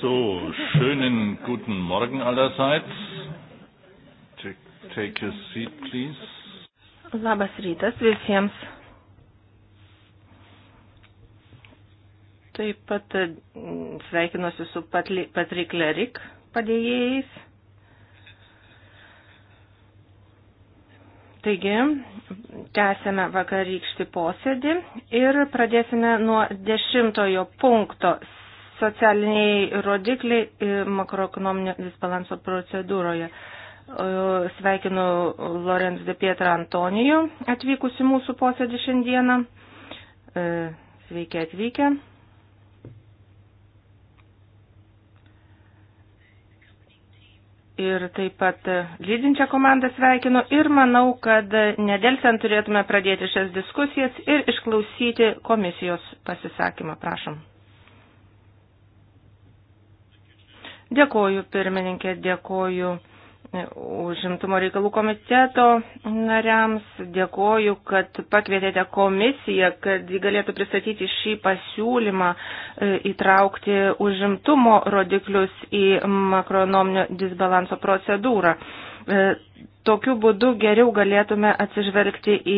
So, schönen guten Morgen allerseits. Take, take a seat, please. Labas rytas visiems. Taip pat mm, sveikinuosi su Patrik Lerik padėjėjais. Taigi, tęsėme vakarykštį posėdį ir pradėsime nuo dešimtojo punkto socialiniai rodikliai makroekonominio disbalanso procedūroje. Sveikinu Lorenz de Pietra Antonijų atvykusi mūsų posėdį šiandieną. E, sveiki atvykę. ir taip pat lydinčią komandą sveikinu ir manau, kad nedelsiant turėtume pradėti šias diskusijas ir išklausyti komisijos pasisakymą. Prašom. Dėkoju, pirmininkė, dėkoju užimtumo reikalų komiteto nariams. Dėkoju, kad pakvietėte komisiją, kad ji galėtų pristatyti šį pasiūlymą e, įtraukti užimtumo rodiklius į makronominio disbalanso procedūrą. E, Tokiu būdu geriau galėtume atsižvelgti į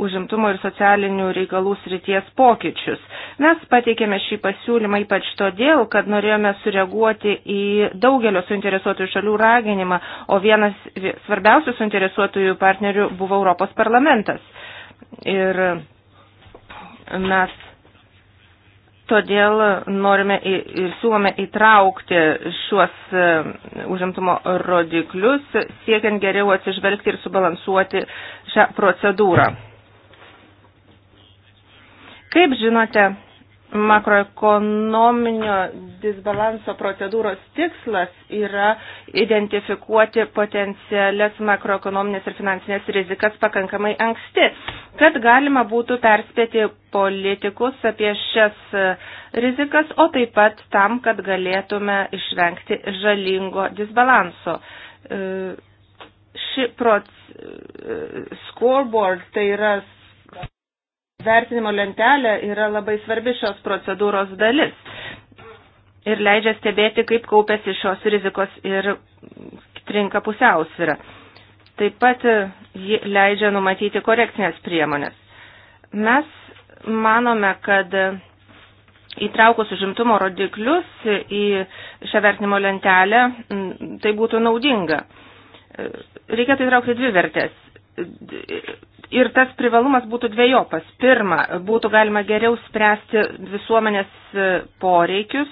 užimtumo ir socialinių reikalų srities pokyčius. Mes pateikėme šį pasiūlymą ypač todėl, kad norėjome sureaguoti į daugelio suinteresuotųjų šalių raginimą, o vienas svarbiausių suinteresuotųjų partnerių buvo Europos parlamentas. Ir mes Todėl norime ir, ir siūlome įtraukti šiuos e, užimtumo rodiklius, siekiant geriau atsižvelgti ir subalansuoti šią procedūrą. Kaip žinote, makroekonominio disbalanso procedūros tikslas yra identifikuoti potencialias makroekonominės ir finansinės rizikas pakankamai anksti, kad galima būtų perspėti politikus apie šias rizikas, o taip pat tam, kad galėtume išvengti žalingo disbalanso. E, ši proc... E, scoreboard tai yra Vertinimo lentelė yra labai svarbi šios procedūros dalis ir leidžia stebėti, kaip kaupėsi šios rizikos ir trinka pusiausvyrą. Taip pat e, ji leidžia numatyti korekcinės priemonės. Mes manome, kad e, įtraukus užimtumo rodiklius į šią vertinimo lentelę, tai būtų naudinga. E, Reikėtų tai įtraukti dvi vertės Ir tas privalumas būtų dviejopas. Pirma, būtų galima geriau spręsti visuomenės e, poreikius,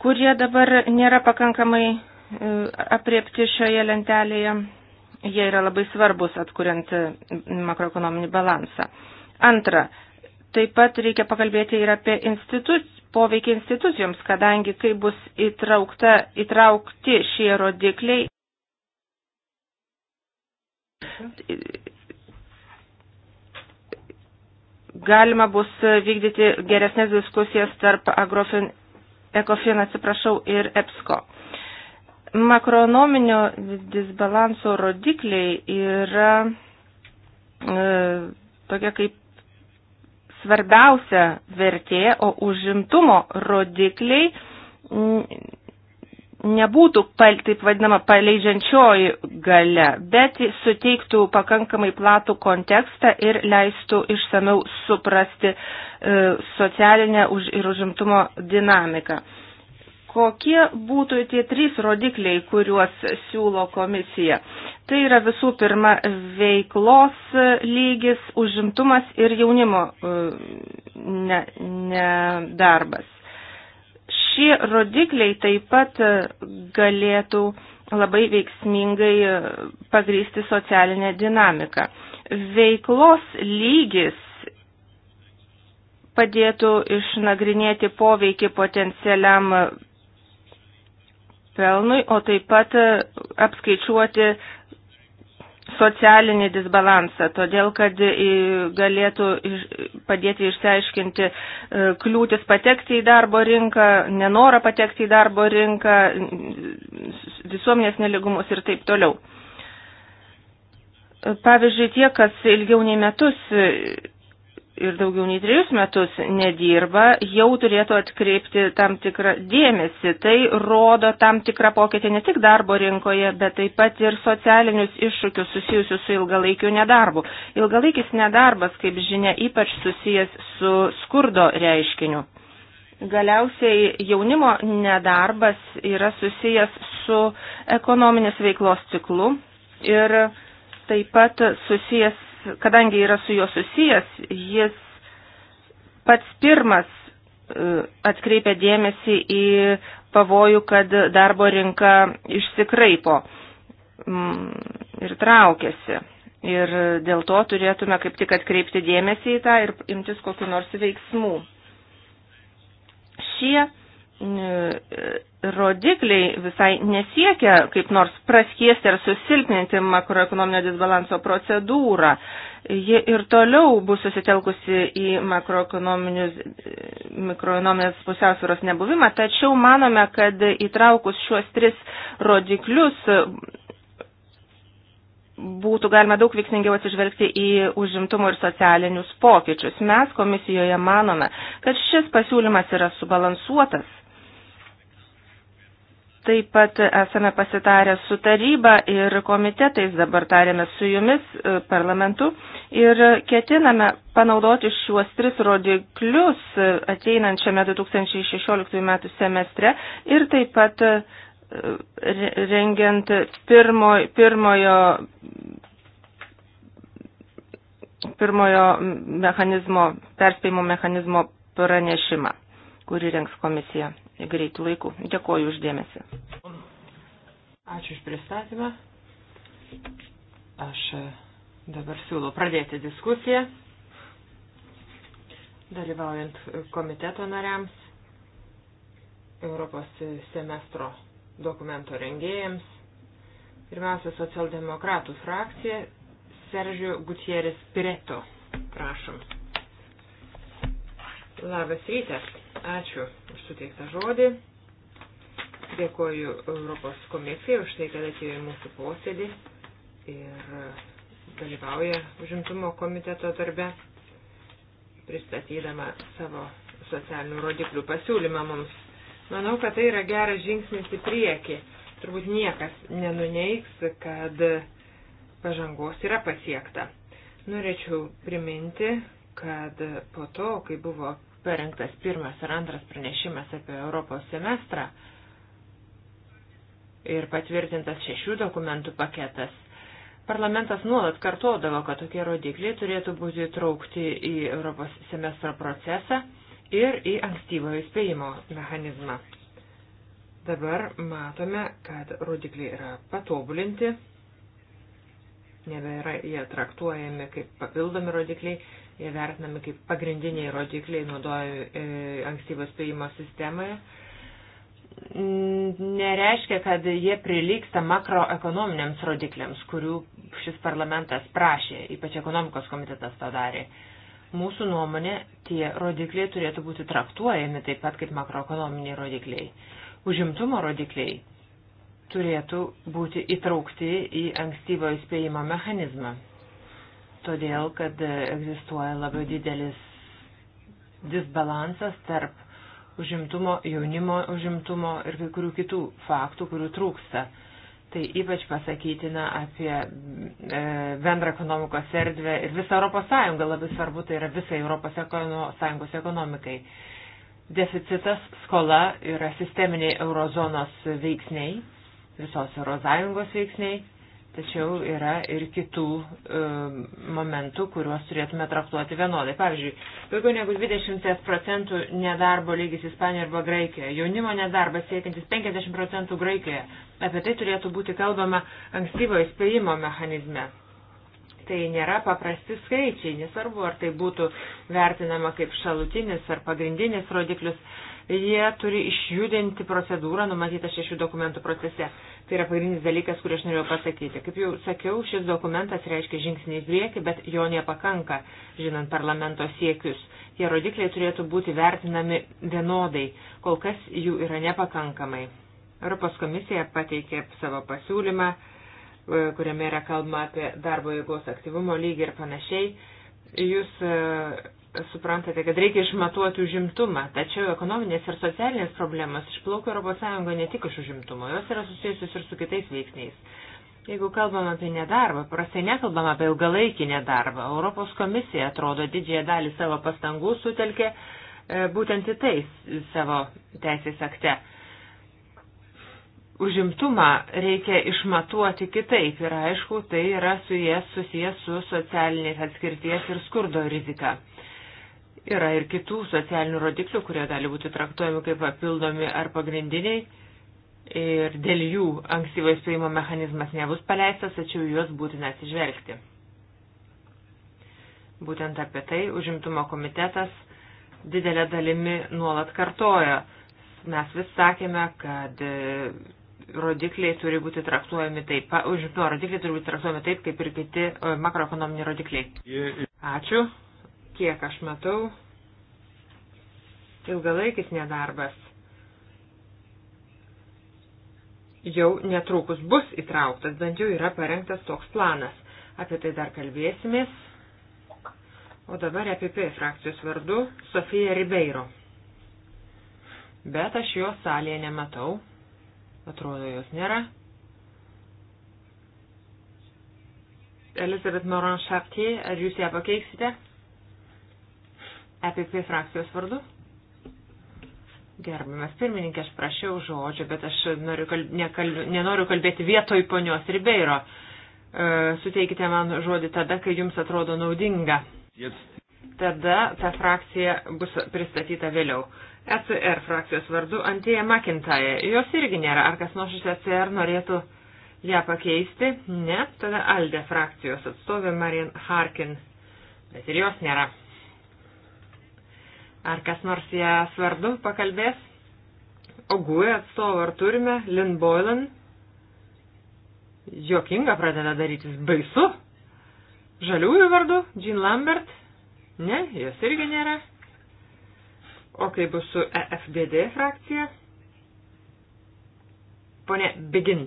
kurie dabar nėra pakankamai e, apriepti šioje lentelėje. Jie yra labai svarbus atkuriant e, makroekonominį balansą. Antra, taip pat reikia pakalbėti ir apie instituc, poveikį institucijoms, kadangi kai bus įtraukta, įtraukti šie rodikliai. Galima bus vykdyti geresnės diskusijas tarp agrofin, ekofin, atsiprašau, ir EPSCO. Makronominio disbalanso rodikliai yra e, tokia kaip svarbiausia vertė, o užimtumo rodikliai nebūtų pal, taip vadinama paleidžiančioji gale, bet suteiktų pakankamai platų kontekstą ir leistų išsameu suprasti e, socialinę už, ir užimtumo dinamiką. Kokie būtų tie trys rodikliai, kuriuos siūlo komisija? Tai yra visų pirma veiklos lygis, užimtumas ir jaunimo e, nedarbas. Ne Šie rodikliai taip pat galėtų labai veiksmingai pagrysti socialinę dinamiką. Veiklos lygis padėtų išnagrinėti poveikį potencialiam pelnui, o taip pat apskaičiuoti socialinį disbalansą, todėl kad galėtų padėti išsiaiškinti e, kliūtis patekti į darbo rinką, nenorą patekti į darbo rinką, visuomenės neligumus ir taip toliau. Pavyzdžiui, tie, kas ilgiau nei metus ir daugiau nei trejus metus nedirba, jau turėtų atkreipti tam tikrą dėmesį. Tai rodo tam tikrą pokytį ne tik darbo rinkoje, bet taip pat ir socialinius iššūkius susijusius su ilgalaikiu nedarbu. Ilgalaikis nedarbas, kaip žinia, ypač susijęs su skurdo reiškiniu. Galiausiai jaunimo nedarbas yra susijęs su ekonominės veiklos ciklu ir taip pat susijęs kadangi yra su juo susijęs, jis pats pirmas e, atkreipia dėmesį į pavojų, kad darbo rinka išsikraipo mm, ir traukiasi. Ir dėl to turėtume kaip tik atkreipti dėmesį į tą ir imtis kokiu nors veiksmų. Šie E, rodikliai visai nesiekia kaip nors praskiesti ar susilpninti makroekonominio disbalanso procedūrą. Ji ir toliau bus susitelkusi į makroekonominės e, pusiausvėros nebuvimą, tačiau manome, kad įtraukus šiuos tris rodiklius e, būtų galima daug veiksmingiau atsižvelgti į užimtumo ir socialinius pokyčius. Mes komisijoje manome, kad šis pasiūlymas yra subalansuotas Taip pat esame pasitarę su taryba ir komitetais, dabar tarėme su jumis e, parlamentu ir ketiname panaudoti šiuos tris rodiklius e, ateinančiame 2016 metų semestre ir taip pat e, rengiant pirmo, pirmojo, pirmojo mechanizmo, perspėjimo mechanizmo pranešimą, kurį rengs komisija greitų laikų. Dėkoju uždėmesi. Ačiū už pristatymą. Aš e, dabar siūlau pradėti diskusiją, dalyvaujant komiteto nariams, Europos semestro dokumento rengėjams, pirmiausia socialdemokratų frakcija, Sergio Gutierrez Pireto. Prašom. Labas rytas. Ačiū už suteiktą žodį. Dėkoju Europos komisijai už tai, kad atėjo į mūsų posėdį ir dalyvauja užimtumo komiteto darbe, pristatydama savo socialinių rodiklių pasiūlymą mums. Manau, kad tai yra geras žingsnis į priekį. Turbūt niekas nenuneiks, kad pažangos yra pasiekta. Norėčiau priminti, kad po to, kai buvo parengtas pirmas ar antras pranešimas apie Europos semestrą ir patvirtintas šešių dokumentų paketas, parlamentas nuolat kartuodavo, kad tokie rodikliai turėtų būti įtraukti į Europos semestro procesą ir į ankstyvojo įspėjimo mechanizmą. Dabar matome, kad rodikliai yra patobulinti, nebėra jie traktuojami kaip papildomi rodikliai, vertinami kaip pagrindiniai rodikliai naudojami e, ankstyvos spėjimo sistemoje, nereiškia, kad jie priliksta makroekonominiams rodikliams, kurių šis parlamentas prašė, ypač ekonomikos komitetas to darė. Mūsų nuomonė, tie rodikliai turėtų būti traktuojami taip pat kaip makroekonominiai rodikliai. Užimtumo rodikliai turėtų būti įtraukti į ankstyvo įspėjimo mechanizmą todėl kad egzistuoja labai didelis disbalansas tarp užimtumo, jaunimo užimtumo ir kai kurių kitų faktų, kurių trūksta. Tai ypač pasakytina apie e, bendrą ekonomikos erdvę ir visą Europos Sąjungą, labai svarbu tai yra visai Europos ekono, Sąjungos ekonomikai. Deficitas skola yra sisteminiai eurozonos veiksniai, visos Eurosąjungos veiksniai Tačiau yra ir kitų e, momentų, kuriuos turėtume traktuoti vienodai. Pavyzdžiui, daugiau negu 20 procentų nedarbo lygis Ispanijoje arba Graikijoje, jaunimo nedarbas siekiantis 50 procentų Graikijoje. Apie tai turėtų būti kalbama ankstyvo įspėjimo mechanizme. Tai nėra paprasti skaičiai, nesvarbu, ar tai būtų vertinama kaip šalutinis ar pagrindinis rodiklis jie turi išjudinti procedūrą numatytą šešių dokumentų procese. Tai yra pagrindinis dalykas, kurį aš norėjau pasakyti. Kaip jau sakiau, šis dokumentas reiškia žingsnį į priekį, bet jo nepakanka, žinant parlamento siekius. Tie rodikliai turėtų būti vertinami vienodai, kol kas jų yra nepakankamai. Europos komisija pateikė savo pasiūlymą, e, kuriame yra kalbama apie darbo jėgos aktyvumo lygį ir panašiai. Jūs e, suprantate, kad reikia išmatuoti užimtumą, tačiau ekonominės ir socialinės problemos išplaukia ES ne tik iš užimtumo, jos yra susijusios ir su kitais veiksniais. Jeigu kalbam apie nedarbą, prastai nekalbam apie ilgalaikį nedarbą. Europos komisija, atrodo, didžiąją dalį savo pastangų sutelkė e, būtent į tai savo teisės akte. Užimtumą reikia išmatuoti kitaip ir aišku, tai yra su jie susijęs su socialinės atskirties ir skurdo rizika. Yra ir kitų socialinių rodiklių, kurie gali būti traktuojami kaip papildomi ar pagrindiniai. Ir dėl jų ankstyvo įspėjimo mechanizmas nebus paleistas, tačiau juos būtina atsižvelgti. Būtent apie tai užimtumo komitetas didelė dalimi nuolat kartoja. Mes vis sakėme, kad e, rodikliai turi būti traktuojami taip, užimtumo rodikliai turi būti traktuojami taip, kaip ir kiti e, makroekonominiai rodikliai. Ačiū. Kiek aš matau, ilgalaikis nedarbas jau netrukus bus įtrauktas, bent jau yra parengtas toks planas. Apie tai dar kalbėsimės. O dabar EPP frakcijos vardu Sofija Ribeiro. Bet aš jo salėje nematau. Atrodo, jos nėra. Elizabeth Moran Šaptie, ar jūs ją pakeiksite? EPP frakcijos vardu. Gerbiamas pirmininkė, aš prašiau žodžio, bet aš noriu kalb... Nekal... nenoriu kalbėti vietoj ponios Ribeiro. E, suteikite man žodį tada, kai jums atrodo naudinga. Tada ta frakcija bus pristatyta vėliau. ECR frakcijos vardu Antėja Makintaja. Jos irgi nėra. Ar kas nors iš ECR norėtų ją pakeisti? Ne. Tada Alde frakcijos atstovė Marin Harkin. Bet ir jos nėra. Ar kas nors ją svardu pakalbės? Ogui atstovą ar turime? Lynn Boylan? Jokinga pradeda darytis baisu. Žaliųjų vardu? Jean Lambert? Ne, jos irgi nėra. O kaip bus su EFDD frakcija? Pone Begin.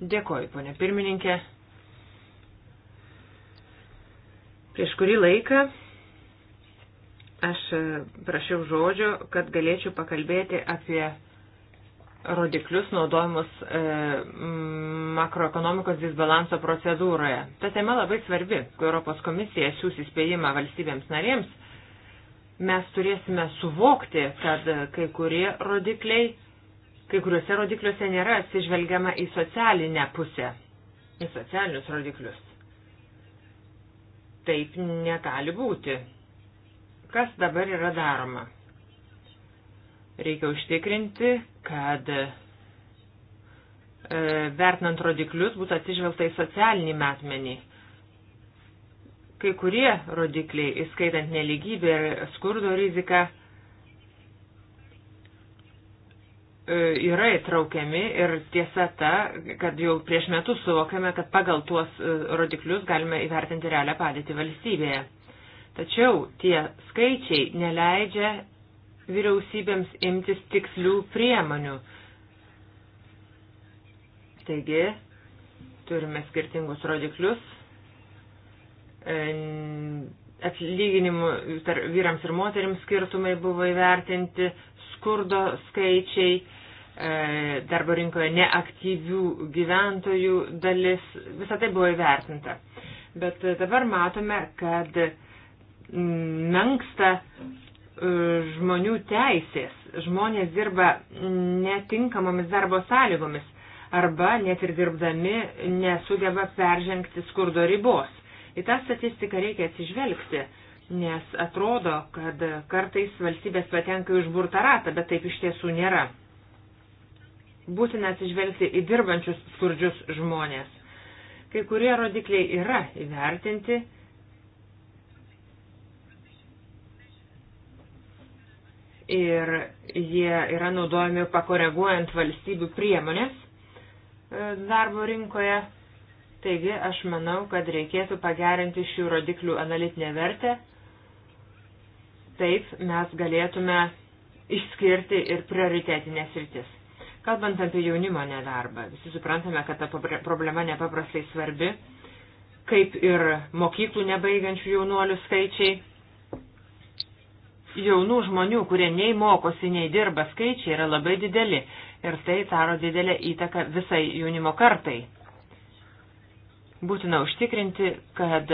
Dėkoju, ponė pirmininkė. Prieš kurį laiką Aš e, prašiau žodžio, kad galėčiau pakalbėti apie rodiklius naudojimus e, makroekonomikos disbalanso procedūroje. Ta tema labai svarbi, kai Europos komisija siūs įspėjimą valstybėms narėms, mes turėsime suvokti, kad kai kurie rodikliai, kai kuriuose rodikliuose nėra atsižvelgiama į socialinę pusę, į socialinius rodiklius. Taip negali būti Kas dabar yra daroma? Reikia užtikrinti, kad e, vertinant rodiklius būtų atsižvelgta į socialinį metmenį. Kai kurie rodikliai, įskaitant neligybę ir skurdo riziką, e, yra įtraukiami ir tiesa ta, kad jau prieš metus suvokiame, kad pagal tuos e, rodiklius galime įvertinti realią padėtį valstybėje. Tačiau tie skaičiai neleidžia vyriausybėms imtis tikslių priemonių. Taigi, turime skirtingus rodiklius e, atlyginimų tarp vyrams ir moteriams skirtumai buvo įvertinti, skurdo skaičiai, e, darbo rinkoje neaktyvių gyventojų dalis, visą tai buvo įvertinta. Bet dabar matome, kad menksta e, žmonių teisės. Žmonės dirba netinkamomis darbo sąlygomis arba net ir dirbdami nesugeba peržengti skurdo ribos. Į tą statistiką reikia atsižvelgti, nes atrodo, kad kartais valstybės patenka užburtą ratą, bet taip iš tiesų nėra. Būtina atsižvelgti į dirbančius skurdžius žmonės. Kai kurie rodikliai yra įvertinti, ir jie yra naudojami pakoreguojant valstybių priemonės e, darbo rinkoje. Taigi aš manau, kad reikėtų pagerinti šių rodiklių analitinę vertę. Taip mes galėtume išskirti ir prioritetinės rytis. Kalbant apie jaunimo nedarbą, visi suprantame, kad ta problema nepaprastai svarbi, kaip ir mokyklų nebaigiančių jaunuolių skaičiai jaunų žmonių, kurie nei mokosi, nei dirba skaičiai yra labai dideli ir tai daro didelę įtaką visai jaunimo kartai. Būtina užtikrinti, kad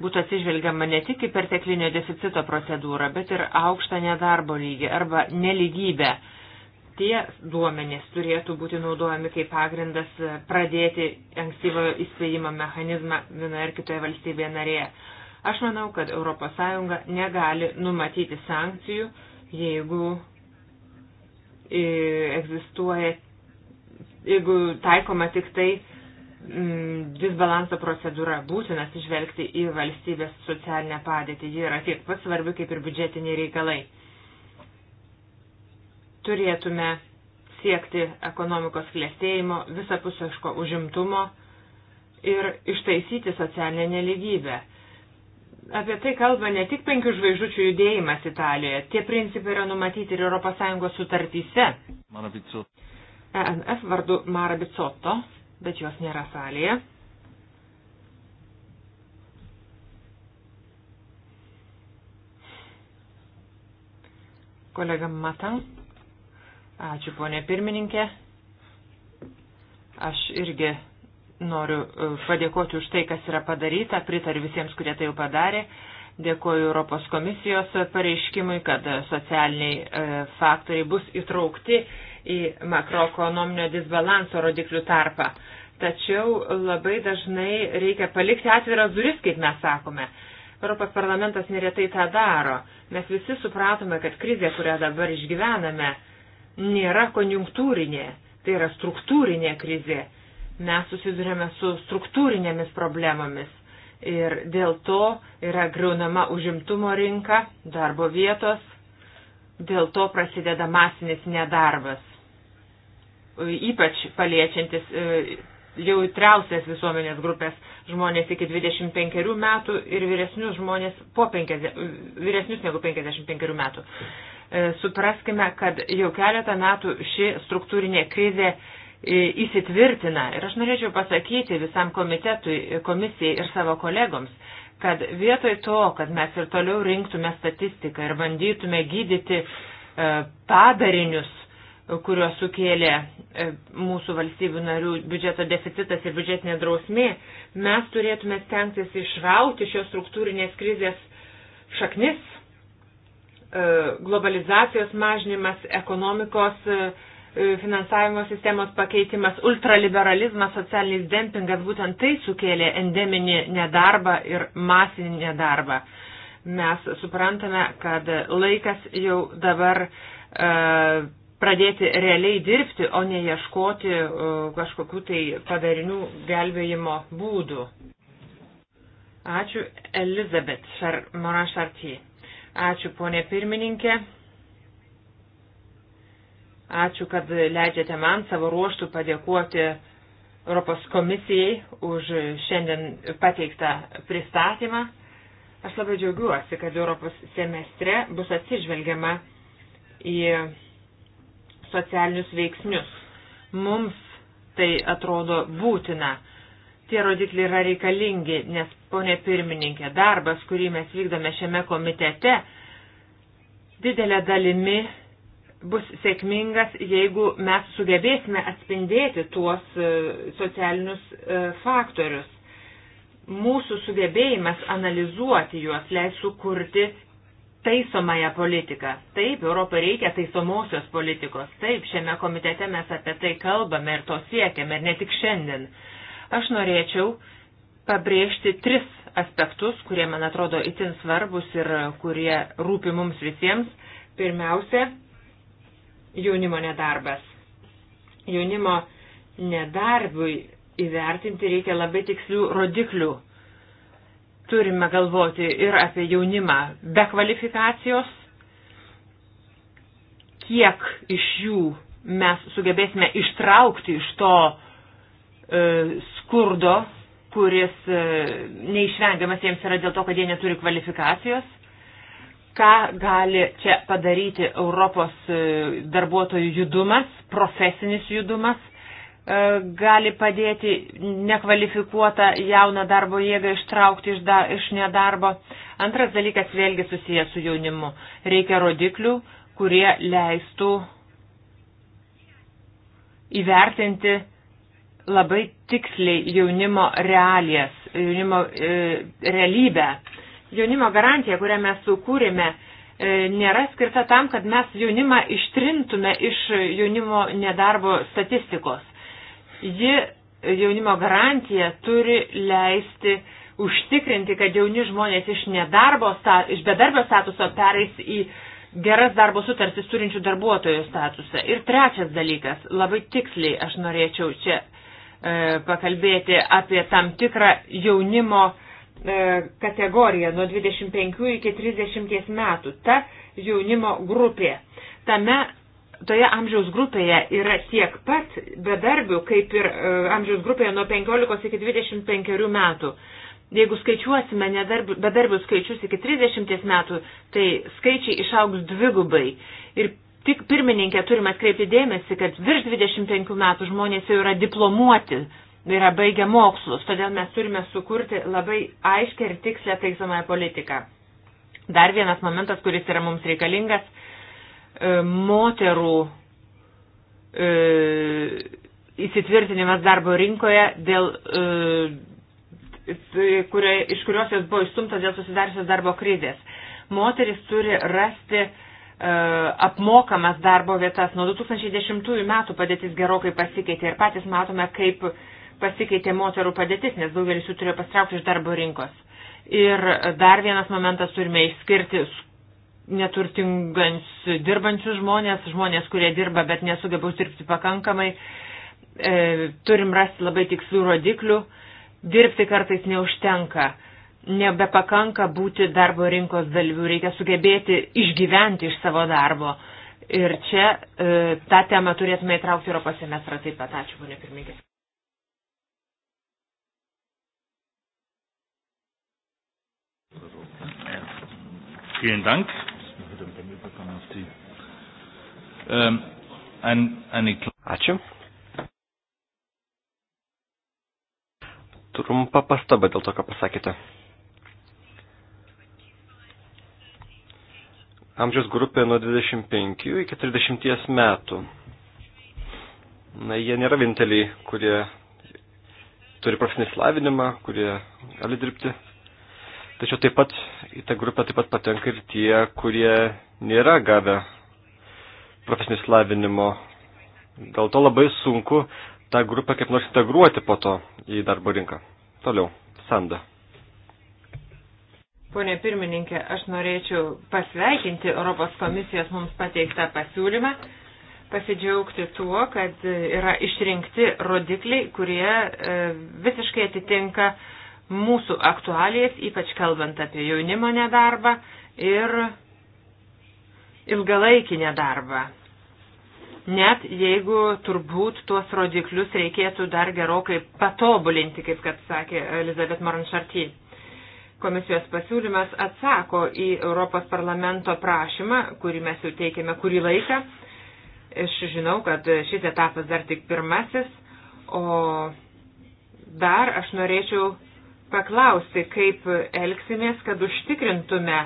būtų atsižvelgiama ne tik į perteklinio deficito procedūrą, bet ir aukštą nedarbo lygį arba neligybę. Tie duomenys turėtų būti naudojami kaip pagrindas pradėti ankstyvojo įspėjimo mechanizmą vienoje ar kitoje valstybėje narėje. Aš manau, kad ES negali numatyti sankcijų, jeigu e, egzistuoja, jeigu taikoma tik tai mm, disbalanso procedūra, būtinas išvelgti į valstybės socialinę padėtį. Ji yra tiek pat svarbi kaip ir biudžetiniai reikalai. Turėtume siekti ekonomikos klėstėjimo, visapusiško užimtumo ir ištaisyti socialinę neligybę apie tai kalba ne tik penkių žvaigždučių judėjimas Italijoje. Tie principai yra numatyti ir ES sutartyse. ENF vardu Mara Bicotto, bet jos nėra salėje. Kolega Matan. Ačiū, ponė pirmininkė. Aš irgi Noriu e, padėkoti už tai, kas yra padaryta, pritariu visiems, kurie tai jau padarė. Dėkoju Europos komisijos pareiškimui, kad socialiniai e, faktoriai bus įtraukti į makroekonominio disbalanso rodiklių tarpą. Tačiau labai dažnai reikia palikti atviras duris, kaip mes sakome. Europos parlamentas neretai tą daro. Mes visi supratome, kad krizė, kurią dabar išgyvename, nėra konjunktūrinė, tai yra struktūrinė krizė mes susidurėme su struktūrinėmis problemomis. Ir dėl to yra greunama užimtumo rinka, darbo vietos, dėl to prasideda masinis nedarbas, ypač paliečiantis e, jau įtrausias visuomenės grupės žmonės iki 25 metų ir vyresnius žmonės po 50, vyresnius negu 55 metų. E, supraskime, kad jau keletą metų ši struktūrinė krizė įsitvirtina. Ir aš norėčiau pasakyti visam komitetui, komisijai ir savo kolegoms, kad vietoj to, kad mes ir toliau rinktume statistiką ir bandytume gydyti e, padarinius, kuriuos sukėlė e, mūsų valstybių narių biudžeto deficitas ir biudžetinė drausmė, mes turėtume stengtis išrauti šios struktūrinės krizės šaknis, e, globalizacijos mažinimas, ekonomikos uh, E, finansavimo sistemos pakeitimas, ultraliberalizmas, socialinis dempingas, būtent tai sukėlė endeminį nedarbą ir masinį nedarbą. Mes suprantame, kad laikas jau dabar e, pradėti realiai dirbti, o ne ieškoti e, kažkokių tai padarinių gelbėjimo būdų. Ačiū Elizabet Šar Morašartijai. Ačiū ponė pirmininkė. Ačiū, kad leidžiate man savo ruoštų padėkoti Europos komisijai už šiandien pateiktą pristatymą. Aš labai džiaugiuosi, kad Europos semestre bus atsižvelgiama į socialinius veiksnius. Mums tai atrodo būtina. Tie rodikliai yra reikalingi, nes, ponė pirmininkė, darbas, kurį mes vykdome šiame komitete, didelė dalimi bus sėkmingas, jeigu mes sugebėsime atspindėti tuos e, socialinius e, faktorius. Mūsų sugebėjimas analizuoti juos leis sukurti taisomąją politiką. Taip, Europai reikia taisomosios politikos. Taip, šiame komitete mes apie tai kalbame ir to siekiame, ir ne tik šiandien. Aš norėčiau pabrėžti tris aspektus, kurie man atrodo itin svarbus ir kurie rūpi mums visiems. Pirmiausia, jaunimo nedarbas. Jaunimo nedarbui įvertinti reikia labai tikslių rodiklių. Turime galvoti ir apie jaunimą be kvalifikacijos, kiek iš jų mes sugebėsime ištraukti iš to e, skurdo, kuris e, neišvengiamas jiems yra dėl to, kad jie neturi kvalifikacijos ką gali čia padaryti Europos e, darbuotojų judumas, profesinis judumas, e, gali padėti nekvalifikuotą jauną darbo jėgą ištraukti iš, da, iš nedarbo. Antras dalykas vėlgi susijęs su jaunimu. Reikia rodiklių, kurie leistų įvertinti labai tiksliai jaunimo realijas, jaunimo e, realybę. E, Jaunimo garantija, kurią mes sukūrėme, e, nėra skirta tam, kad mes jaunimą ištrintume iš jaunimo nedarbo statistikos. Ji jaunimo garantija turi leisti užtikrinti, kad jauni žmonės iš, nedarbo, iš bedarbio statuso pereis į geras darbo sutartis turinčių darbuotojų statusą. Ir trečias dalykas, labai tiksliai aš norėčiau čia e, pakalbėti apie tam tikrą jaunimo e, E, kategorija nuo 25 iki 30 metų, ta jaunimo grupė. Tame, toje amžiaus grupėje yra tiek pat bedarbių, kaip ir e, amžiaus grupėje nuo 15 iki 25 metų. Jeigu skaičiuosime nedarbių, bedarbių skaičius iki 30 metų, tai skaičiai išaugs dvigubai. Ir tik pirmininkė turime atkreipti dėmesį, kad virš 25 metų žmonės jau yra diplomuoti yra baigę mokslus, todėl mes turime sukurti labai aiškę ir tikslę taisomąją politiką. Dar vienas momentas, kuris yra mums reikalingas, e, moterų e, įsitvirtinimas darbo rinkoje, dėl, e, kurio, iš kurios jos buvo išstumtos dėl susidariusios darbo krizės. Moteris turi rasti apmokamas darbo vietas. Nuo 2010 metų padėtis gerokai pasikeitė ir patys matome, kaip uh, pasikeitė moterų padėtis, nes daugelis jų turėjo pastraukti iš darbo rinkos. Ir dar vienas momentas turime išskirti neturtingans dirbančius žmonės, žmonės, kurie dirba, bet nesugeba uždirbti pakankamai. E, turim rasti labai tikslių rodiklių. Dirbti kartais neužtenka. Nebepakanka būti darbo rinkos dalyvių. Reikia sugebėti išgyventi iš savo darbo. Ir čia e, tą temą turėtume įtraukti Europos semestrą taip pat. Ačiū, ponė pirmininkė. Vielen Dank. Ähm, Ačiū. Trumpa pastaba dėl to, ką pasakėte. Amžiaus grupė nuo 25 iki 30 metų. Na, jie nėra vieninteliai, kurie turi profesinį slavinimą, kurie gali dirbti Tačiau taip pat į tą grupę taip pat patenka ir tie, kurie nėra gavę profesinį slavinimo. Dėl to labai sunku tą grupę kaip nors integruoti po to į darbo rinką. Toliau, Sanda. Pone pirmininkė, aš norėčiau pasveikinti Europos komisijos mums pateiktą pasiūlymą, pasidžiaugti tuo, kad yra išrinkti rodikliai, kurie e, visiškai atitinka uh, mūsų aktualijas, ypač kalbant apie jaunimo nedarbą ir ilgalaikį nedarbą. Net jeigu turbūt tuos rodiklius reikėtų dar gerokai patobulinti, kaip kad sakė Elizabeth Moranšarty. Komisijos pasiūlymas atsako į Europos parlamento prašymą, kurį mes jau teikėme kurį laiką. Aš žinau, kad šis etapas dar tik pirmasis, o dar aš norėčiau paklausti, kaip elgsimės, kad užtikrintume,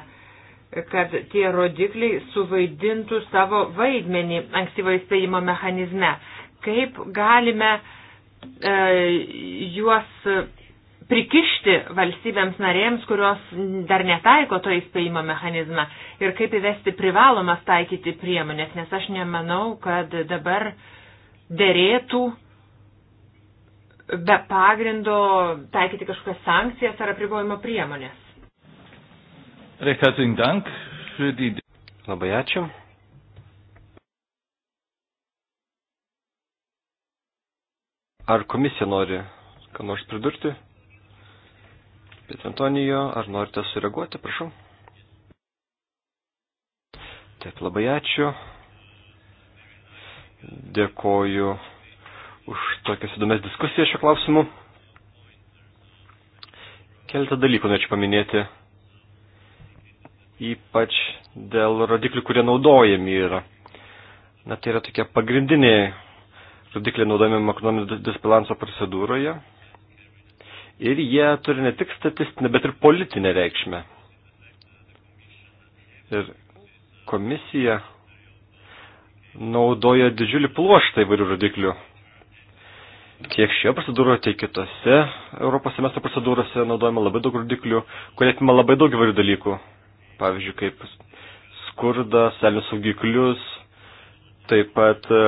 kad tie rodikliai suvaidintų savo vaidmenį ankstyvo įspėjimo mechanizme. Kaip galime e, juos prikišti valstybėms narėms, kurios dar netaiko to įspėjimo mechanizmą ir kaip įvesti privalomas taikyti priemonės, nes aš nemanau, kad dabar dėrėtų uh, be pagrindo taikyti kažkokias sankcijas ar apribojimo priemonės. Labai ačiū. Ar komisija nori ką nors pridurti? Piet Antonijo, ar norite sureaguoti, prašau? Taip, labai ačiū. Dėkoju už tokias įdomias diskusijas šio klausimu. Keletą dalykų norėčiau paminėti, ypač dėl rodiklių, kurie naudojami yra. Na, tai yra tokie pagrindiniai rodikliai naudojami makronominio disbalanso procedūroje. Ir jie turi ne tik statistinę, bet ir politinę reikšmę. Ir komisija naudoja didžiulį pluoštą įvairių rodiklių tiek šioje procedūroje, tiek kitose Europos semestro procedūrose naudojama labai daug rodiklių, kurie apima labai daug įvairių dalykų. Pavyzdžiui, kaip skurda, selinius saugiklius, taip pat e,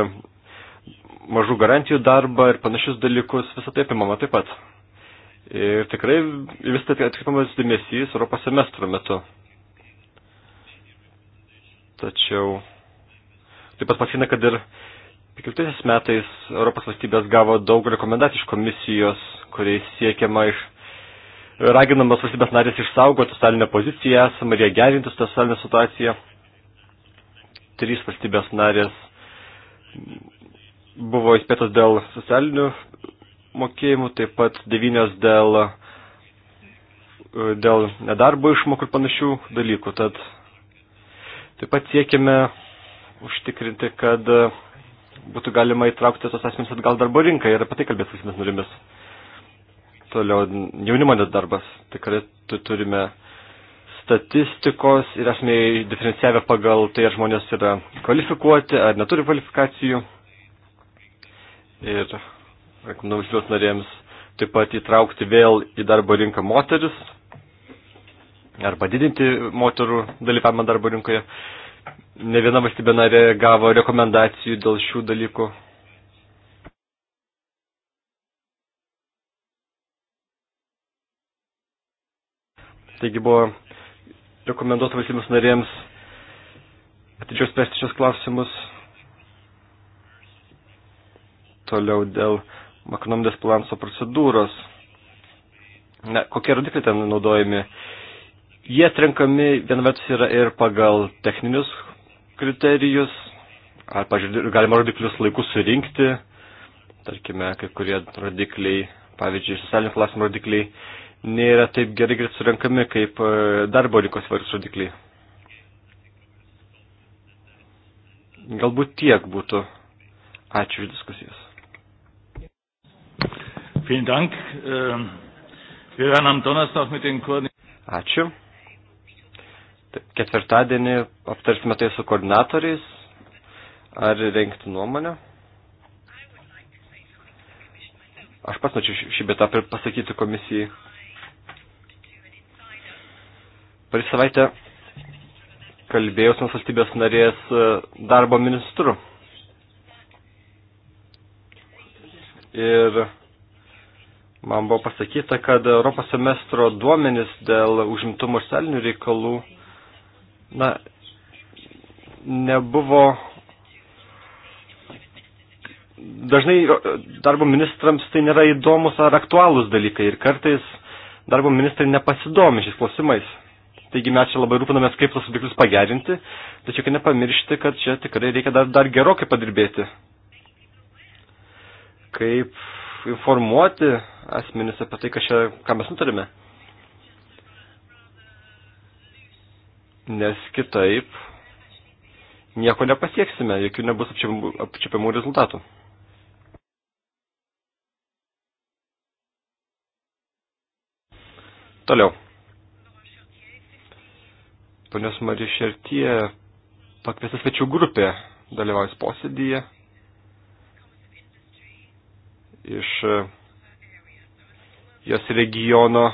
mažų garantijų darbą ir panašius dalykus, visą tai apimama taip pat. Ir tikrai vis tai atkreipiamas dėmesys Europos semestro metu. Tačiau taip pat pasina, kad ir Penkioliktaisiais metais Europos valstybės gavo daug rekomendacijų iš komisijos, kuriais siekiama iš raginamas valstybės narės išsaugoti socialinę poziciją esamą ir ją gerinti socialinę situaciją. Trys valstybės narės buvo įspėtos dėl socialinių mokėjimų, taip pat devynios dėl, dėl nedarbo išmokų ir panašių dalykų. Tad taip pat siekime užtikrinti, kad būtų galima įtraukti tos asmenys atgal darbo rinką ir apie tai kalbės valstybės narimis. Toliau jaunimo nedarbas. Tikrai turime statistikos ir esame diferencijavę pagal tai, ar žmonės yra kvalifikuoti, ar neturi kvalifikacijų. Ir rekomenduoju valstybės narėms taip pat įtraukti vėl į darbo rinką moteris, ar padidinti moterų dalyvavimą darbo rinkoje ne viena valstybė narė gavo rekomendacijų dėl šių dalykų. Taigi buvo rekomenduota valstybės narėms atidžiau spręsti šios klausimus. Toliau dėl ekonomidės balanso procedūros. Na, kokie rodikliai ten naudojami? Uh, Jie atrenkami viena vertus yra ir pagal techninius kriterijus, ar, pažiūrėjau, galima rodiklius laiku surinkti, tarkime, kai kurie rodikliai, pavyzdžiui, socialinių klausimų rodikliai, nėra taip gerai greit surinkami kaip e, darbo rinkos varus rodikliai. Galbūt tiek būtų. Ačiū už diskusijas. Vielen Dank. Ähm, wir werden am Donnerstag mit den Koordinatoren. Ačiū. Tai ketvirtadienį aptarsime tai su koordinatoriais. Ar rengti nuomonę? Aš pats norėčiau šį betą pasakyti komisijai. Prieš savaitę kalbėjau su valstybės narės e, darbo ministru. Ir man buvo pasakyta, kad Europos semestro duomenis dėl užimtumo ir salinių reikalų na, nebuvo. Dažnai darbo ministrams tai nėra įdomus ar aktualūs dalykai ir kartais darbo ministrai nepasidomi šiais klausimais. Taigi mes čia labai rūpinamės, kaip tos rodiklius pagerinti, tačiau reikia nepamiršti, kad čia tikrai reikia dar, dar gerokai padirbėti. Kaip informuoti asmenis apie tai, ką, čia, ką mes nutarime. nes kitaip nieko nepasieksime, jokių nebus apčiapiamų rezultatų. Toliau. Ponios Marija Šertie pakviesta svečių grupė dalyvaus posėdyje iš e, jos regiono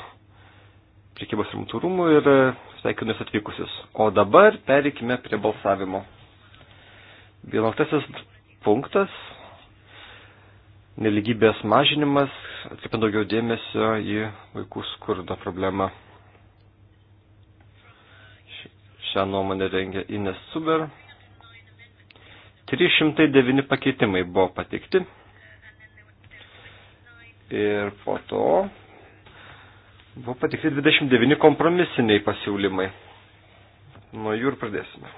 priekybos rimtų rūmų ir e, Sveikinu Jūs atvykusius. O dabar pereikime prie balsavimo. 11 punktas. Neligybės mažinimas, atkreipiant daugiau dėmesio į vaikų skurdo problemą. Šią nuomonę rengia Ines Suber. 309 pakeitimai buvo pateikti. Ir po to Buvo patikti 29 kompromisiniai pasiūlymai. Nuo jų ir pradėsime.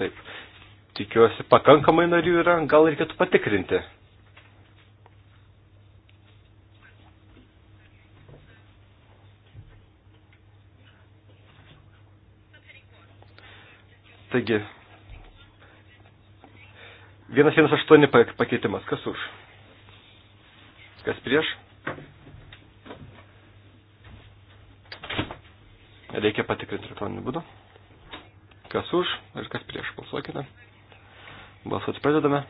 Taip. Tikiuosi, pakankamai narių yra, gal reikėtų patikrinti. Taigi, 118 pakeitimas. Kas už? Kas prieš? Reikia patikrinti elektroniniu būdu. Kas už ir kas prieš. Balsuokite. Balsuoti pradedame.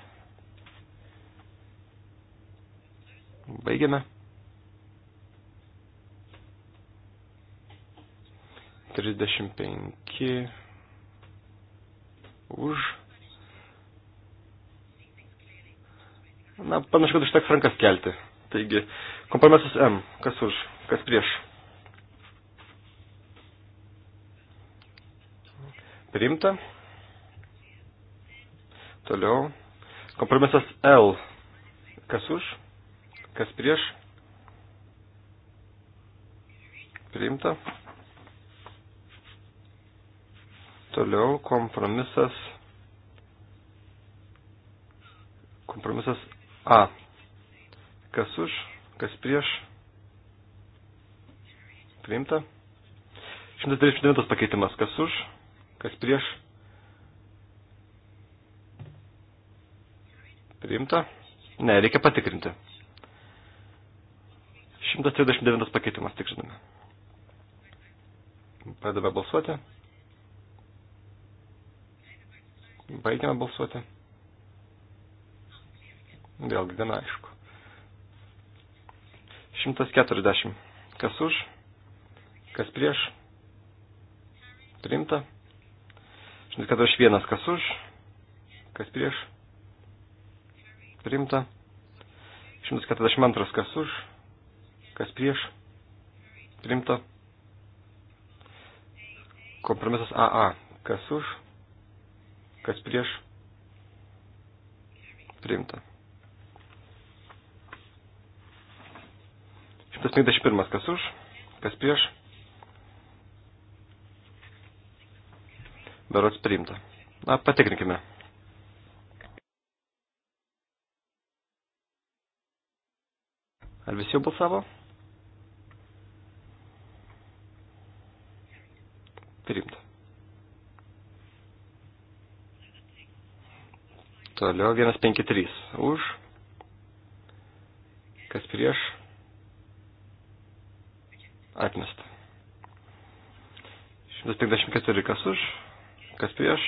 Baigiame. 35 už Na, panašu, kad užteks rankas kelti. Taigi, kompromisas M. Kas už, kas prieš? Priimta. Toliau. Kompromisas L. Kas už, kas prieš? Priimta. Toliau kompromisas kompromisas A. Kas už, kas prieš. Priimta. 139 pakeitimas. Kas už, kas prieš. Priimta. Ne, reikia patikrinti. 139 pakeitimas, tik žinome. Pradame balsuoti. Baigiame balsuoti vėlgi gana aišku. 140. Kas už, kas prieš, priimta. 141. Kas už, kas prieš, priimta. 142. Kas už, kas prieš, priimta. Kompromisas AA. Kas už, kas prieš, priimta. 151 kas už, kas prieš. Berots priimta. Na, patikrinkime. Ar visi jau balsavo? Priimta. Toliau 153. Už. Kas prieš? Atmesta. 154 kas už, kas prieš.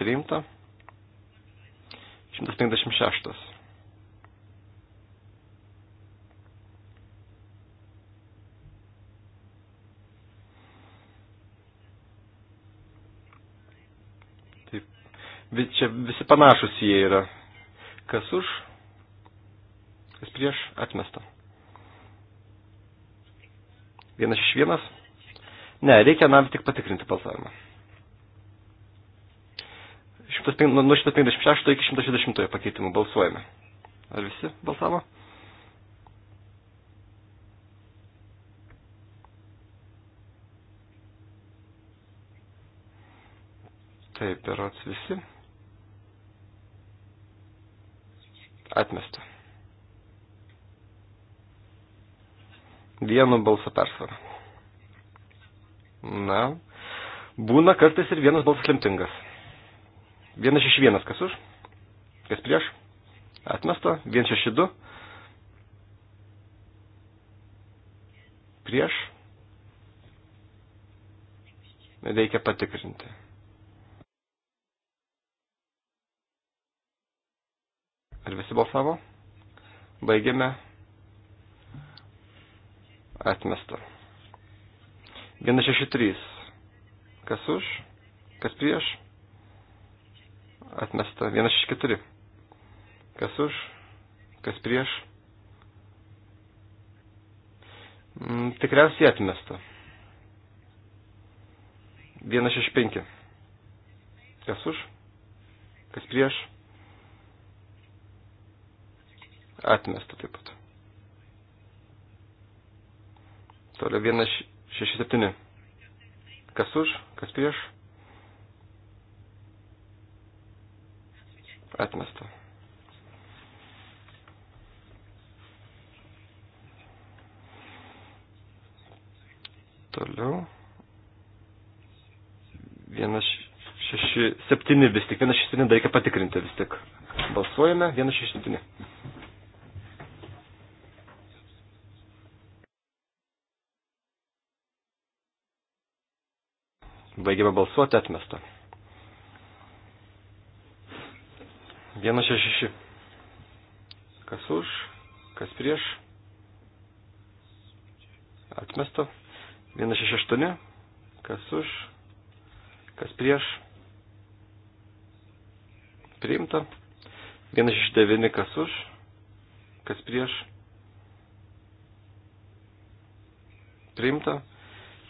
Priimta. 156. čia visi panašus jie yra. Kas už, kas prieš, atmesta. Vienas iš vienas? Ne, reikia nam tik patikrinti balsavimą. Nuo 156 iki 160 pakeitimų balsuojame. Ar visi balsavo? Taip, berots visi. Atmesta. vienu balsu persvarą. Na, būna kartais ir vienas balsas lemtingas. Vienas šeši vienas, kas už, kas prieš, atmesta, vien šeši du, prieš, reikia patikrinti. Ar visi balsavo? Baigėme atmesta. 163. Kas už, kas prieš, atmesta. 164. Kas už, kas prieš, mm, tikriausiai atmesta. 165. Kas už, kas prieš, atmesta taip pat. Toliau 167. Kas už, kas prieš? Atmesta. Toliau. 167 vis tik. 167 dar reikia patikrinti vis tik. Balsuojame 167. Baigėme balsuoti atmestą. 166. Kas už, kas prieš. Atmesta. 168. Kas už, kas prieš. Priimta. 169. Kas už, kas prieš. Priimta.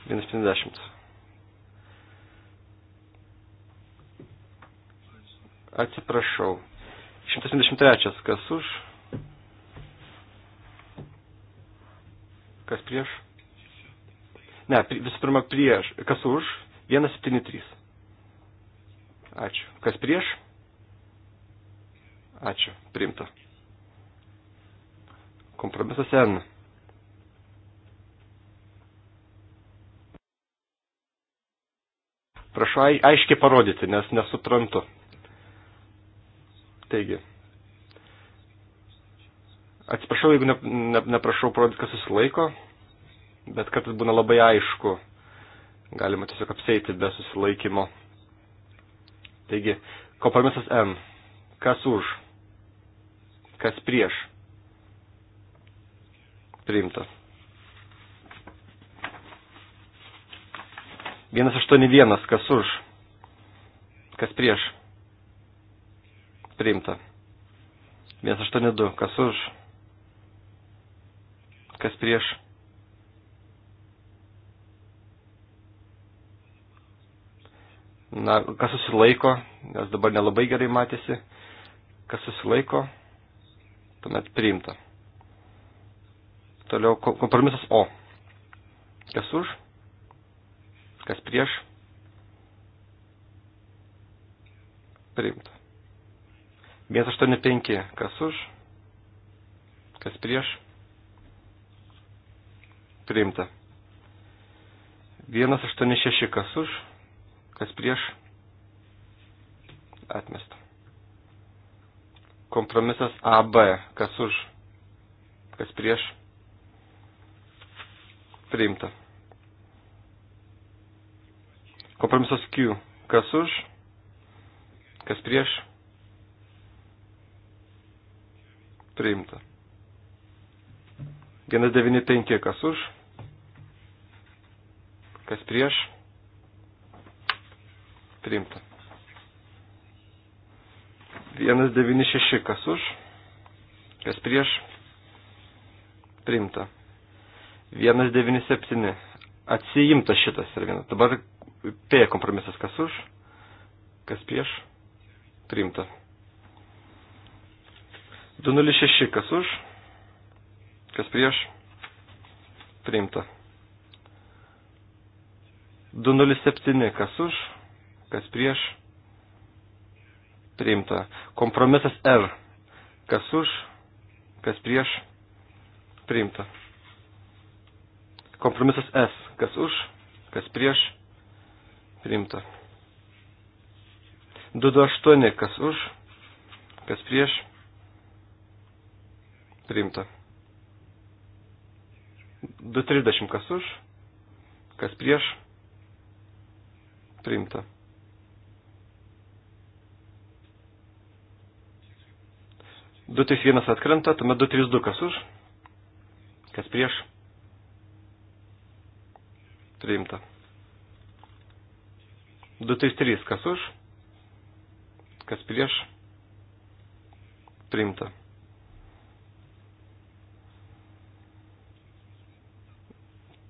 150. Atsiprašau. 173. Kas už? Kas prieš? Ne, visų pirma, prieš. Kas už? 173. Ačiū. Kas prieš? Ačiū. Primta. Kompromisas N. Prašau aiškiai parodyti, nes nesuprantu. Taigi, atsiprašau, jeigu ne, ne, neprašau parodyti, kas susilaiko, bet kartais būna labai aišku. Galima tiesiog apseiti be susilaikymo. Taigi, kompromisas M. Kas už? Kas prieš? Priimta. 181. Kas už? Kas prieš? Priimta. 182. Kas už? Kas prieš? Na, kas susilaiko, nes dabar nelabai gerai matėsi. Kas susilaiko, tuomet priimta. Toliau kompromisas O. Kas už? Kas prieš? Priimta. 185, kas už, kas prieš, priimta. 186, kas už, kas prieš, atmesta. Kompromisas AB, kas už, kas prieš, priimta. Kompromisas Q, kas už, kas prieš, priimta Priimta. 195 kas už, kas prieš. Priimta. 196 kas už, kas prieš. Priimta. 197. Atsijimta šitas ir vienas. Dabar P kompromisas kas už, kas prieš. Priimta. 206 kas už, kas prieš, priimta. 207 kas už, kas prieš, priimta. Kompromisas R, kas už, kas prieš, priimta. Kompromisas S, kas už, kas prieš, priimta. 228 kas už, kas prieš, priimta. Priimta. 230 kas už, kas prieš. Priimta. 231 atkrenta, tuomet 232 kas už, kas prieš. Priimta. 233 kas už, kas prieš. Priimta.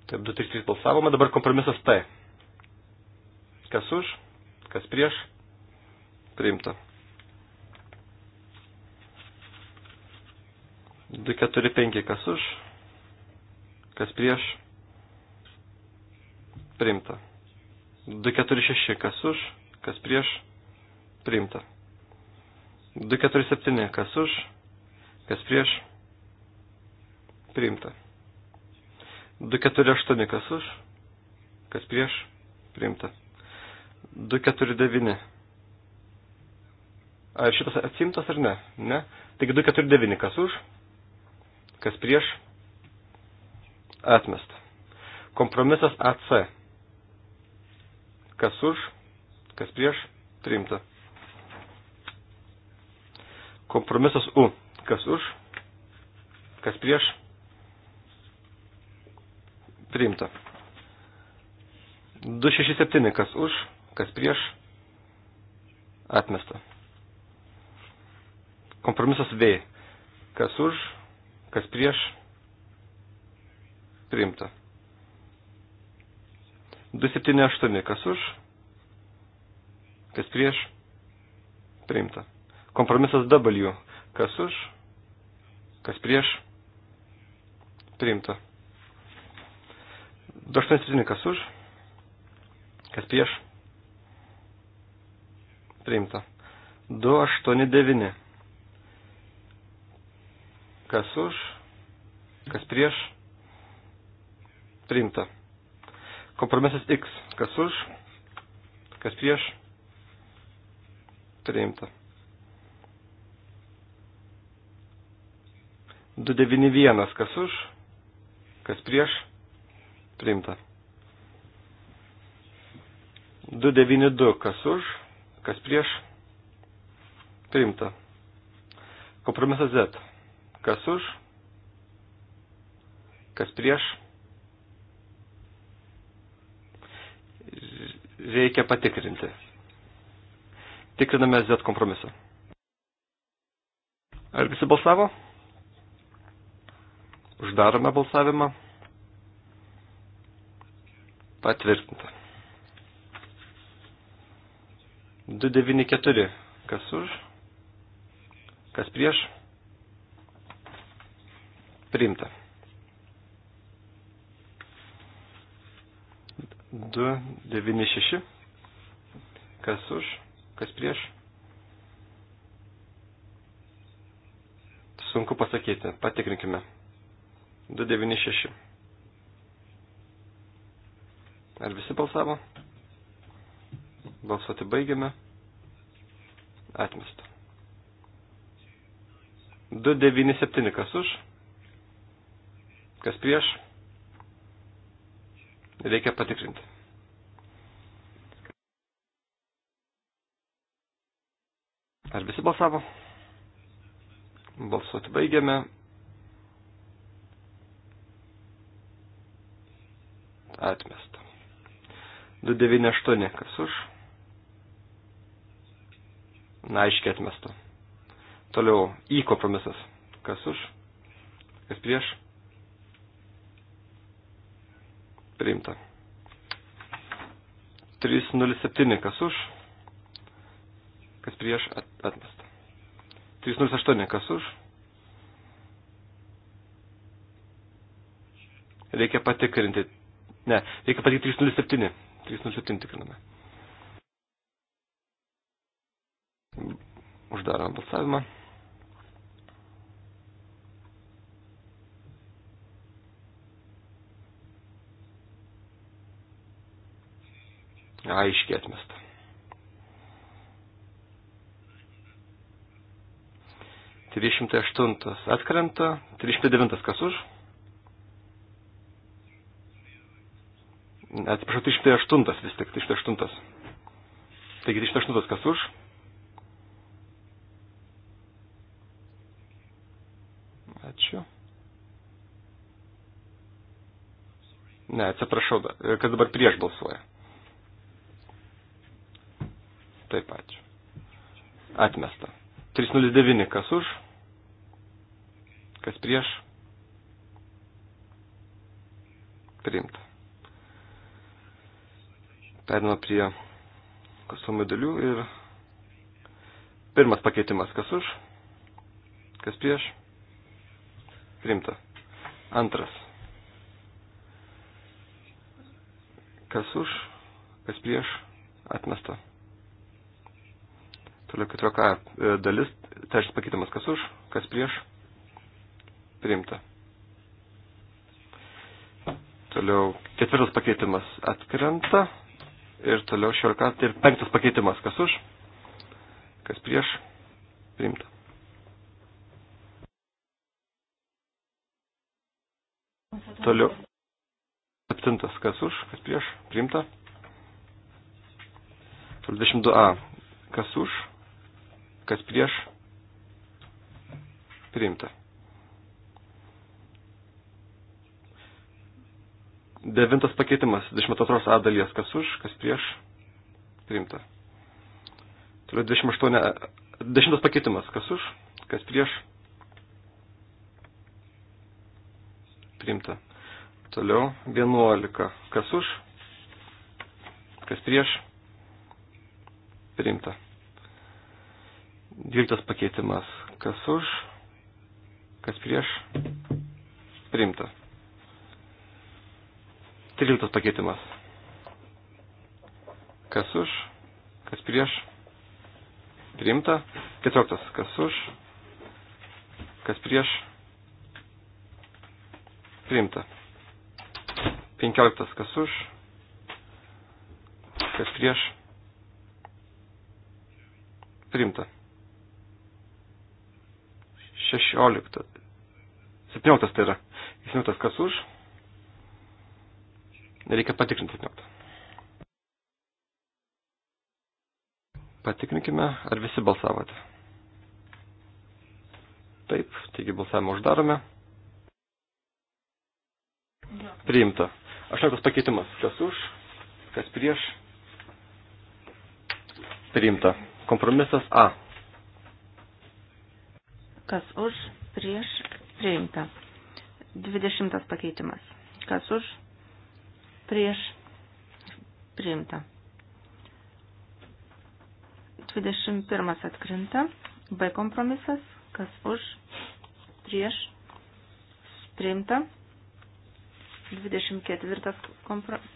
Taip, 2-3-3 balsavome, dabar kompromisas P. Kas už, kas prieš, priimta. 2-4-5, kas už, kas prieš, priimta. 2-4-6, kas už, kas prieš, priimta. 2-4-7, kas už, kas prieš, priimta. 248 kas už, kas prieš, priimta. 249. Ar šitas atsimtas ar ne? Ne. Taigi 249 kas už, kas prieš, atmesta. Kompromisas AC. Kas už, kas prieš, priimta. Kompromisas U. Kas už, kas prieš, priimta Priimta. 267 kas už, kas prieš, atmesta. Kompromisas V. Kas už, kas prieš, priimta. 278 kas už, kas prieš, priimta. Kompromisas W. Kas už, kas prieš, priimta. 237 kas už, kas prieš, priimta. 289 kas už, kas prieš, priimta. Kompromisas X, kas už, kas prieš, priimta. 291, kas už, kas prieš, priimta. Priimta. 292 kas už, kas prieš. Priimta. Kompromisas Z. Kas už, kas prieš. Reikia patikrinti. Tikriname Z kompromisą. Ar visi balsavo? Uždarome balsavimą. Patvirtinta. 294. Kas už? Kas prieš? Priimta. 296. Kas už? Kas prieš? Sunku pasakyti. Patikrinkime. 296. Ar visi balsavo? Balsuoti baigiame. Atmesta. 297 kas už, kas prieš, reikia patikrinti. Ar visi balsavo? Balsuoti baigiame. Atmest. 298, kas už. Na, aiškiai atmestu. Toliau, į kompromisas. Kas už? Kas prieš? Priimta. 307, kas už? Kas prieš? At, atmesta. 308, kas už? Reikia patikrinti. Ne, reikia patikrinti 307. 307 tikriname. Uždarome balsavimą. Aiškiai atmesta. Trišimtai aštuntas atkrenta, trišimtai devintas kas už? Atsiprašau, 308 vis tik, 308. Taigi 308 kas už? Ačiū. Ne, atsiprašau, e, kas dabar prieš balsuoja. Taip ačiū. Atmesta. 309 kas už? Kas prieš? Priimta. Periname prie kasomų dalių ir pirmas pakeitimas, kas už, kas prieš, priimta. Antras. Kas už, kas prieš, atmesta. Toliau kitroka e, dalis, trečias pakeitimas, kas už, kas prieš, priimta. Toliau ketvirtas pakeitimas atkrenta ir toliau 16 ir 5 pakeitimas. Kas už, kas prieš, priimta. Toliau 7. Kas už, kas prieš, priimta. Toliau 22a. Kas už, kas prieš, priimta. Devintas pakeitimas, 22a dalies, kas už, kas prieš, priimta. Toliau 28, dešimtas pakeitimas, kas už, kas prieš, priimta. Toliau 11, kas už, kas prieš, priimta. 12 pakeitimas, kas už, kas prieš, priimta. 13 pakeitimas. Kas už, kas prieš, priimta. 14. Kas už, kas prieš, priimta. 15. Kas už, kas prieš, priimta. 16. 17 tai yra. Įsimtas kas už, Reikia patikrinti atnektą. Patikrinkime, ar visi balsavote. Taip, taigi balsavimą uždarome. Priimta. Aštuntas pakeitimas. Kas už, kas prieš. Priimta. Kompromisas A. Kas už, prieš, priimta. Dvidešimtas pakeitimas. Kas už, prieš priimta. 21 atkrinta. B kompromisas. Kas už? Prieš. Priimta. 24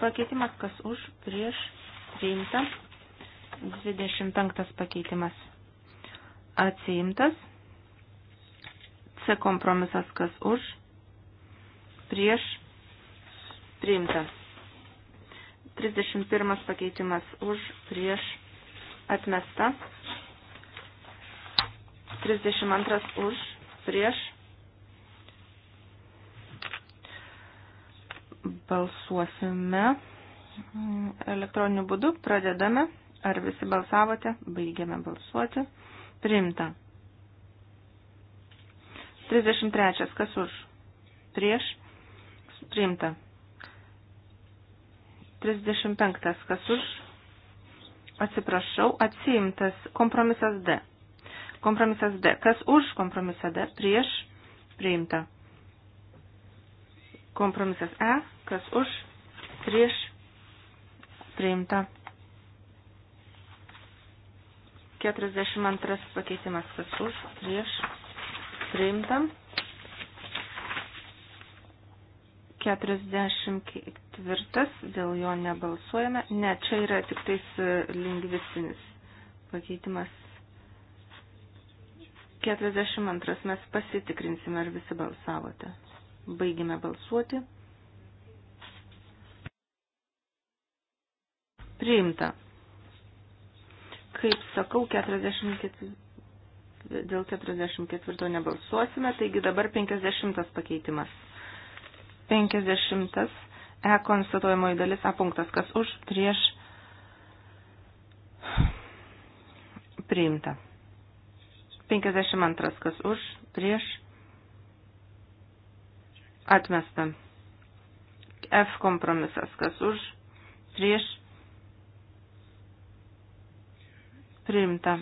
pakeitimas. Kas už? Prieš. Priimta. 25 pakeitimas. Atsiimtas. C kompromisas. Kas už? Prieš. Priimta. 31 pakeitimas už prieš atmesta. 32 už prieš. Balsuosime elektroniniu būdu. Pradedame. Ar visi balsavote? Baigiame balsuoti. Priimta. 33. Kas už? Prieš. Priimta. 35. Kas už? Atsiprašau, atsiimtas kompromisas D. Kompromisas D. Kas už kompromisą D? Prieš priimta. Kompromisas E. Kas už? Prieš priimta. 42 pakeitimas. Kas už? Prieš priimta. 44, dėl jo nebalsuojame. Ne, čia yra tik tais e, lingvistinis pakeitimas. 42, mes pasitikrinsime, ar visi balsavote. Baigime balsuoti. Priimta. Kaip sakau, 44 dėl 44 nebalsuosime, taigi dabar 50 pakeitimas. 50 E konstatuojamoji dalis A punktas, kas už, prieš, priimta. 52, kas už, prieš, atmesta. F kompromisas, kas už, prieš, priimta.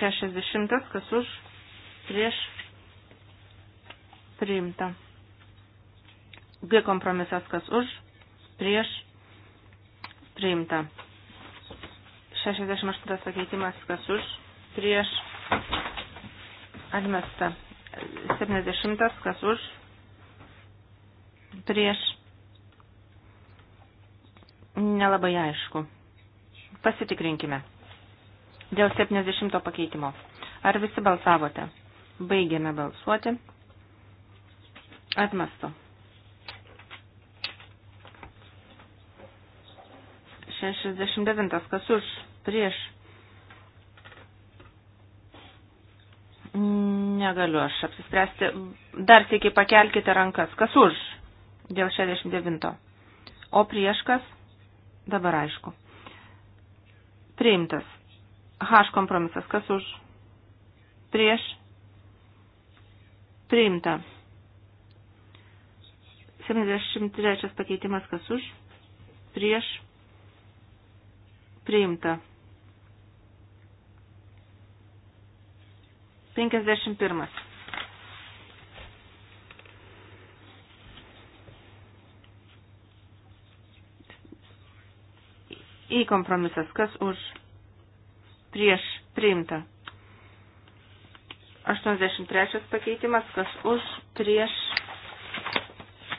60, kas už, prieš, priimta. G kompromisas kas už, prieš, priimta. 68 pakeitimas kas už, prieš, atmesta. 70 kas už, prieš, nelabai aišku. Pasitikrinkime. Dėl 70 pakeitimo. Ar visi balsavote? Baigėme balsuoti. Atmestu. 69. Kas už? Prieš. Negaliu aš apsispręsti. Dar sėkiai pakelkite rankas. Kas už? Dėl 69. O prieš kas? Dabar aišku. Priimtas. H kompromisas. Kas už? Prieš. Priimta. 73 pakeitimas. Kas už? Prieš priimta. 51. Į kompromisas, kas už prieš priimta. 83 pakeitimas, kas už prieš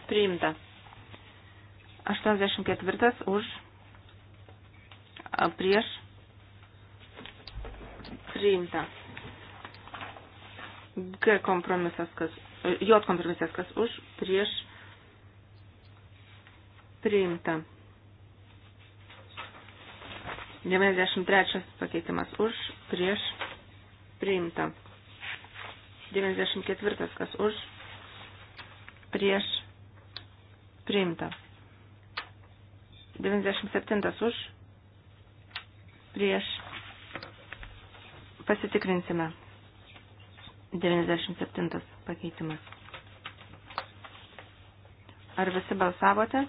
priimta. 84 už prieš priimta. G kompromisas, kas, J kompromisas, kas už, prieš priimta. 93 pakeitimas už, prieš priimta. 94 kas už, prieš priimta. 97 už, prieš pasitikrinsime. 97 pakeitimas. Ar visi balsavote?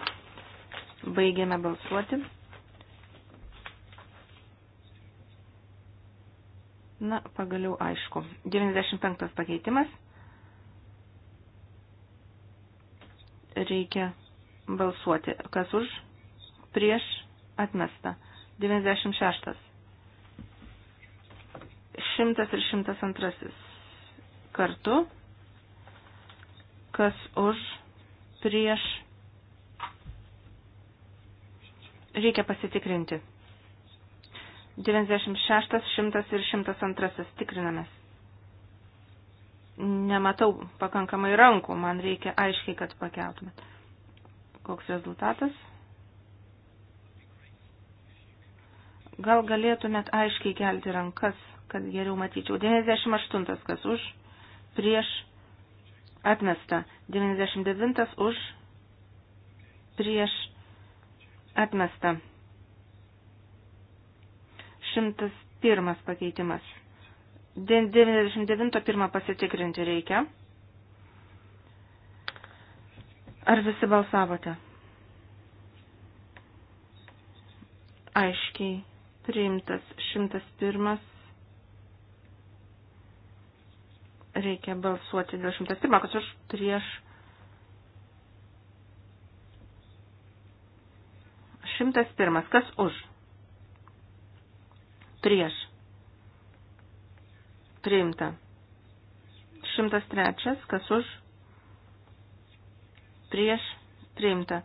Baigėme balsuoti. Na, pagaliau aišku. 95 pakeitimas. Reikia balsuoti. Kas už? Prieš atmesta. 96. 100 ir 102 kartu, kas už, prieš, reikia pasitikrinti. 96, 100 ir 102 tikrinamės. Nematau pakankamai rankų, man reikia aiškiai, kad pakeltumėt. Koks rezultatas? Gal galėtumėt aiškiai kelti rankas, kad geriau matyčiau. 98 kas už, prieš, atmesta. 99 už, prieš, atmesta. 101 pakeitimas. 99 pirmą pasitikrinti reikia. Ar visi balsavote? Aiškiai priimtas 101. Reikia balsuoti dėl 101, kas už prieš 101. Kas už? Prieš. Priimta. 103. Kas už? Prieš. Priimta.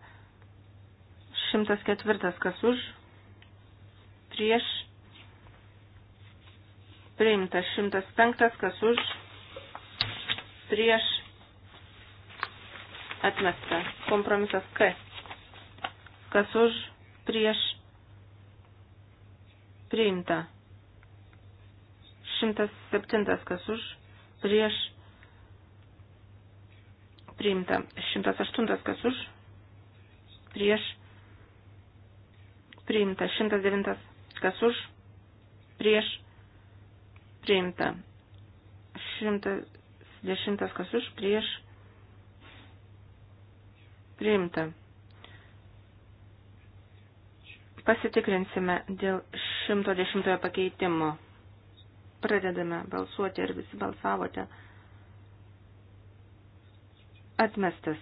104. Kas už? prieš, priimtas 105, kas už, prieš, atmesta, kompromisas K, kas už, prieš, priimta, 107, kas už, prieš, priimta, 108, kas už, prieš, priimta, 109 kas už, prieš, priimta. 110 kas už, prieš, priimta. Pasitikrinsime dėl 110 pakeitimo. Pradedame balsuoti ir visi balsavote. Atmestas.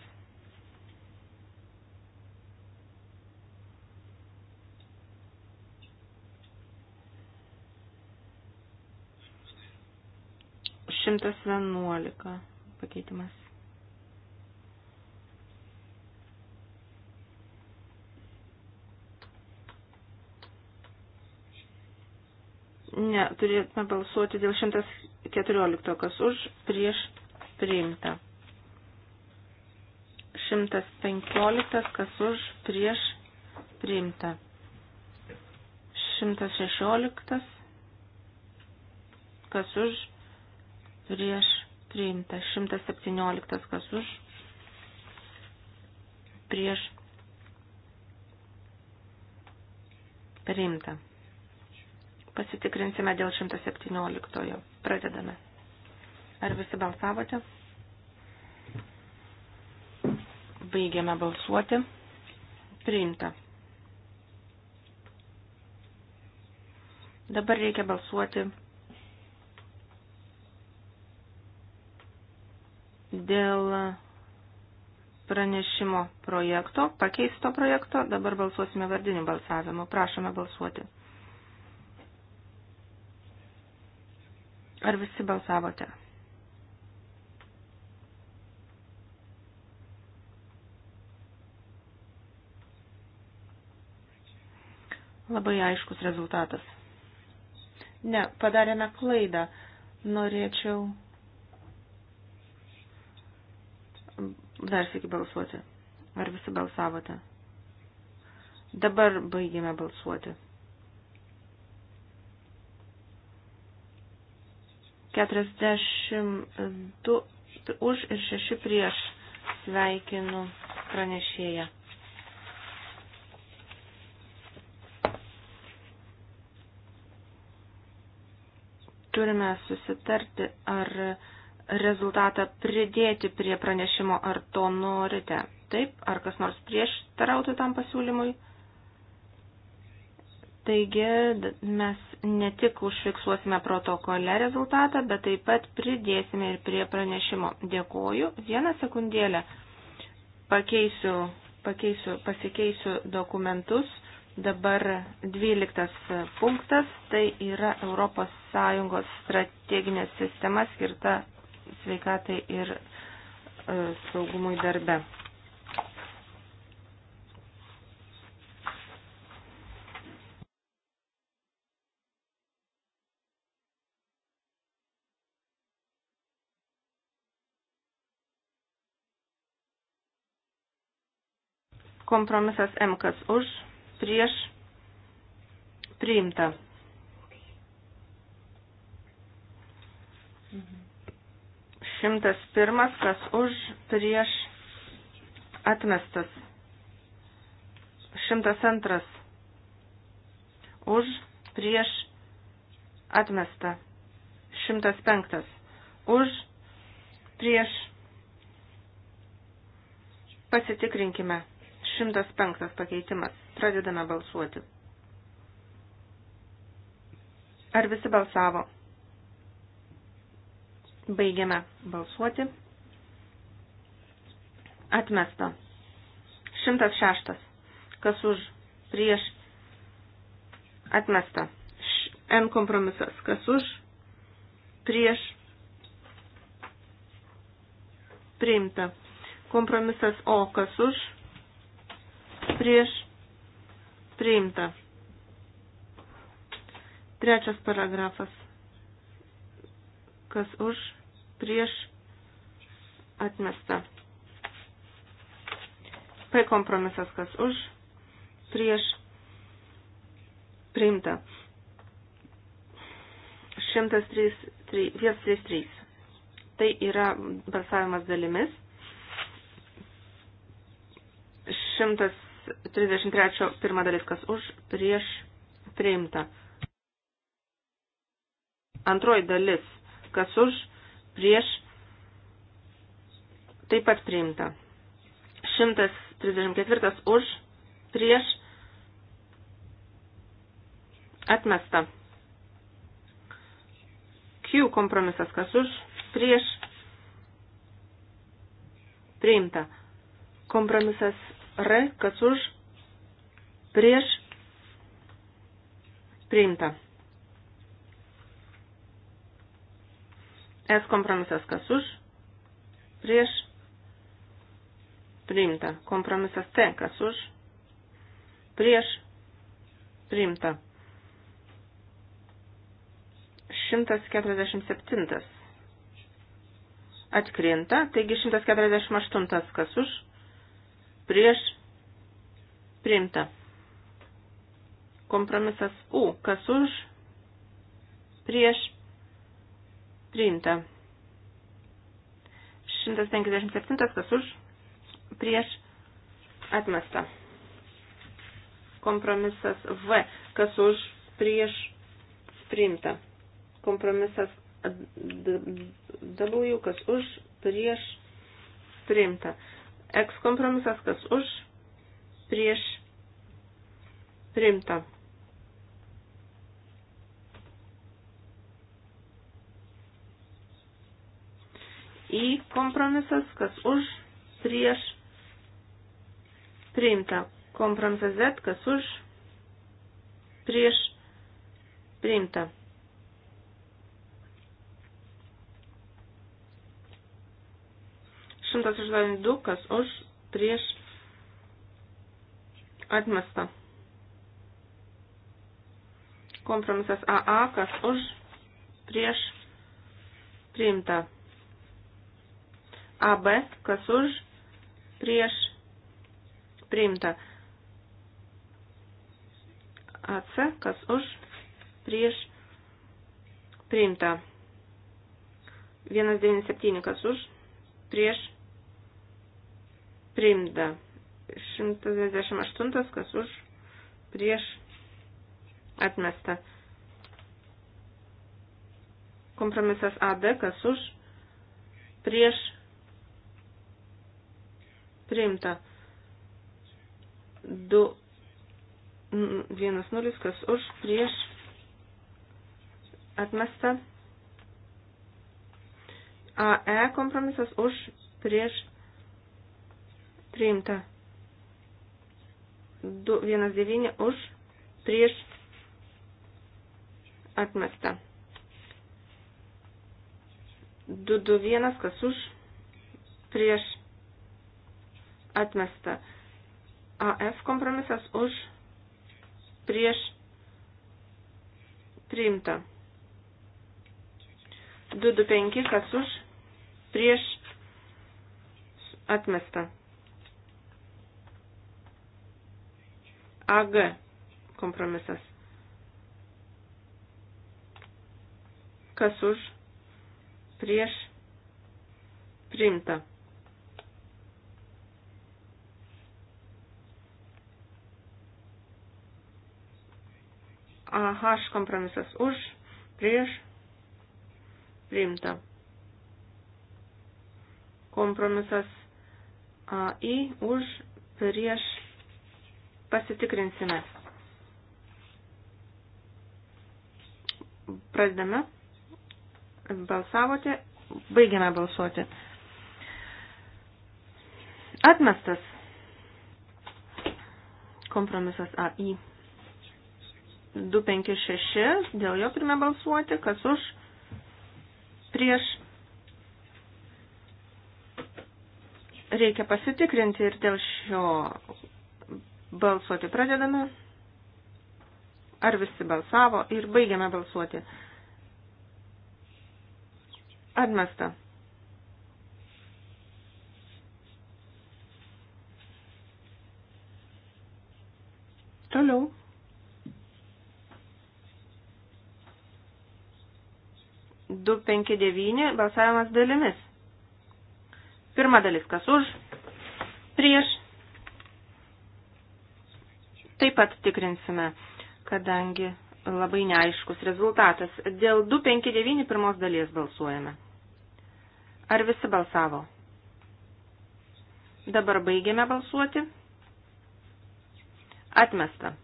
111 pakeitimas. Ne, turėtume balsuoti dėl 114, kas už, prieš priimta. 115, kas už, prieš priimta. 116, kas už, prieš priimta 117 kas už prieš priimta. Pasitikrinsime dėl 117. Pradedame. Ar visi balsavote? Baigiame balsuoti. Priimta. Dabar reikia balsuoti dėl pranešimo projekto, pakeisto projekto. Dabar balsuosime vardiniu balsavimu. Prašome balsuoti. Ar visi balsavote? Labai aiškus rezultatas. Ne, padarėme klaidą. Norėčiau Dar sėki balsuoti. Ar visi balsavote? Dabar baigėme balsuoti. 42 už ir 6 prieš sveikinu pranešėją. Turime susitarti, ar rezultatą pridėti prie pranešimo, ar to norite. Taip, ar kas nors prieštarautų tam pasiūlymui. Taigi mes ne tik užfiksuosime protokole rezultatą, bet taip pat pridėsime ir prie pranešimo. Dėkoju. Vieną sekundėlę pakeisiu, pakeisiu, pasikeisiu dokumentus. Dabar 12 punktas, tai yra ES strateginė sistema skirta sveikatai ir e, saugumui darbe. Kompromisas M kas už, prieš, priimta. 101, kas už, prieš, atmestas. 102, už, prieš, atmesta. 105, už, prieš, pasitikrinkime. 105 pakeitimas. Pradedame balsuoti. Ar visi balsavo? Baigiame balsuoti. Atmesta. 106. Kas už prieš atmesta. N kompromisas. Kas už prieš priimta. Kompromisas O. Kas už prieš priimta. Trečias paragrafas kas už, prieš, atmesta. P kompromisas, kas už, prieš, priimta. 133. Tai yra balsavimas dalimis. 133 pirma dalis, kas už, prieš, priimta. Antroji dalis kas už, prieš, taip pat priimta. 134 už, prieš, atmesta. Q kompromisas kas už, prieš, priimta. Kompromisas R kas už, prieš, priimta. S kompromisas kas už, prieš, priimta. Kompromisas T kas už, prieš, priimta. 147 atkrinta, taigi 148 kas už, prieš, priimta. Kompromisas U kas už, prieš, Priimta. 157 kas už, prieš atmesta. Kompromisas V, kas už, prieš priimta. Kompromisas W, kas už, prieš priimta. X kompromisas, kas už, prieš priimta. į kompromisas, kas už, prieš, priimta. Kompromisas Z, kas už, prieš, priimta. Šimtas aštuoni du, kas už, prieš, atmesta. Kompromisas AA, kas už, prieš, priimta. AB, kas už, prieš, priimta. AC, kas už, prieš, priimta. 197, kas už, prieš, priimta. 128, kas už, prieš, atmesta. Kompromisas AD, kas už, prieš, priimta priimta. 2, 1, 0, kas už, prieš, atmesta. AE kompromisas už, prieš, priimta. 2, 1, 9, už, prieš, atmesta. 2, 2, 1, kas už, prieš, atmesta atmesta. AF kompromisas už prieš priimta. 225 kas už prieš atmesta. AG kompromisas. Kas už prieš priimta. AH kompromisas už, prieš, priimta. Kompromisas AI už, prieš, pasitikrinsime. Pradedame. Balsavote, baigiame balsuoti. Atmestas kompromisas AI. 256, dėl jo turime balsuoti, kas už, prieš. Reikia pasitikrinti ir dėl šio balsuoti pradedame. Ar visi balsavo ir baigiame balsuoti. Atmesta. Toliau. 259 balsavimas dalimis. Pirma dalis, kas už, prieš. Taip pat tikrinsime, kadangi labai neaiškus rezultatas. Dėl 259 pirmos dalies balsuojame. Ar visi balsavo? Dabar baigiame balsuoti. Atmesta.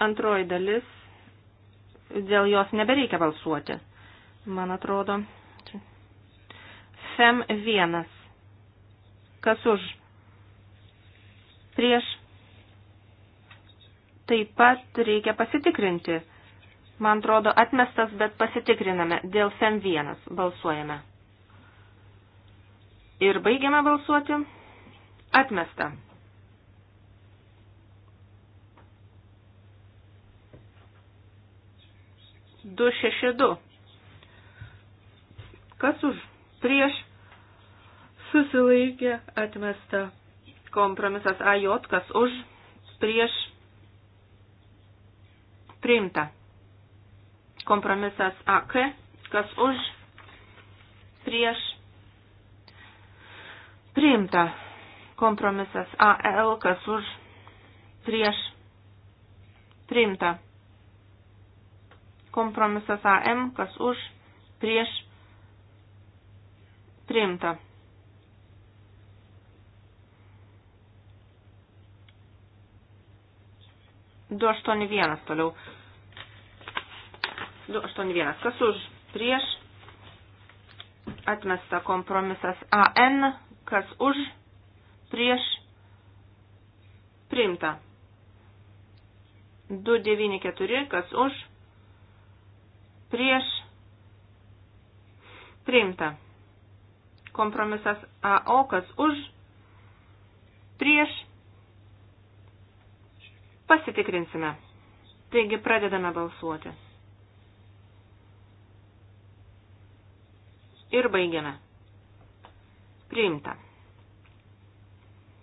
Antroji dalis dėl jos nebereikia balsuoti, man atrodo. FEM 1. Kas už? Prieš. Taip pat reikia pasitikrinti. Man atrodo, atmestas, bet pasitikriname. Dėl FEM 1 balsuojame. Ir baigiame balsuoti. Atmesta. 262. Kas už prieš susilaikė atmesta kompromisas AJ, kas už prieš priimta. Kompromisas AK, kas už prieš priimta. Kompromisas AL, kas už prieš priimta. Kompromisas AM, kas už, prieš, priimta. Du aštuoni vienas toliau. Du aštuoni vienas. Kas už, prieš, atmesta kompromisas AN, kas už, prieš, priimta. 294, kas už, prieš priimta. Kompromisas AO, kas už, prieš pasitikrinsime. Taigi pradedame balsuoti. Ir baigiame. Priimta.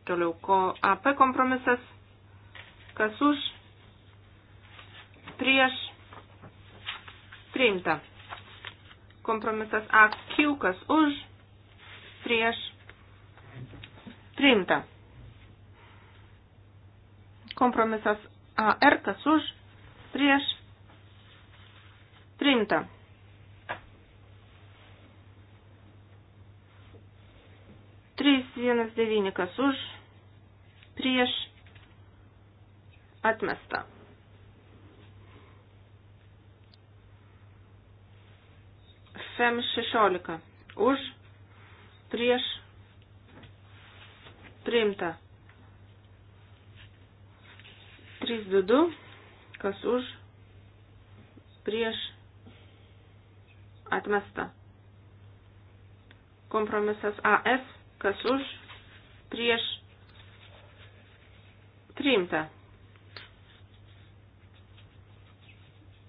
Toliau ko AP kompromisas, kas už, prieš priimta. Kompromisas AQ, kas už, prieš, priimta. Kompromisas AR, kas už, prieš, priimta. Trys vienas devynikas už, prieš, atmesta. FEM 16. Už, prieš, priimta. 322, kas už, prieš, atmesta. Kompromisas AF, kas už, prieš, priimta.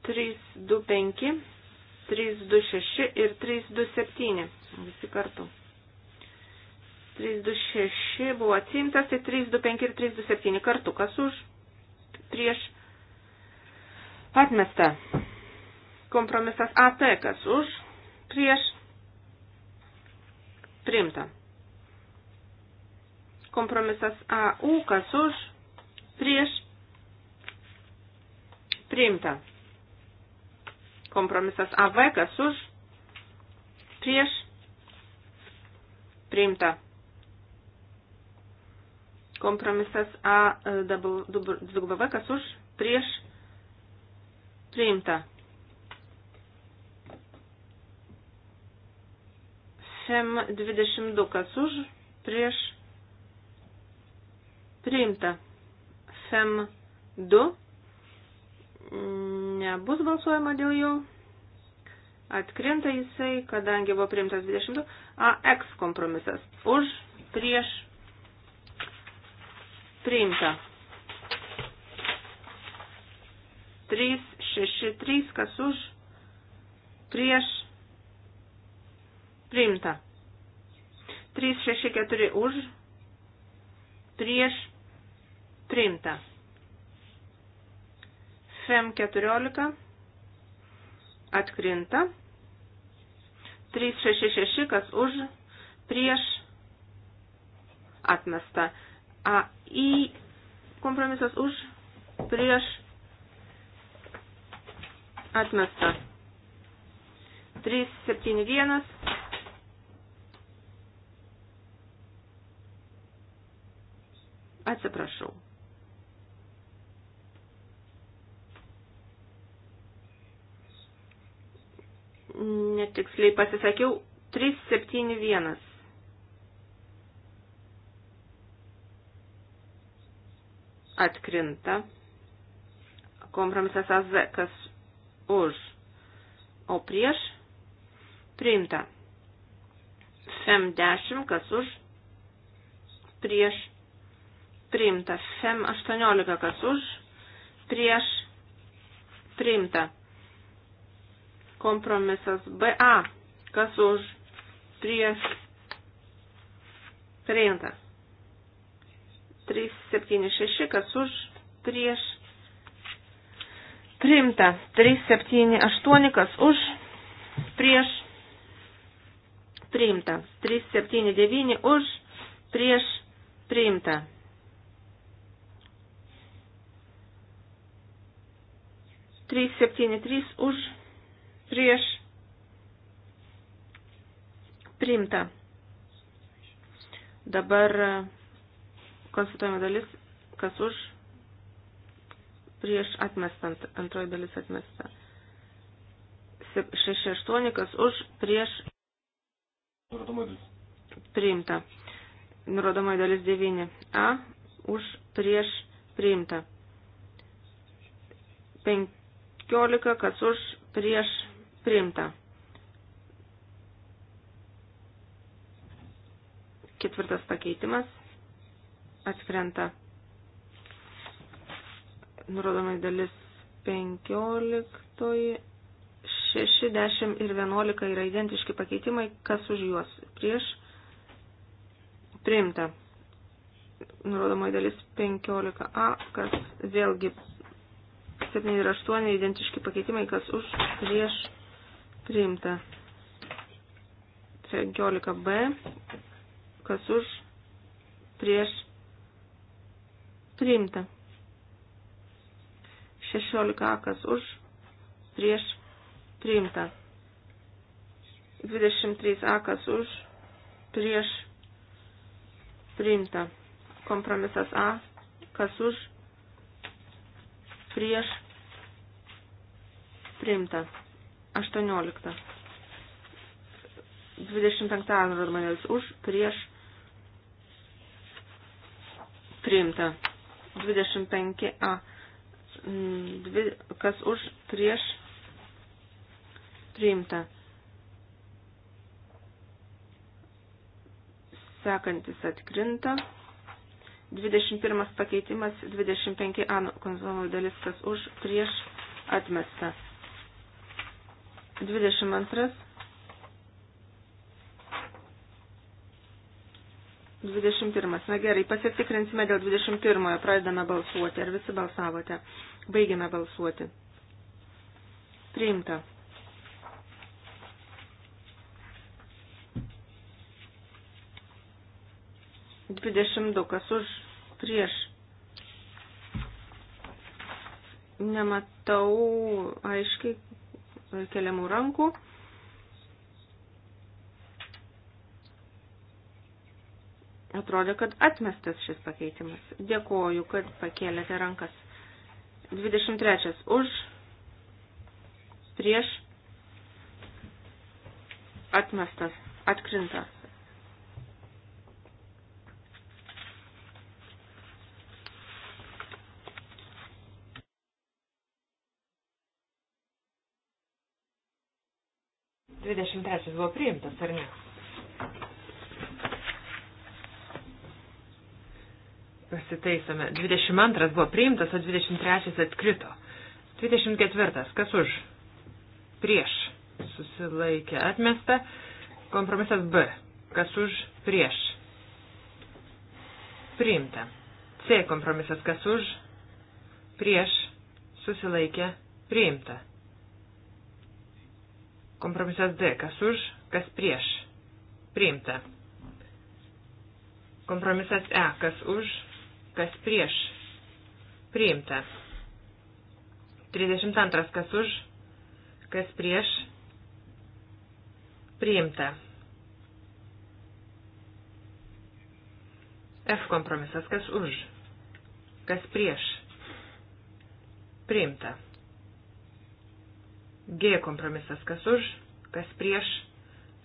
325 326 ir 327. Visi kartu. 326 buvo atsimtas, tai 325 ir 327 kartu. Kas už? Prieš. Atmesta. Kompromisas AT. Kas už? Prieš. Primta. Kompromisas AU. Kas už? Prieš. Primta. Kompromisas AV, kas už, prieš, priimta. Kompromisas A, e, dvigubą V, kas už, prieš, priimta. FEM 22, kas už, prieš, priimta. FEM 2, nebus balsuojama dėl jo. Atkrinta jisai, kadangi buvo priimtas 20. AX kompromisas. Už, prieš, priimta. 3, 6, 3, kas už, prieš, priimta. 3, 6, 4 už, prieš, priimta. FEM 14 atkrinta. 366, kas už, prieš, atmesta. AI kompromisas už, prieš, atmesta. 371. Atsiprašau. netiksliai pasisakiau, 371. Atkrinta. Kompromisas AZ, kas už, o prieš, priimta. FEM 10, kas už, prieš, priimta. FEM 18, kas už, prieš, priimta. Kompromisas BA. Kas už prieš priimta. 376, kas už prieš priimta. 378, kas už prieš priimta. 379 už prieš priimta. Trys septyni trys už prieš priimta. Dabar konsultuojama dalis, kas už prieš atmestant, antroji dalis atmesta. 6-8, kas už prieš priimta. Nurodomoji dalis 9a, už prieš priimta. 15, kas už prieš priimta. Ketvirtas pakeitimas atkrenta. Nurodomai dalis 15, 6, 10 ir 11 yra identiški pakeitimai, kas už juos prieš priimta. Nurodomai dalis 15a, kas vėlgi 7 ir 8 identiški pakeitimai, kas už prieš priimta Priimta. 15b. Kas už? Prieš. Priimta. 16a. Kas už? Prieš. Priimta. 23a. Kas už? Prieš. Priimta. Kompromisas A. Kas už? Prieš. Priimta. 18. 25 rodmanės už, prieš, priimta. 25a, mm, dvi, kas už, prieš, priimta. Sekantis atkrinta. 21 pakeitimas, 25a nu, konsolidų dalis, kas už, prieš, atmesta. 22. 21. Na gerai, pasitikrinsime dėl 21. Pradedame balsuoti. Ar visi balsavote? Baigiame balsuoti. Priimta. Dvidešimt du, kas už prieš. Nematau aiškiai, keliamų rankų. Atrodo, kad atmestas šis pakeitimas. Dėkoju, kad pakėlėte rankas. 23. Už, prieš, atmestas, atkrintas. 23 buvo priimtas, ar ne? Pasitaisome. 22 buvo priimtas, o 23 atkrito. 24. Kas už? Prieš. Susilaikė atmesta. Kompromisas B. Kas už? Prieš. Priimta. C kompromisas. Kas už? Prieš. Susilaikė. Priimta. Kompromisas D. Kas už, kas prieš. Priimta. Kompromisas E. Kas už, kas prieš. Priimta. 32. Kas už, kas prieš. Priimta. F kompromisas. Kas už, kas prieš. Priimta. G kompromisas kas už, kas prieš,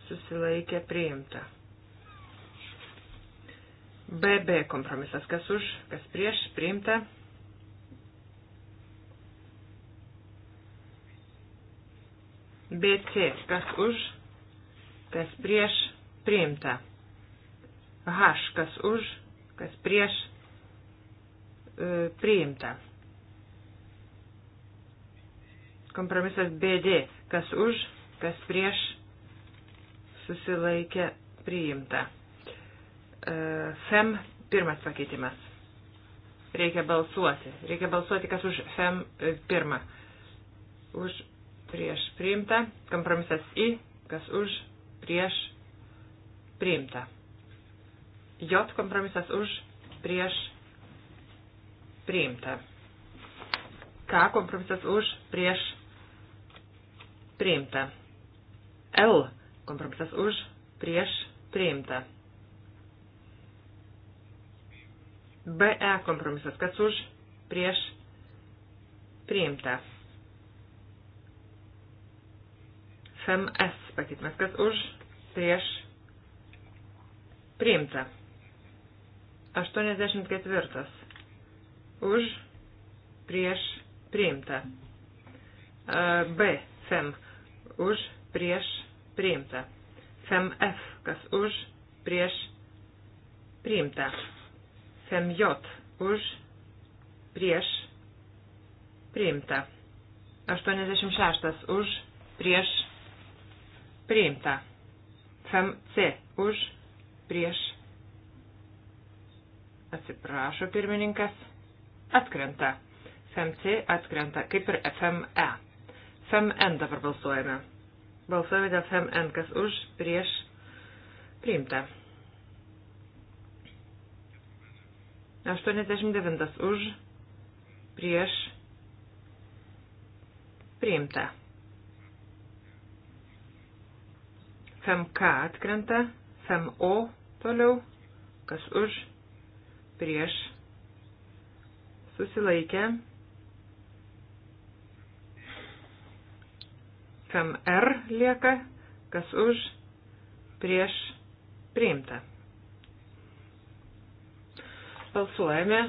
susilaikė priimta. BB kompromisas kas už, kas prieš, priimta. BC kas už, kas prieš, priimta. H kas už, kas prieš, e, priimta. Kompromisas BD. Kas už, kas prieš susilaikė priimta. E, FEM pirmas pakeitimas. Reikia balsuoti. Reikia balsuoti, kas už FEM e, pirmą. Už prieš priimta. Kompromisas I. Kas už prieš priimta. J kompromisas už prieš priimta. K kompromisas už prieš priimta. L kompromisas už, prieš, priimta. BE kompromisas kas už, prieš, priimta. FMS pakeitimas kas už, prieš, priimta. 84. Už, prieš, priimta. E, B FEM už prieš priimta. FEM F kas už prieš priimta. FEM J už prieš priimta. 86 už prieš priimta. FEM C už prieš atsiprašo pirmininkas atkrenta. FMC atkrenta kaip ir FME. FEMN dabar balsuojame. Balsuojame dėl FEMN, kas už, prieš, priimta. 89 už, prieš, priimta. FEMK atkrenta, FEMO toliau, kas už, prieš, susilaikė. Fem R lieka, kas už, prieš, priimta. Balsuojame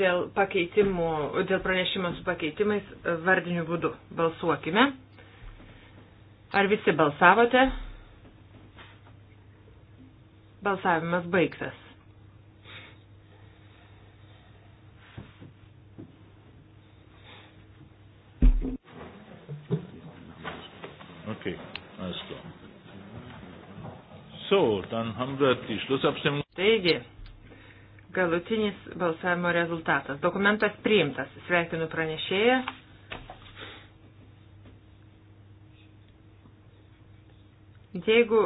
dėl, dėl pranešimo su pakeitimais vardiniu būdu. Balsuokime. Ar visi balsavote? Balsavimas baigtas. So, dann haben wir die Schlussabstimmung. Taigi, galutinis balsavimo rezultatas. Dokumentas priimtas. Sveikinu pranešėją. Jeigu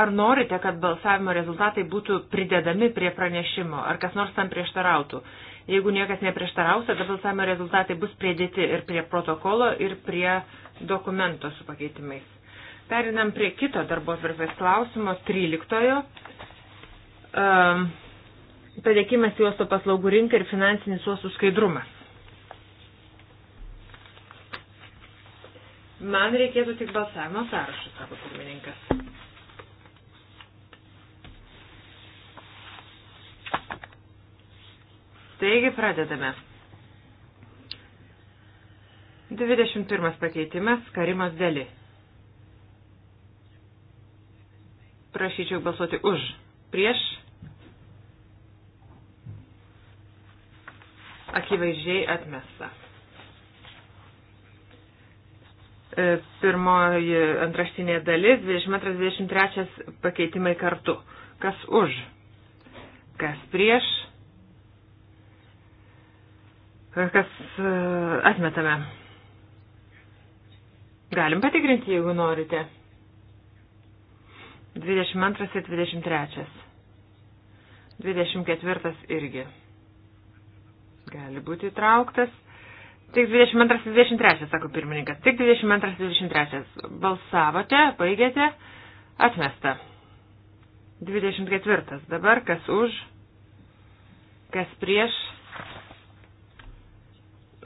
ar norite, kad balsavimo rezultatai būtų pridedami prie pranešimo, ar kas nors tam prieštarautų? Jeigu niekas neprieštaraus, tada balsavimo rezultatai bus pridėti ir prie protokolo, ir prie dokumento su pakeitimais. Perinam prie kito darbo atvarkės klausimo, 13. Um, ehm, Padėkimas į uosto paslaugų rinką ir finansinis uostų skaidrumas. Man reikėtų tik balsavimo sąrašų, sako pirmininkas. Taigi pradedame. 21 pakeitimas Karimas Deli. Prašyčiau balsuoti už. Prieš. Akivaizdžiai atmesta. E, pirmoji antraštinė dalis, 22-23 pakeitimai kartu. Kas už? Kas prieš? Kas e, atmetame. Galim patikrinti, jeigu norite. 22 ir 23. 24 irgi. Gali būti įtrauktas. Tik 22 ir 23, sako pirmininkas. Tik 22 ir 23. Balsavote, baigėte, atmesta. 24. Dabar kas už, kas prieš,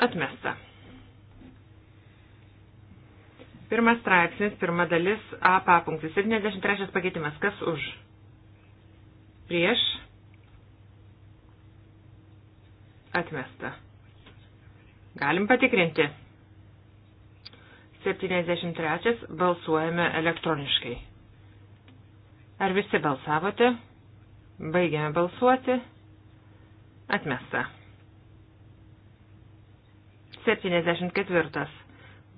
Atmesta. Pirmas straipsnis, pirma dalis, A papunktis. 73 pakeitimas. Kas už? Prieš. Atmesta. Galim patikrinti. 73 balsuojame elektroniškai. Ar visi balsavote? Baigiame balsuoti. Atmesta. 74.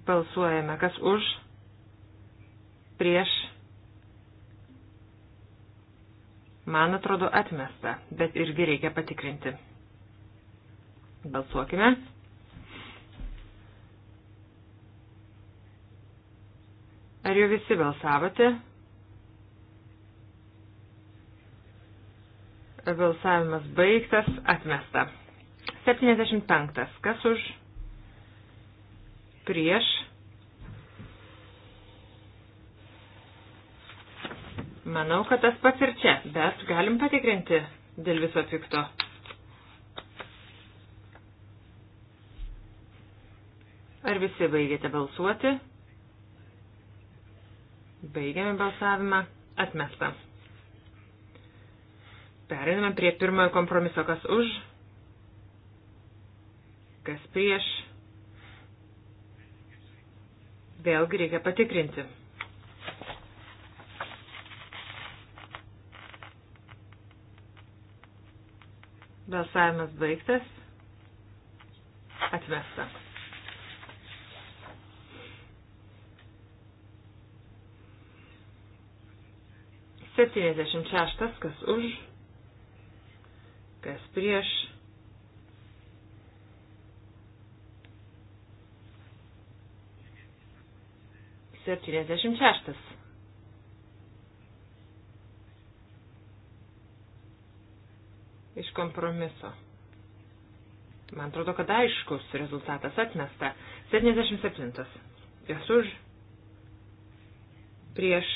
Balsuojame, kas už, prieš, man atrodo atmesta, bet irgi reikia patikrinti. Balsuokime. Ar jau visi balsavote? Balsavimas baigtas, atmesta. 75. Kas už? prieš, manau, kad tas pats ir čia, bet galim patikrinti dėl viso pikto. Ar visi baigėte balsuoti? Baigiame balsavimą. Atmesta. Periname prie pirmojo kompromiso, kas už, kas prieš, Vėlgi reikia patikrinti. Balsavimas baigtas. Atmesta. Septyniasdešimt šeštas, kas už, kas prieš 76. Iš kompromiso. Man atrodo, kad aiškus rezultatas atmesta. 77. Jas už. Prieš.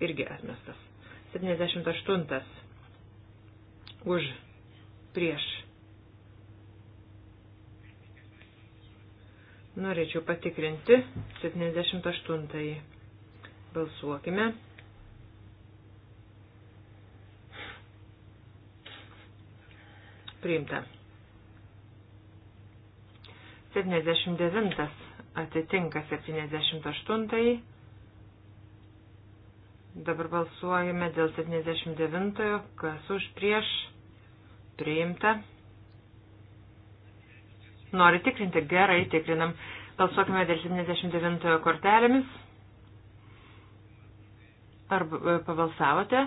Irgi atmestas. 78. Už. Prieš Norėčiau patikrinti 78. Balsuokime. Priimta. 79 atitinka 78. Dabar balsuojame dėl 79, kas už prieš priimta. Nori tikrinti? Gerai, tikrinam. Balsuokime dėl 79 kortelėmis. Ar e, pabalsavote?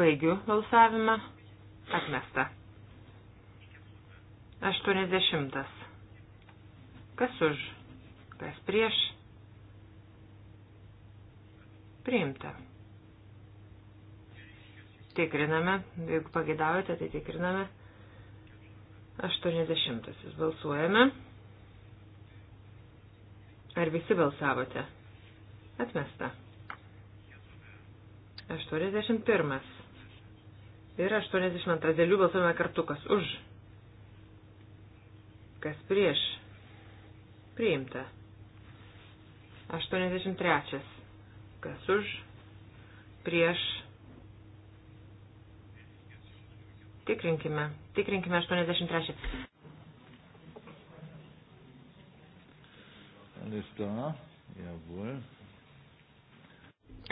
Baigiu balsavimą. Atmesta. 80. Kas už? Kas prieš? Priimta. Tikriname. Jeigu pagėdavote, tai tikriname. 80. Balsuojame. Ar visi balsavote? Atmesta. 81. Ir 82 dėlių balsuojame kartu, kas už. Kas prieš. Priimta. 83. Kas už. Prieš Tikrinkime. Tikrinkime 83. Alles da. Jawohl.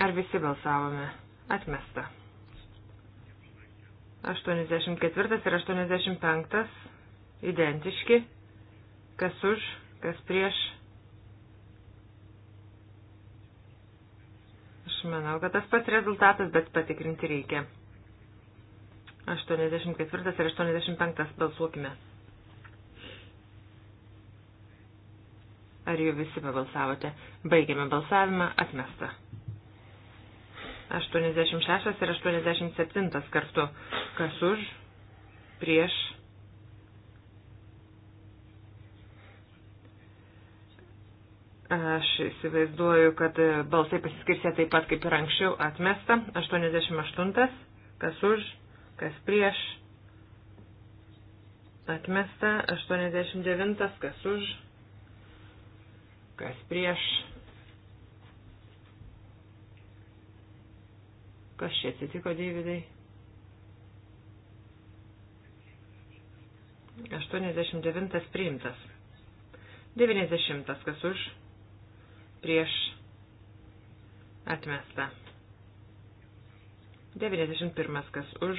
Ar visi balsavome? Atmesta. 84 ir 85 identiški. Kas už, kas prieš. Aš manau, kad tas pats rezultatas, bet patikrinti reikia. 84 ir 85 balsuokime. Ar jau visi pabalsavote? Baigiame balsavimą, atmesta. 86 ir 87 kartu. Kas už? Prieš? Aš įsivaizduoju, kad balsai pasiskirsia taip pat kaip ir anksčiau atmesta. 88. Kas už? kas prieš, atmesta 89, kas už, kas prieš, kas čia atsitiko, Deividai. 89 priimtas. 90 kas už, prieš, atmesta. 91 kas už,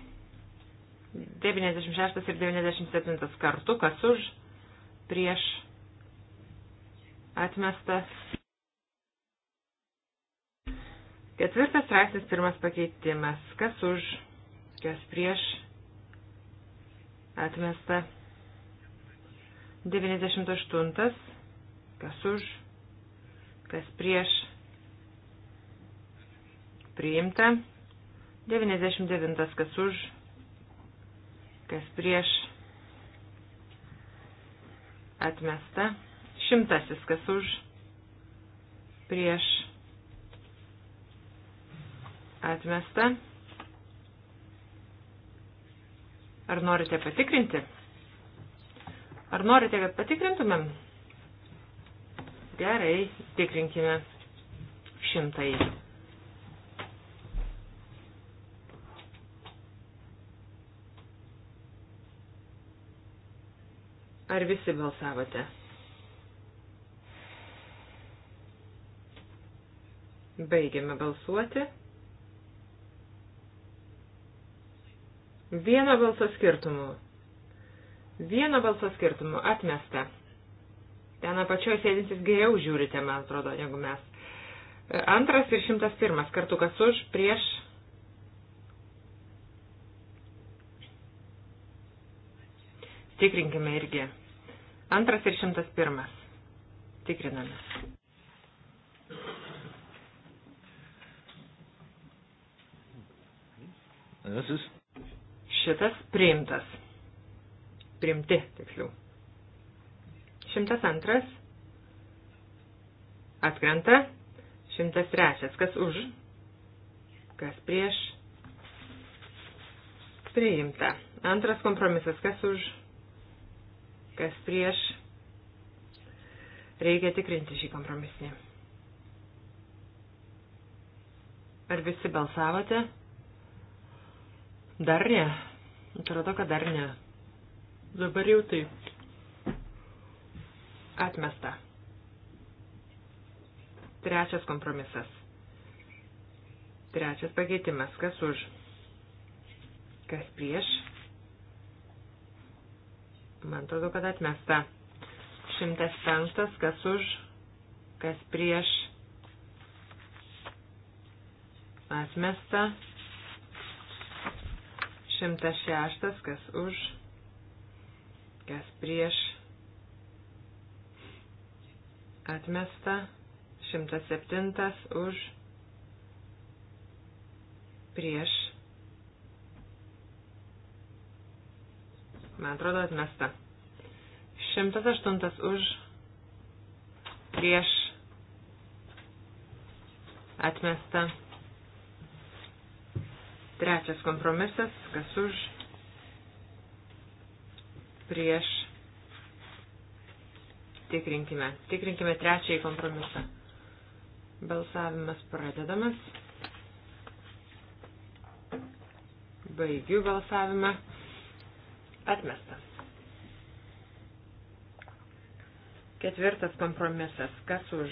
96 ir 97 kartu, kas už, prieš, atmesta. Ketvirtas straipsnis, pirmas pakeitimas, kas už, kas prieš, atmesta. 98, kas už, kas prieš, priimta. 99, kas už, kas prieš atmesta, šimtasis kas už prieš atmesta. Ar norite patikrinti? Ar norite, kad patikrintumėm? Gerai, tikrinkime šimtąjį. Ar visi balsavote? Baigiame balsuoti. Vieno balso skirtumu. Vieno balso skirtumu atmesta. Ten apačioje sėdintis geriau žiūrite, man atrodo, negu mes. E, antras ir šimtas pirmas kartu, kas už, prieš. Tikrinkime irgi. Antras ir šimtas pirmas. Tikriname. Esis. Šitas priimtas. Primti, tiksliau. Šimtas antras. Atkrenta. Šimtas trečias. Kas už? Kas prieš? Priimta. Antras kompromisas. Kas už? kas prieš. Reikia tikrinti šį kompromisinį. Ar visi balsavote? Dar ne. Atrodo, kad dar ne. Dabar jau taip. Atmesta. Trečias kompromisas. Trečias pakeitimas. Kas už? Kas prieš? Man atrodo, kad atmesta. 105. Kas už, kas prieš. Atmesta. 106. Kas už, kas prieš. Atmesta. 107. Už, prieš Man atrodo atmesta. 108 už prieš atmesta. Trečias kompromisas, kas už prieš tikrinkime. Tikrinkime trečiąjį kompromisą. Balsavimas pradedamas. Baigiu balsavimą. Atmesta. Ketvirtas kompromisas. Kas už?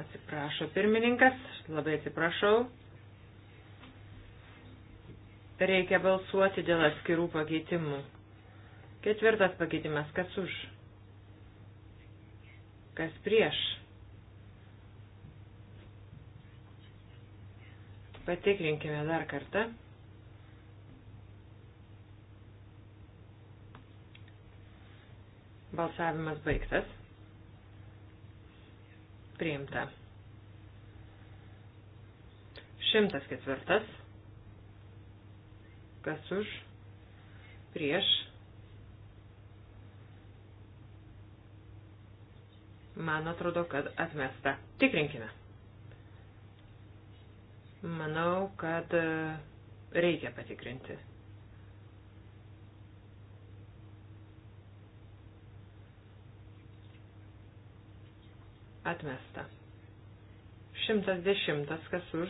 Atsiprašo pirmininkas. Labai atsiprašau. Reikia balsuoti dėl atskirų pakeitimų. Ketvirtas pakeitimas. Kas už? Kas prieš? Patikrinkime dar kartą. Balsavimas baigtas. Priimta. 104. Kas už? Prieš. Man atrodo, kad atmesta. Tikrinkime. Manau, kad e, reikia patikrinti. Atmesta. 110. Kas už?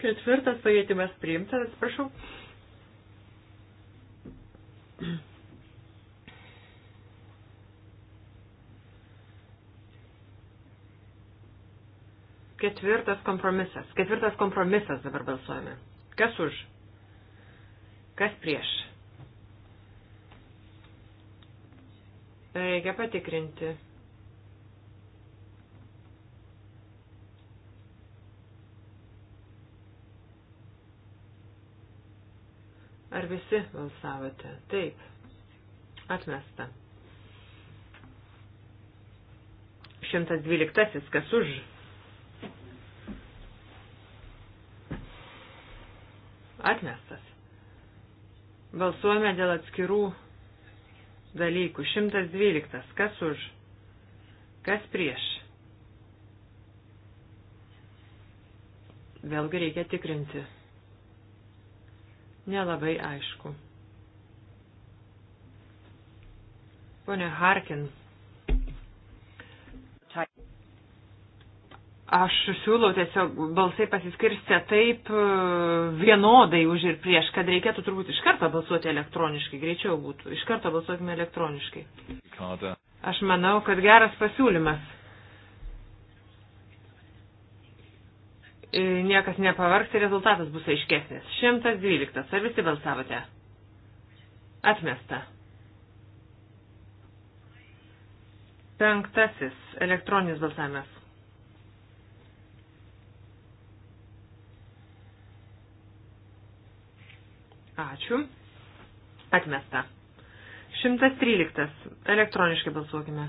Ketvirtas pakeitimas priimtas, atsiprašau. Ketvirtas kompromisas. Ketvirtas kompromisas dabar balsuojame. Kas už? Kas prieš? Reikia patikrinti. Ar visi balsavote? Taip. Atmesta. 112. Kas už? Atmestas. Balsuojame dėl atskirų dalykų. 112. Kas už? Kas prieš? Vėlgi reikia tikrinti. Nelabai aišku. Pone Harkins, Aš siūlau tiesiog balsai pasiskirstę taip e, vienodai už ir prieš, kad reikėtų turbūt iš karto balsuoti elektroniškai, greičiau būtų. Iš karto balsuokime elektroniškai. Aš manau, kad geras pasiūlymas. E, niekas nepavargs ir rezultatas bus aiškesnis. 112. Ar visi balsavote? Atmesta. Penktasis elektroninis balsavimas. Ačiū. Atmesta. 113. Elektroniškai balsuokime.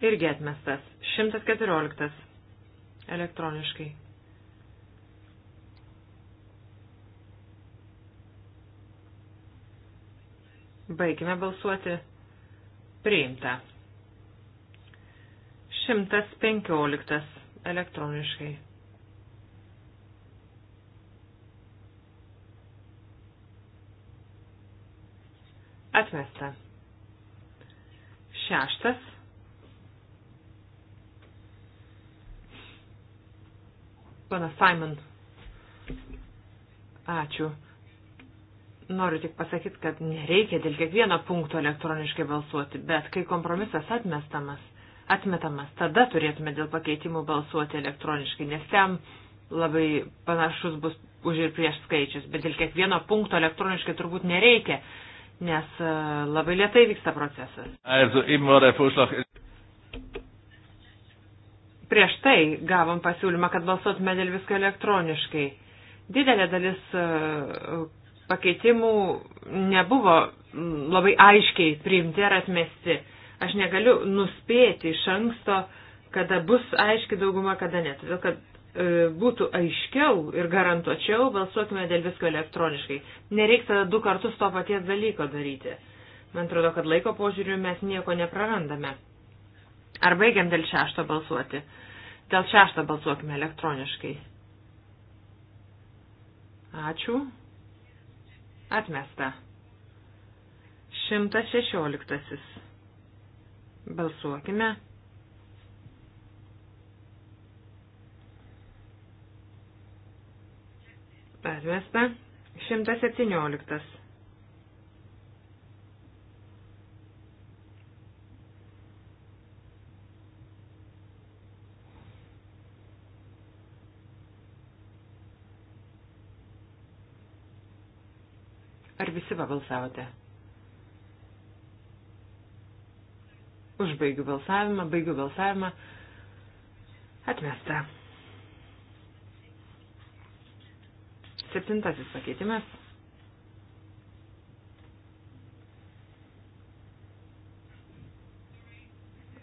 Irgi atmestas. 114. Elektroniškai. Baigime balsuoti. Priimta. 115 elektroniškai. Atmesta. Šeštas. Pana Simon. Ačiū. Noriu tik pasakyti, kad nereikia dėl kiekvieno punkto elektroniškai balsuoti, bet kai kompromisas atmestamas, atmetamas, tada turėtume dėl pakeitimų balsuoti elektroniškai, nes ten labai panašus bus už ir prieš skaičius, bet dėl kiekvieno punkto elektroniškai turbūt nereikia, nes e, labai lietai vyksta procesas. Also, Prieš tai gavom pasiūlymą, kad balsuotume dėl visko elektroniškai. Didelė dalis e, pakeitimų nebuvo labai aiškiai priimti ar atmesti. Aš negaliu nuspėti iš anksto, kada bus aiški dauguma, kada ne. Todėl, kad e, būtų aiškiau ir garantuočiau, balsuokime dėl visko elektroniškai. Nereiks tada du kartus to paties dalyko daryti. Man atrodo, kad laiko požiūriu mes nieko neprarandame. Ar baigiam dėl šešto balsuoti? Dėl šešto balsuokime elektroniškai. Ačiū. Atmesta. 116. Balsuokime. Atmesta. 117. Ar visi pabalsavote? Užbaigiu balsavimą, baigiu balsavimą. Atmesta. Septintasis pakeitimas.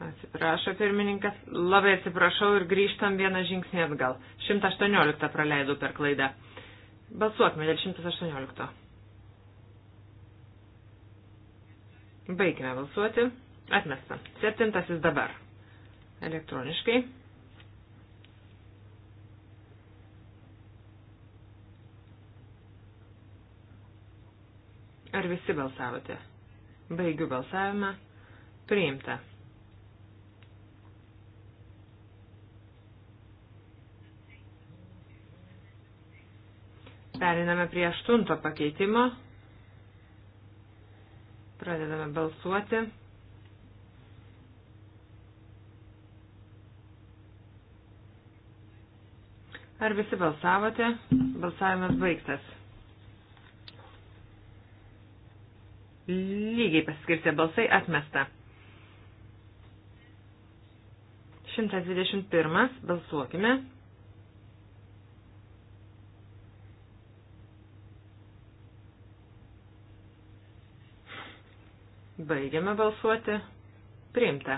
Atsiprašo pirmininkas, labai atsiprašau ir grįžtam vieną žingsnį atgal. 118 praleidau per klaidą. Balsuokime dėl 118. Baigime balsuoti. Atmesta. Septintasis dabar. Elektroniškai. Ar visi balsavote? Baigiu balsavimą. Priimta. Periname prie aštunto pakeitimo. Pradedame balsuoti. Ar visi balsavote? Balsavimas baigtas. Lygiai pasiskirstė balsai atmesta. 121. Balsuokime. Baigiame balsuoti. Priimta.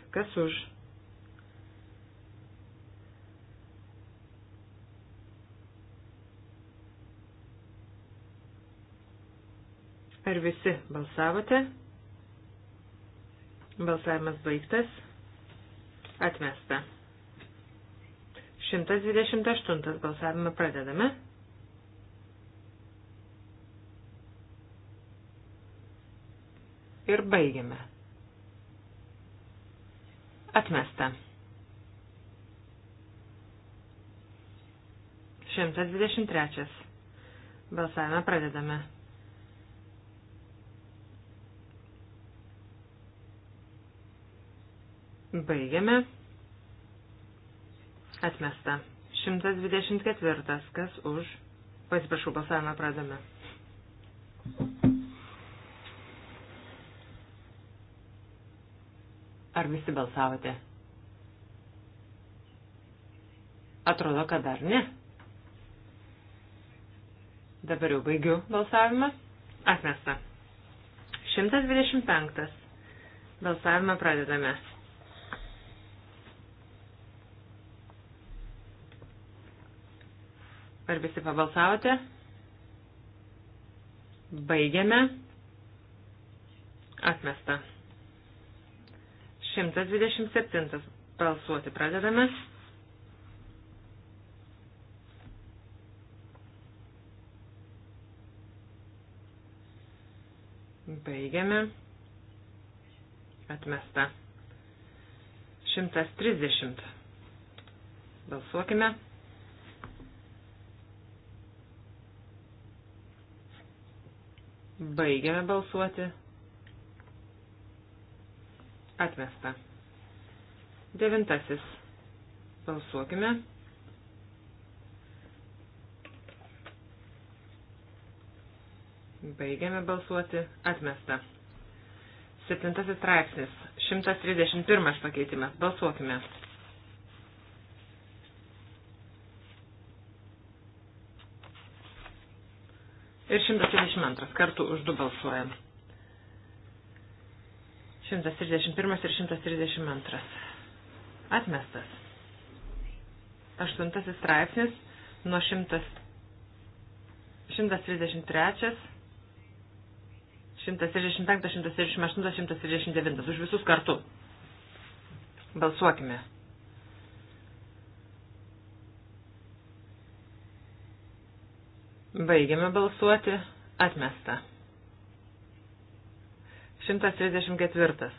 Kas už? Ar visi balsavote? Balsavimas baigtas. Atmesta. 128 balsavimą pradedame. Ir baigiame. Atmesta. 123. Balsavimą pradedame. Baigiame. Atmesta. 124. Kas už? Pasiprašau, balsavimą pradedame. Ar visi balsavote? Atrodo, kad dar ne. Dabar jau baigiu balsavimą. Atmesta. 125. Balsavimą pradedame. Ar visi pabalsavote? Baigiame. Atmesta. 127 balsuoti pradedame. Baigiame. Atmesta. 130. Balsuokime. Baigiame balsuoti. Atmesta. Devintasis. Balsuokime. Baigiame balsuoti. Atmesta. Septintasis straipsnis. 131 pakeitimas. Balsuokime. Ir 132 kartų už du balsuojam. 131 ir 132. Atmestas. Aštuntasis straipsnis nuo 100, 133, 135, 138, 139. Už visus kartu. Balsuokime. Baigiame balsuoti. Atmesta. 134.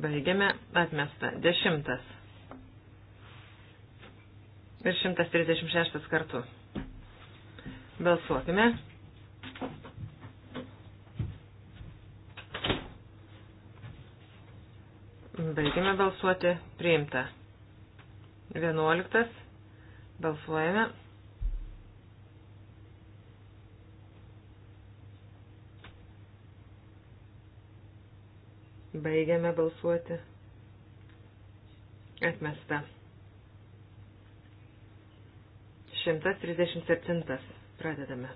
Baigiame atmestą. Dešimtas. Ir 136 kartu. Balsuokime. Baigime balsuoti. Priimta. 11. Balsuojame. Baigiame balsuoti. Atmesta. 137. Pradedame.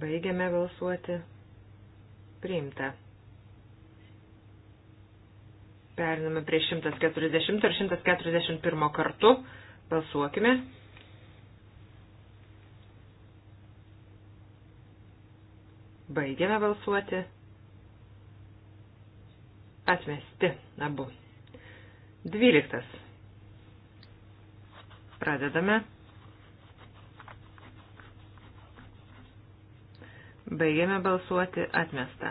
Baigiame balsuoti. Priimta. Periname prie 140 ir 141 kartu. Balsuokime. Baigiame balsuoti. Atmesti abu. Dvyliktas. Pradedame. Baigėme balsuoti atmestą.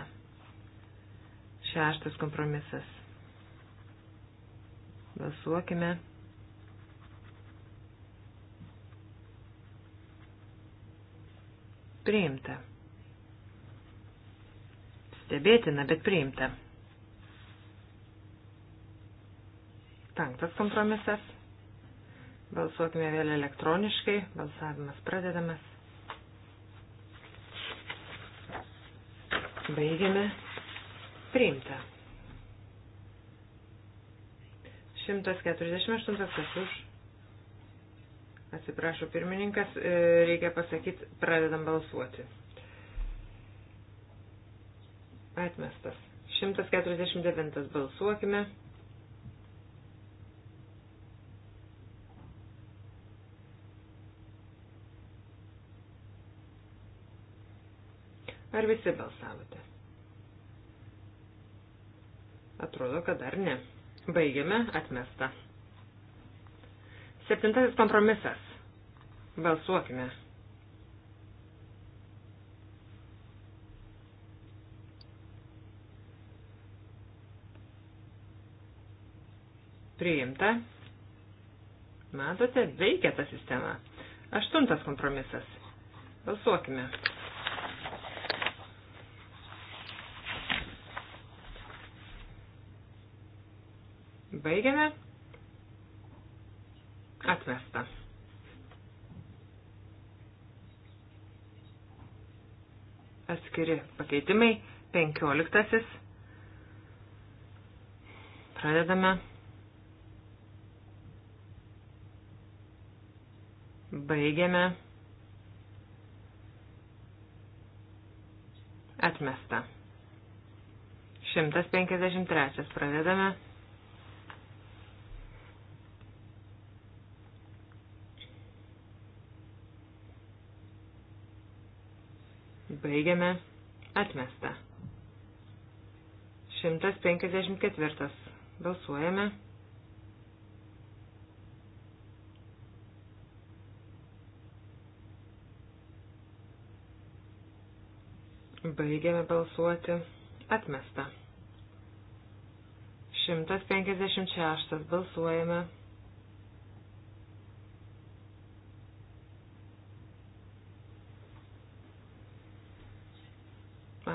Šeštas kompromisas. Balsuokime. Priimta. Stebėtina, bet priimta. Penktas kompromisas. Balsuokime vėl elektroniškai. Balsavimas pradedamas. Baigiame. Priimta. 148 už. Atsiprašau, pirmininkas, e, reikia pasakyti, pradedam balsuoti. Atmestas. 149 balsuokime. Ar visi balsavote? Atrodo, kad dar ne. Baigiame atmestą. Septintasis kompromisas. Balsuokime. Priimta. Matote, veikia ta sistema. Aštuntas kompromisas. Balsuokime. Baigiame. Atmesta. Atskiri pakeitimai. 15. Pradedame. Baigiame. Atmesta. 153. Pradedame. Baigiame. Atmesta. 154. Balsuojame. Baigiame balsuoti. Atmesta. 156. Balsuojame.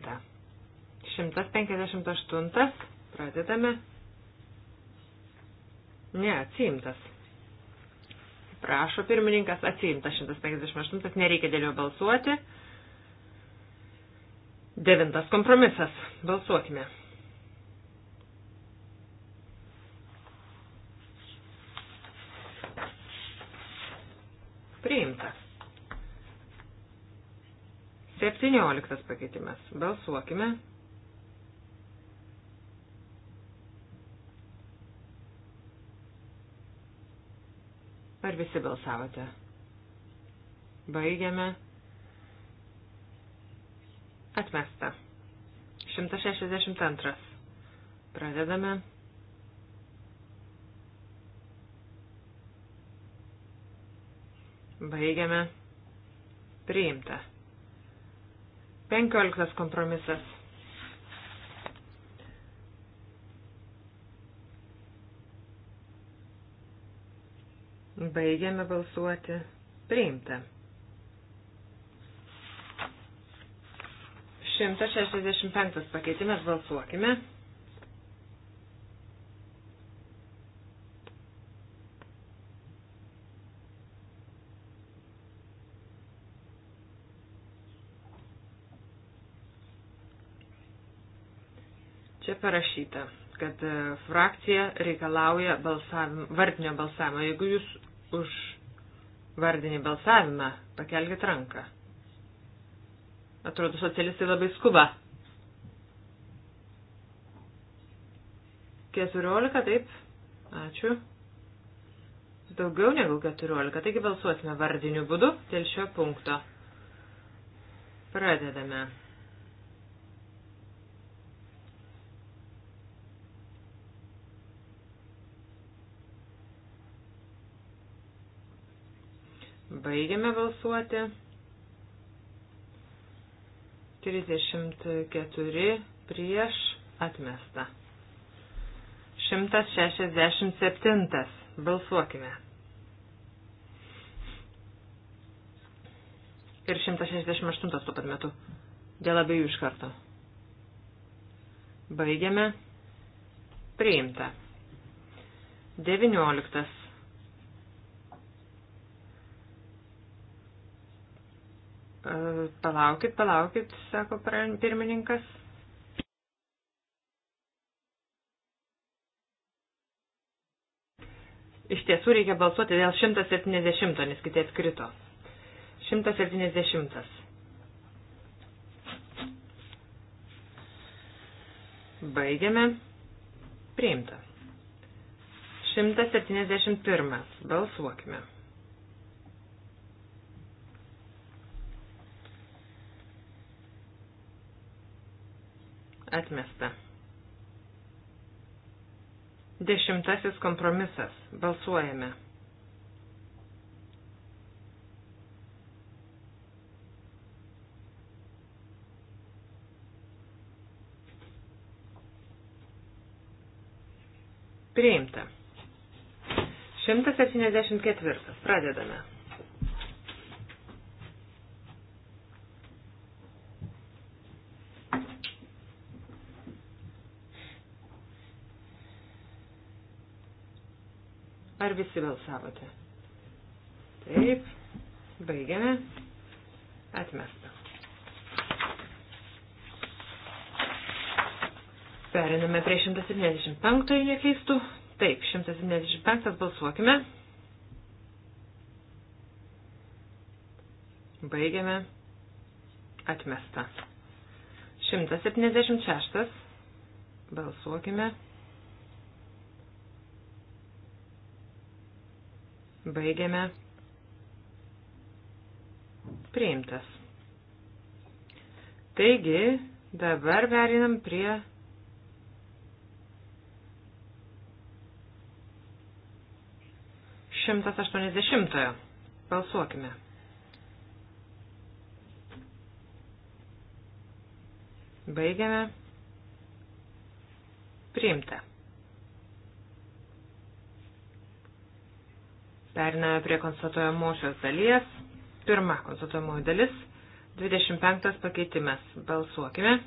Priimta. 158. Pradedame. Ne, atsiimtas. Prašo pirmininkas, atsiimtas 158, nereikia dėl jo balsuoti. Devintas kompromisas. Balsuokime. 17 pakeitimas. Balsuokime. Ar visi balsavote? Baigiame. Atmesta. 162. Pradedame. Baigiame. Priimta. Penkioliktas kompromisas. Baigiame balsuoti. Priimta. 165 pakeitimas balsuokime. parašyta, kad e, frakcija reikalauja balsavim, vardinio balsavimo. Jeigu jūs už vardinį balsavimą, pakelkite ranką. Atrodo, socialistai labai skuba. 14, taip. Ačiū. Daugiau negu 14, taigi balsuosime vardiniu būdu dėl šio punkto. Pradedame. Baigiame balsuoti. 34 prieš atmesta. 167. Balsuokime. Ir 168 tuo pat metu. Dėl abiejų iš karto. Baigiame. Priimta. 19. Palaukit, palaukit, sako pirmininkas. Iš tiesų reikia balsuoti dėl 170, nes kitai atkrito. 170. Baigiame. Priimta. 171. Balsuokime. atmesta. Dešimtasis kompromisas. Balsuojame. Priimta. 174. Pradedame. Ar visi balsavote? Taip, baigiame. Atmesta. Periname prie 175, jei neklystu. Taip, 175 balsuokime. Baigiame. Atmesta. 176. Balsuokime. Baigiame. Priimtas. Taigi, dabar perinam prie šimtas aštuoniasdešimtojo. Balsuokime. Baigiame. Priimta. Periname prie konstatuojamosios dalies. Pirma konstatuojamoji dalis. 25 pakeitimas. Balsuokime.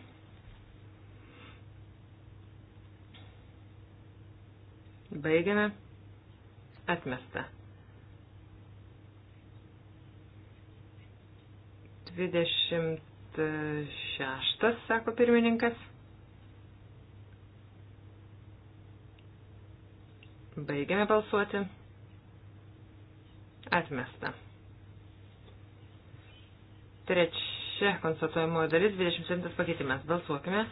Baigiame. Atmesta. 26, sako pirmininkas. Baigiame balsuoti. Atmesta. Trečia konstatuojamoji dalis, 27 pakeitimas. Balsuokime.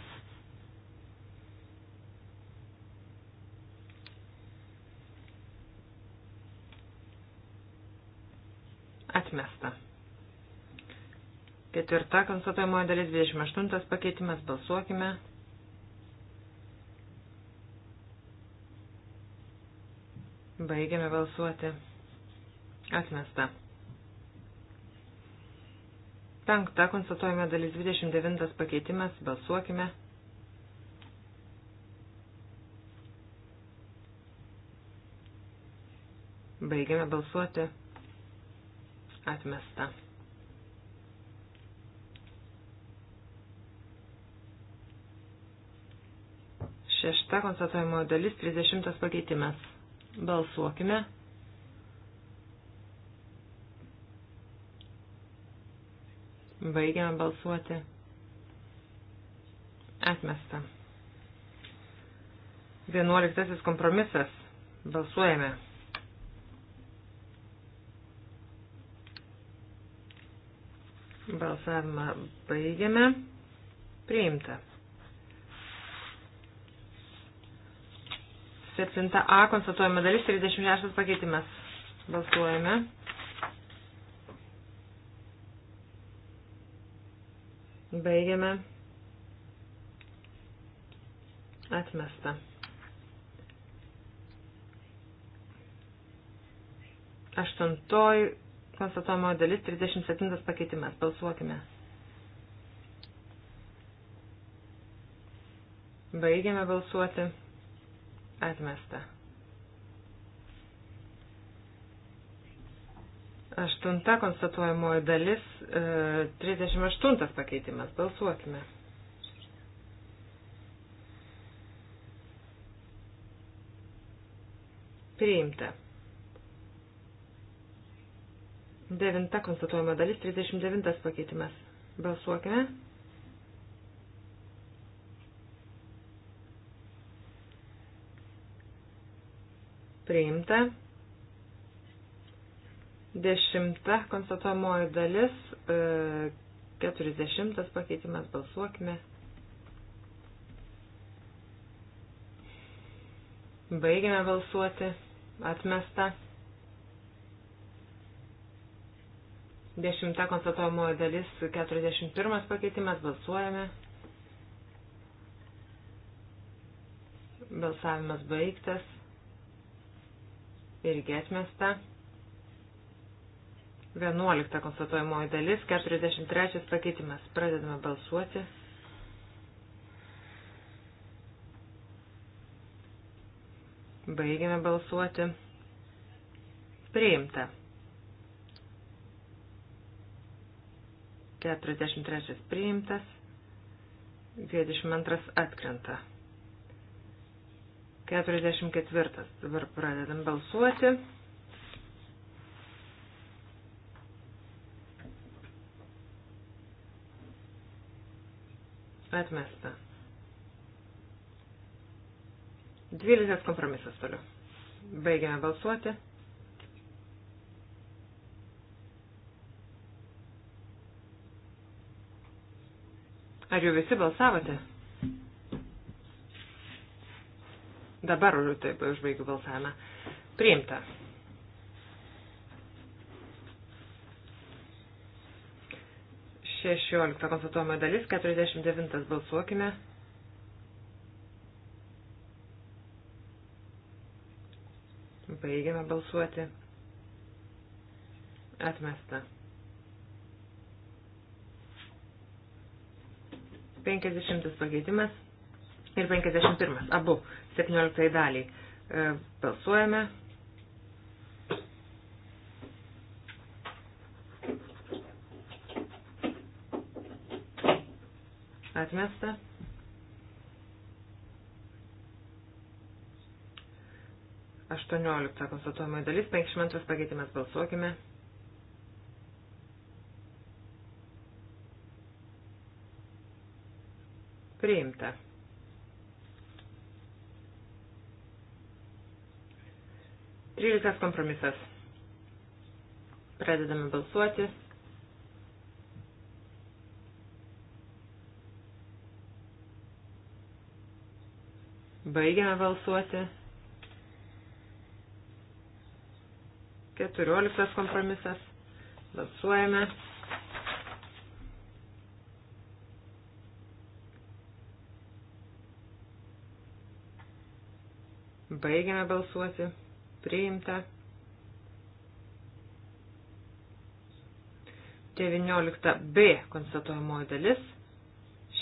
Atmesta. Ketvirta konstatuojamoji dalis, 28 pakeitimas. Balsuokime. Baigiame balsuoti. Atmesta. Penkta konstatuojame dalis 29 pakeitimas. Balsuokime. Baigiame balsuoti. Atmesta. Šešta konstatuojamo dalis 30 pakeitimas. Balsuokime. Baigiame balsuoti. Atmesta. Vienuoliktasis kompromisas. Balsuojame. Balsavimą baigiame. Priimta. 7a konstatuojama dalis 36 pakeitimas. Balsuojame. Baigiame. Atmesta. Aštuntoji konstatuojamo dalis 37 pakeitimas. Balsuokime. Baigiame balsuoti. Atmesta. Aštunta konstatuojamoji dalis, 38 e, pakeitimas. Balsuokime. Priimta. Devinta konstatuojama dalis, 39 pakeitimas. Balsuokime. Priimta. Dešimta konstatuojamoji dalis, e, keturisdešimtas pakeitimas, balsuokime. Baigime balsuoti, atmesta. Dešimta konstatuojamoji dalis, 41 pakeitimas, balsuojame. Balsavimas baigtas. Irgi atmesta. 11 konstatuojamoji dalis, 43 pakeitimas. Pradedame balsuoti. Baigiame balsuoti. Priimta. 43 priimtas. 22 atkrenta. 44. Dabar pradedam balsuoti. Atmesta. Dvyliktas kompromisas toliau. Baigiame balsuoti. Ar jau visi balsavote? Dabar jau taip užbaigiu balsavimą. Priimta. 16 konstatuojama dalis, 49 balsuokime. Baigiame balsuoti. Atmesta. 50 pakeitimas ir 51. Abu 17 daliai. E, balsuojame. atmesta. Aštuoniolikta konstatuojama dalis, penkšmentas pakeitimas balsuokime. Priimta. Tryliktas kompromisas. Pradedame balsuoti. Baigiame balsuoti. 14 kompromisas. Balsuojame. Baigiame balsuoti. Priimta. 19b konstatuojamoji dalis.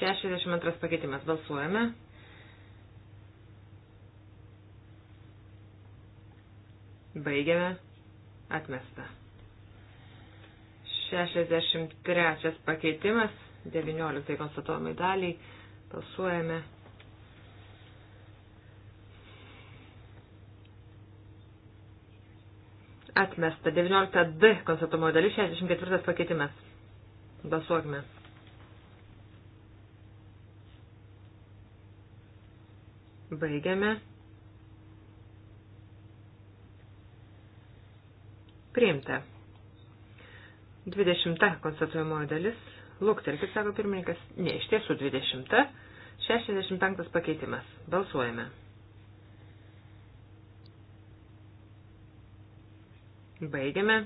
62 pakeitimas. Balsuojame. Baigiame. Atmesta. 63 pakeitimas, 19 konstatuojamai daliai. Balsuojame. Atmesta. 19D konstatuojamai dalis, 64 pakeitimas. Balsuokime. Baigiame. Priimta. 20 konstatuojamoji dalis. Lukterkis, sako pirmininkas. Ne, iš tiesų 20. 65 pakeitimas. Balsuojame. Baigiame.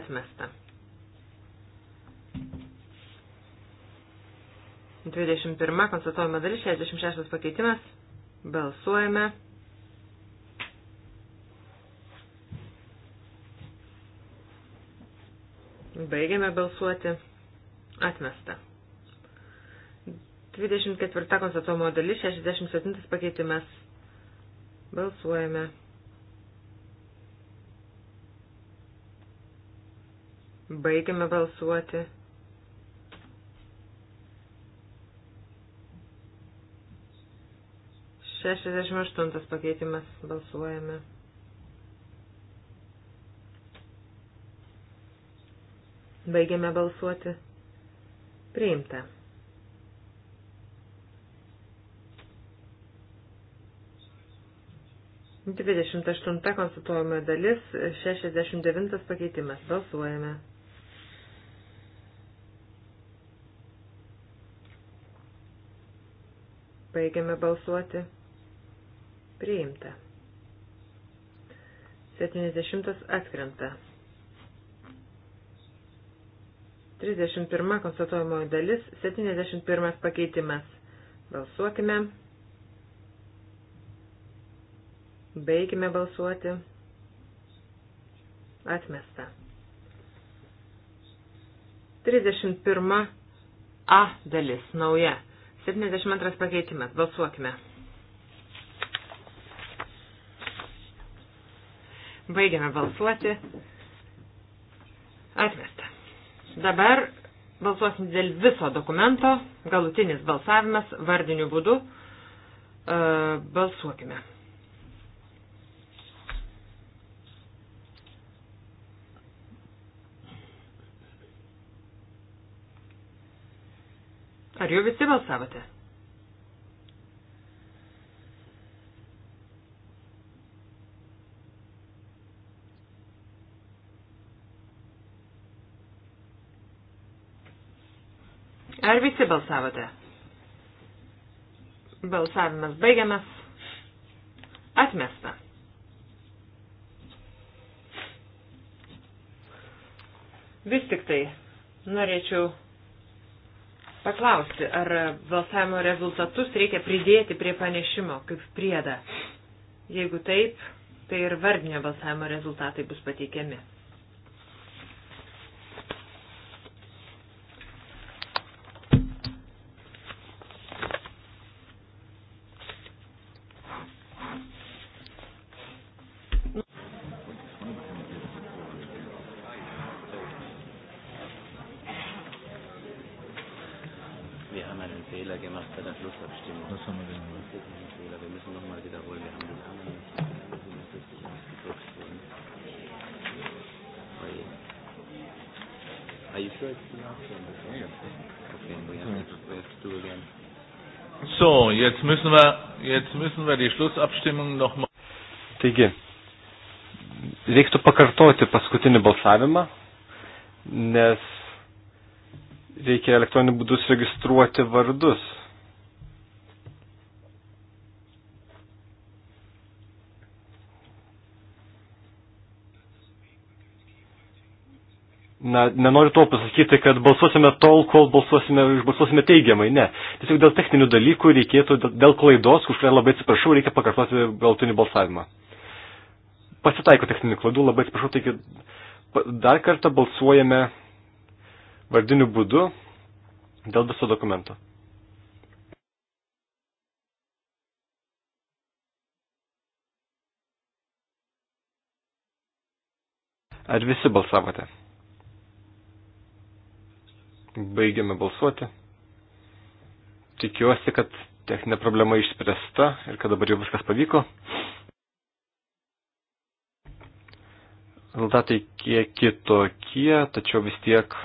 Atmesta. 21 konstatuojama dalis, 66 pakeitimas. Balsuojame. Baigiame balsuoti. Atmesta. 24 konstatuojamo dalis, 67 pakeitimas. Balsuojame. Baigiame balsuoti. Šešiasdešimt aštuntas pakeitimas balsuojame. Baigiame balsuoti. Priimta. Dvidešimt aštunta konstatuojama dalis, šešiasdešimt devintas pakeitimas. Balsuojame. Baigiame balsuoti. Priimta. 70 atkrenta. 31 konstatuojamoji dalis, 71 pakeitimas. Balsuokime. Baigime balsuoti. Atmesta. 31 A dalis, nauja. 72 pakeitimas. Balsuokime. Baigiame balsuoti. Atmesta. Dabar balsuosim dėl viso dokumento, galutinis balsavimas vardiniu būdu. E, balsuokime. Ar jau visi balsavote? Ar visi balsavote? Balsavimas baigiamas. Atmesta. Vis tik tai norėčiau paklausti, ar balsavimo rezultatus reikia pridėti prie panešimo kaip priedą. Jeigu taip, tai ir vardinio balsavimo rezultatai bus pateikiami. jetzt müssen wir, jetzt müssen wir die Schlussabstimmung nochmal. Taigi, reiktų pakartoti paskutinį balsavimą, nes reikia elektroniniu būdu registruoti vardus. na, nenoriu to pasakyti, kad balsuosime tol, kol balsuosime, balsuosime teigiamai. Ne. Tiesiog dėl techninių dalykų reikėtų, dėl klaidos, už kurią labai atsiprašau, reikia pakartoti galtinį balsavimą. Pasitaiko techninių klaidų, labai atsiprašau, taigi dar kartą balsuojame vardiniu būdu dėl viso dokumento. Ar visi balsavote? Baigiame balsuoti. Tikiuosi, kad techninė problema išspręsta ir kad dabar jau viskas pavyko. Rezultatai kiek kitokie, tačiau vis tiek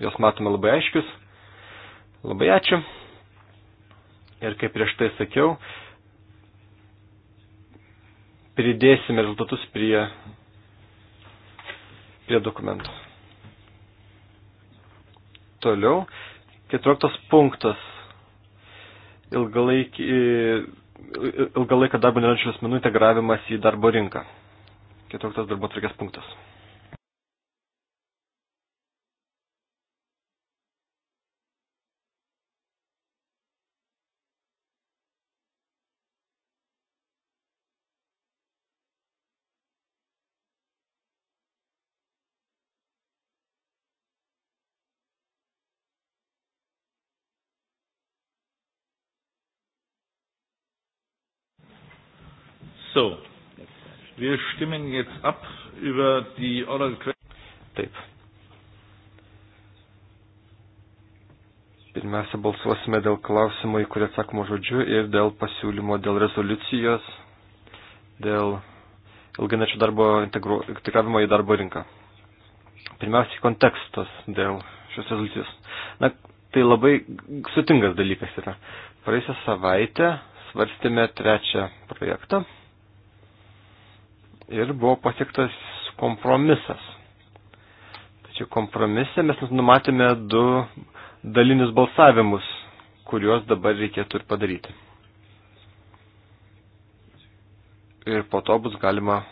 jos matome labai aiškius. Labai ačiū. Ir kaip prieš tai sakiau, pridėsime rezultatus prie, prie dokumentų. Toliau, 14 punktas. Ilgalaikį, ilgalaiką darbo nerančių asmenų integravimas į darbo rinką. 14 darbo trikės punktas. So, wir stimmen jetzt ab über die Oral Taip. Pirmiausia, balsuosime dėl klausimo, į kurį atsakoma žodžiu ir dėl pasiūlymo, dėl rezoliucijos, dėl ilginačių darbo integru, integravimo į darbo rinką. Pirmiausiai kontekstas dėl šios rezoliucijos. Na, tai labai sutingas dalykas yra. Praėjusią savaitę svarstėme trečią projektą ir buvo pasiektas kompromisas. Tačiau kompromise mes numatėme du dalinius balsavimus, kuriuos dabar reikėtų ir padaryti. Ir po to bus galima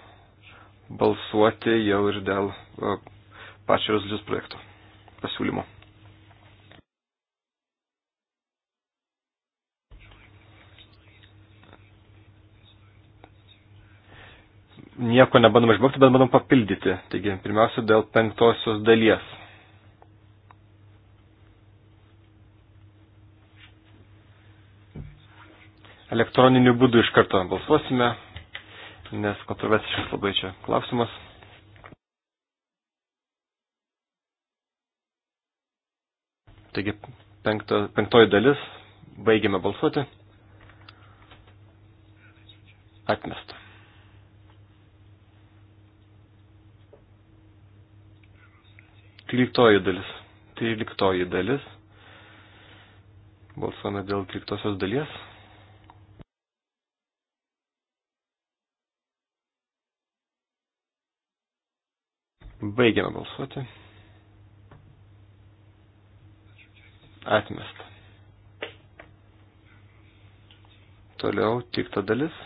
balsuoti jau ir dėl e, pačio rezoliucijos projekto pasiūlymo. nieko nebandom išbraukti, bet bandom papildyti. Taigi, pirmiausia, dėl penktosios dalies. Elektroniniu būdu iš karto balsuosime, nes kontroversiškas labai čia klausimas. Taigi, penkto, penktoji dalis, baigiame balsuoti. Atmesta. Tryliktoji dalis. Tryliktoji dalis. Balsuojame dėl tryliktosios dalies. Baigiame balsuoti. Atmesta. Toliau tik ta dalis.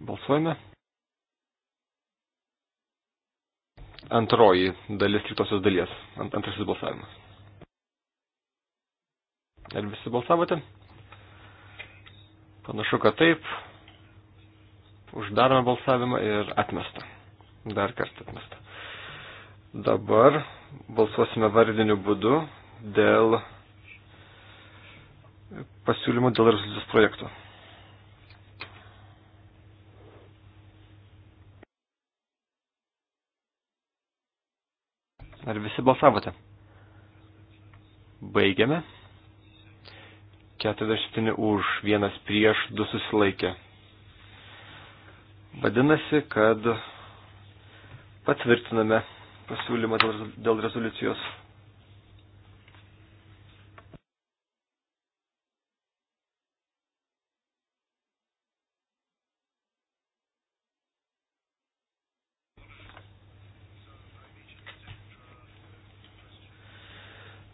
Balsuojame. antroji dalis tritosios dalies, ant, antrasis balsavimas. Ar visi balsavote? Panašu, kad taip. Uždarome balsavimą ir atmestą. Dar kartą atmestą. Dabar balsuosime vardiniu būdu dėl pasiūlymų dėl rezoliucijos projektų. Ar visi balsavote? Baigiame. 47 už, vienas prieš, du susilaikė. Vadinasi, kad patvirtiname pasiūlymą dėl rezoliucijos.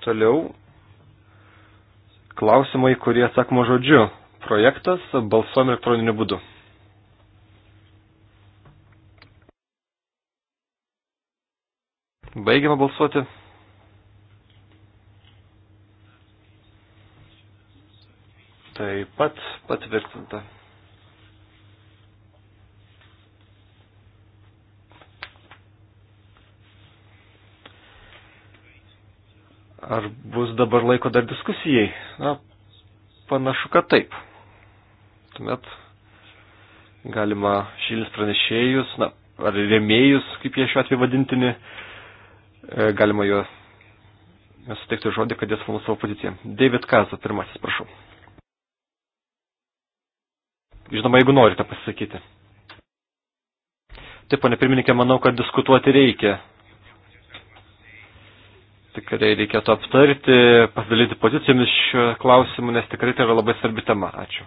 Toliau klausimai, kurie atsakoma žodžiu. Projektas balsuojame elektroniniu būdu. Baigiame balsuoti. Taip pat patvirtinta. Ar bus dabar laiko dar diskusijai? Na, panašu, kad taip. Tuomet galima šilins pranešėjus, na, ar rėmėjus, kaip jie šiuo atveju vadintini, e, galima juos suteikti žodį, kad jie sformuos savo poziciją. David Kaza, pirmasis, prašau. Žinoma, jeigu norite pasisakyti. Taip, ponė pirmininkė, manau, kad diskutuoti reikia tikrai reikėtų aptarti, pasidalyti pozicijomis šiuo klausimu, nes tikrai tai yra labai svarbi tema. Ačiū.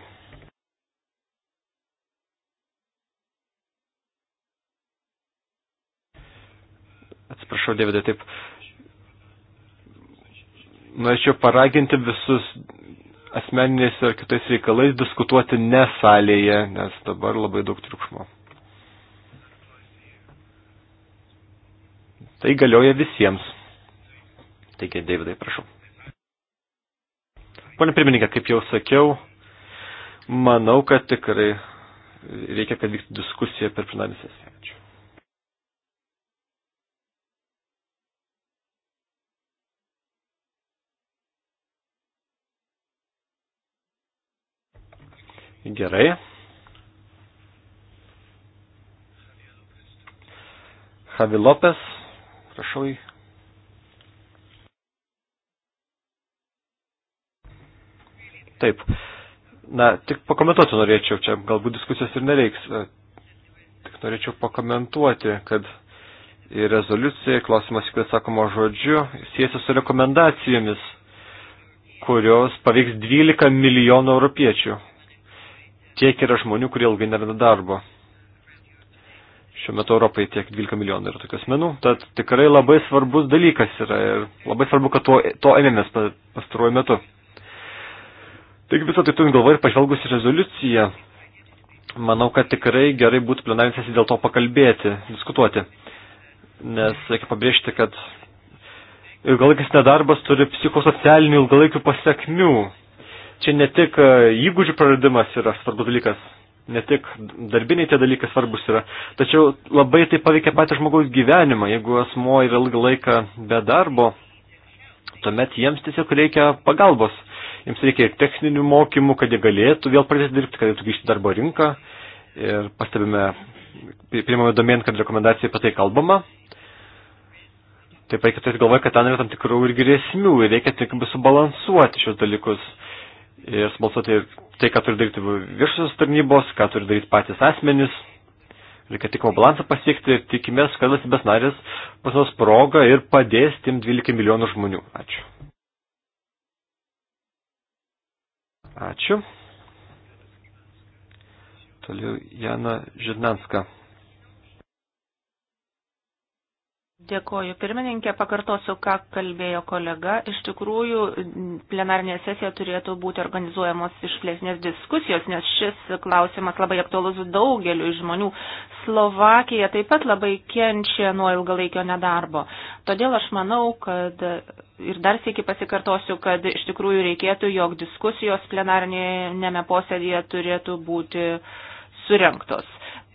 Atsiprašau, Davidai, taip. Norėčiau paraginti visus asmeniniais ar kitais reikalais diskutuoti ne salėje, nes dabar labai daug triukšmo. Tai galioja visiems. Taigi, Davidai, prašau. Pone pirmininkė, kaip jau sakiau, manau, kad tikrai reikia, kad vyktų diskusija per plenarinę sesiją. Ačiū. Gerai. Javi Lopes, prašau, Taip. Na, tik pakomentuoti norėčiau, čia galbūt diskusijos ir nereiks. E, tik norėčiau pakomentuoti, kad į rezoliuciją klausimas, kai sakoma žodžiu, siejasi su rekomendacijomis, kurios paveiks 12 milijonų europiečių. Tiek yra žmonių, kurie ilgai nerada darbo. Šiuo metu Europai tiek 12 milijonų yra tokių asmenų, tad tikrai labai svarbus dalykas yra ir labai svarbu, kad to, to ėmėmės pastaruoju metu. Taigi visą tai turint galvoje ir pažvelgus į rezoliuciją, manau, kad tikrai gerai būtų plenarinė sesija dėl to pakalbėti, diskutuoti. Nes reikia pabrėžti, kad ilgalaikis nedarbas turi psichosocialinių ilgalaikių pasiekmių. Čia ne tik e, įgūdžių praradimas yra svarbus dalykas, ne tik darbiniai tie dalykai svarbus yra, tačiau labai tai paveikia patį žmogaus gyvenimą. Jeigu asmo yra ilgą laiką be darbo, tuomet jiems tiesiog reikia pagalbos jiems reikia ir techninių mokymų, kad jie galėtų vėl pradėti dirbti, kad galėtų grįžti darbo rinką. Ir pastebime, priimame domėn, kad rekomendacija apie tai kalbama. Taip pat turėti galvoje, kad ten yra tam tikrų ir grėsmių ir reikia tik subalansuoti šios dalykus. Ir subalansuoti ir tai, ką turi daryti viešosios tarnybos, ką turi daryti patys asmenys. Reikia tik balansą pasiekti ir tikimės, kad valstybės narės pasinaudos progą ir padės tiem 12 milijonų žmonių. Ačiū. Ačiū. Toliau Jana Žirnanska. Dėkoju. Pirmininkė, pakartosiu, ką kalbėjo kolega. Iš tikrųjų, plenarinė sesija turėtų būti organizuojamos išplėsnės diskusijos, nes šis klausimas labai aktualus daugeliu žmonių. Slovakija taip pat labai kenčia nuo ilgalaikio nedarbo. Todėl aš manau, kad ir dar sėki pasikartosiu, kad iš tikrųjų reikėtų, jog diskusijos plenarinėme posėdėje turėtų būti surinktos.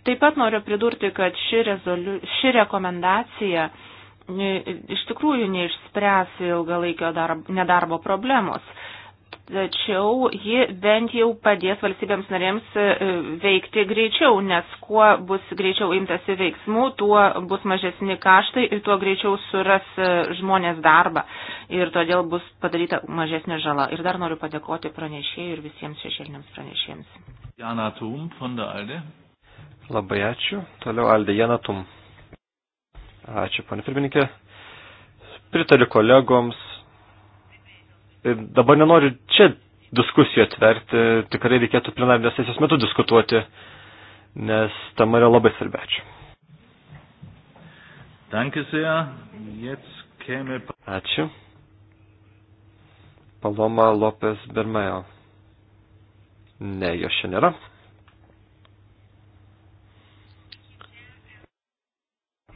Taip pat noriu pridurti, kad ši, rezoliu, ši rekomendacija e, iš tikrųjų neišspręs ilgalaikio darb, nedarbo problemos. Tačiau ji bent jau padės valstybėms narėms e, e, veikti greičiau, nes kuo bus greičiau imtasi veiksmų, tuo bus mažesni kaštai ir tuo greičiau suras žmonės darbą ir todėl bus padaryta mažesnė žala. Ir dar noriu padėkoti pranešėjai ir visiems šešėliniams pranešėjams. Jana Tum, Fonda Alde. Labai ačiū. Toliau Aldė Janatum. Ačiū, panė pirmininkė. Pritariu kolegoms. Ir dabar nenoriu čia diskusijų atverti. Tikrai reikėtų plenarinės sesijos metu diskutuoti, nes tam yra labai svarbi. Ačiū. Ačiū. Paloma Lopes Bermejo. Ne, jo šiandien nėra.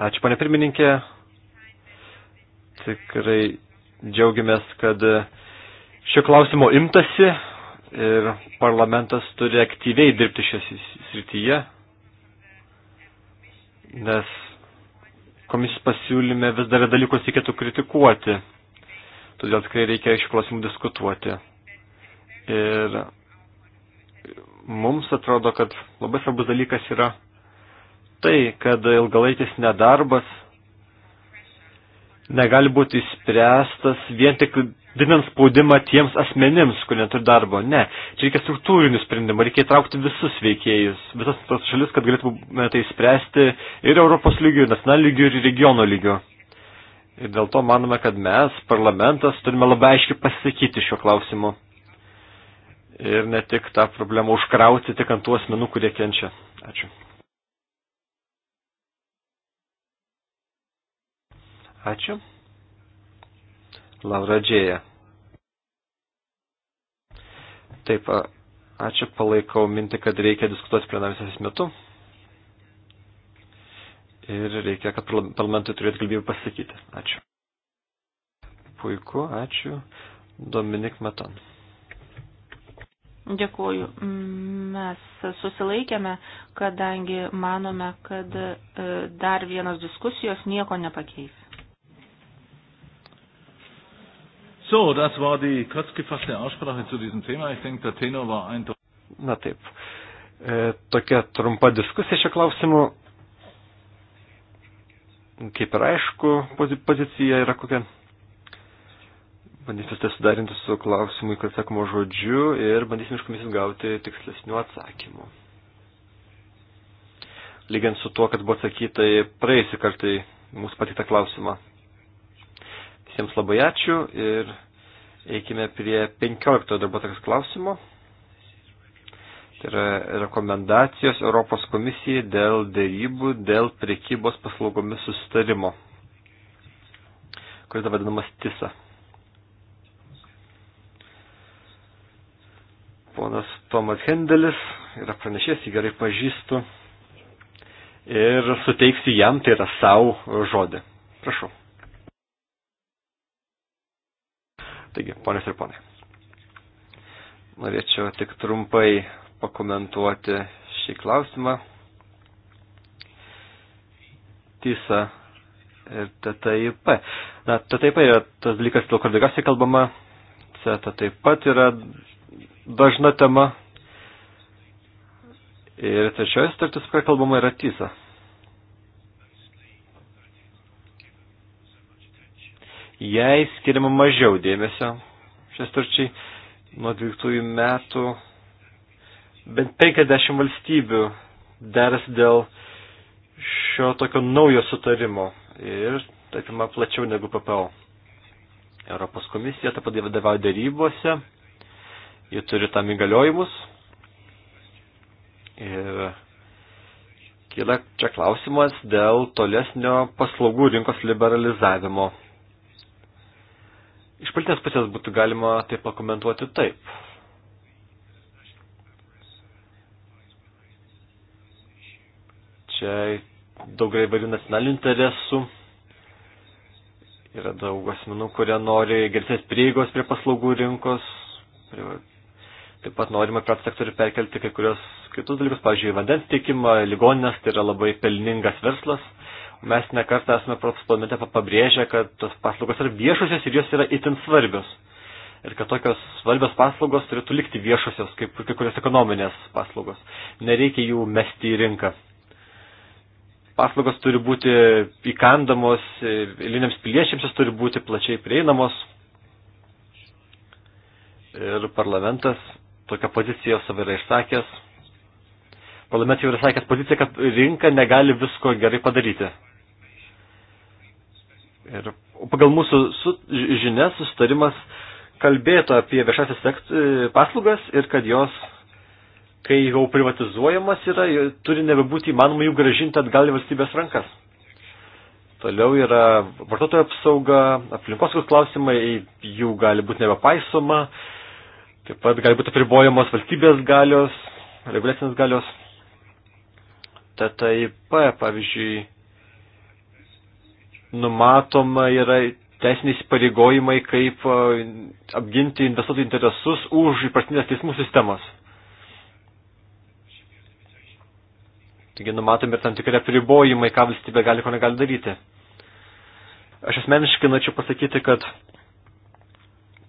Ačiū, ponė pirmininkė. Tikrai džiaugiamės, kad šio klausimo imtasi ir parlamentas turi aktyviai dirbti šią srityje, nes komisijos pasiūlyme vis dar dalykus reikėtų kritikuoti, todėl tikrai reikia iš klausimų diskutuoti. Ir mums atrodo, kad labai svarbus dalykas yra tai, kad ilgalaikis nedarbas negali būti išspręstas vien tik didinant spaudimą tiems asmenims, kurie neturi darbo. Ne, čia reikia struktūrinių sprendimų, reikia įtraukti visus veikėjus, visas tas šalis, kad galėtume tai spręsti ir Europos lygių, ir nacionalinių lygių, ir regiono lygių. Ir dėl to manome, kad mes, parlamentas, turime labai aiškiai pasakyti šiuo klausimu. Ir ne tik tą problemą užkrauti tik ant tų asmenų, kurie kenčia. Ačiū. Ačiū. Laura Džėja. Taip, ačiū, palaikau mintį, kad reikia diskutuoti plenarės metu. Ir reikia, kad parlamentui turėtų galimybę pasakyti. Ačiū. Puiku, ačiū. Dominik Maton. Dėkuoju. Mes susilaikėme, kadangi manome, kad e, dar vienos diskusijos nieko nepakeis. So, das war die kurz gefasste Aussprache zu diesem Thema. Ich denke, der Tenor war eindeutig. Na taip. E, tokia trumpa diskusija šio klausimu. Kaip ir aišku, pozicija yra kokia. Bandysime tai sudarinti su klausimui, kad sakoma žodžiu ir bandysime iš komisijos gauti tikslesnių atsakymų. Lygiant su tuo, kad buvo atsakyta praėjusį kartą į mūsų patiktą klausimą. Visiems labai ačiū ir eikime prie 15 darbuotojas klausimo. Tai yra rekomendacijos Europos komisijai dėl dėrybų dėl prekybos paslaugomis sustarimo, kuris vadinamas TISA. Ponas Tomas Hendelis yra pranešęs, jį gerai pažįstu ir suteiksiu jam, tai yra savo žodį. Prašau. Taigi, ponės ir ponai, norėčiau tik trumpai pakomentuoti šį klausimą. TISA ir TTIP. Na, TTIP yra tas dalykas, dėl kur daugiausiai kalbama. CETA taip pat yra dažna tema. Ir trečioji sutartis, kur kalbama, yra TISA. jai skiriama mažiau dėmesio šias turčiai nuo 12 metų. Bent 50 valstybių deras dėl šio tokio naujo sutarimo ir tai apima plačiau negu PPO. Europos komisija taip pat vadovauja darybose, ji turi tam įgaliojimus. Ir kyla čia klausimas dėl tolesnio paslaugų rinkos liberalizavimo Iš politinės pusės būtų galima tai pakomentuoti taip. Čia daug įvairių nacionalinių interesų. Yra daug asmenų, kurie nori geresnės prieigos prie paslaugų rinkos. Prie... Taip pat norima per sektorių perkelti kai kurios kitus dalykus, pavyzdžiui, vandens tiekimą, ligoninės, tai yra labai pelningas verslas. Mes nekartą esame Europos parlamente pabrėžę, kad tos paslaugos yra viešosios ir jos yra itin svarbios. Ir kad tokios svarbios paslaugos turėtų likti viešosios, kaip kai kurios ekonominės paslaugos. Nereikia jų mesti į rinką. Paslaugos turi būti įkandamos, eiliniams piliečiams jos turi būti plačiai prieinamos. Ir parlamentas tokią poziciją savai yra išsakęs parlamentas jau yra sakęs poziciją, kad rinka negali visko gerai padaryti. Ir pagal mūsų su, žinias sustarimas kalbėtų apie viešasis sekt, e, paslaugas ir kad jos, kai jau privatizuojamas yra, turi nebebūti įmanoma jų gražinti atgal į valstybės rankas. Toliau yra vartotojų apsauga, aplinkosaugos klausimai, jų gali būti nebepaisoma, taip pat gali būti apribojamos valstybės galios, reguliacinės galios. TTIP, pavyzdžiui, numatoma yra teisiniai įsipareigojimai, kaip e, apginti investuotojų interesus už įprastinės teismų sistemas. Taigi numatomi ir tam tikri apribojimai, ką valstybė gali, ko negali daryti. Aš asmeniškai norėčiau pasakyti, kad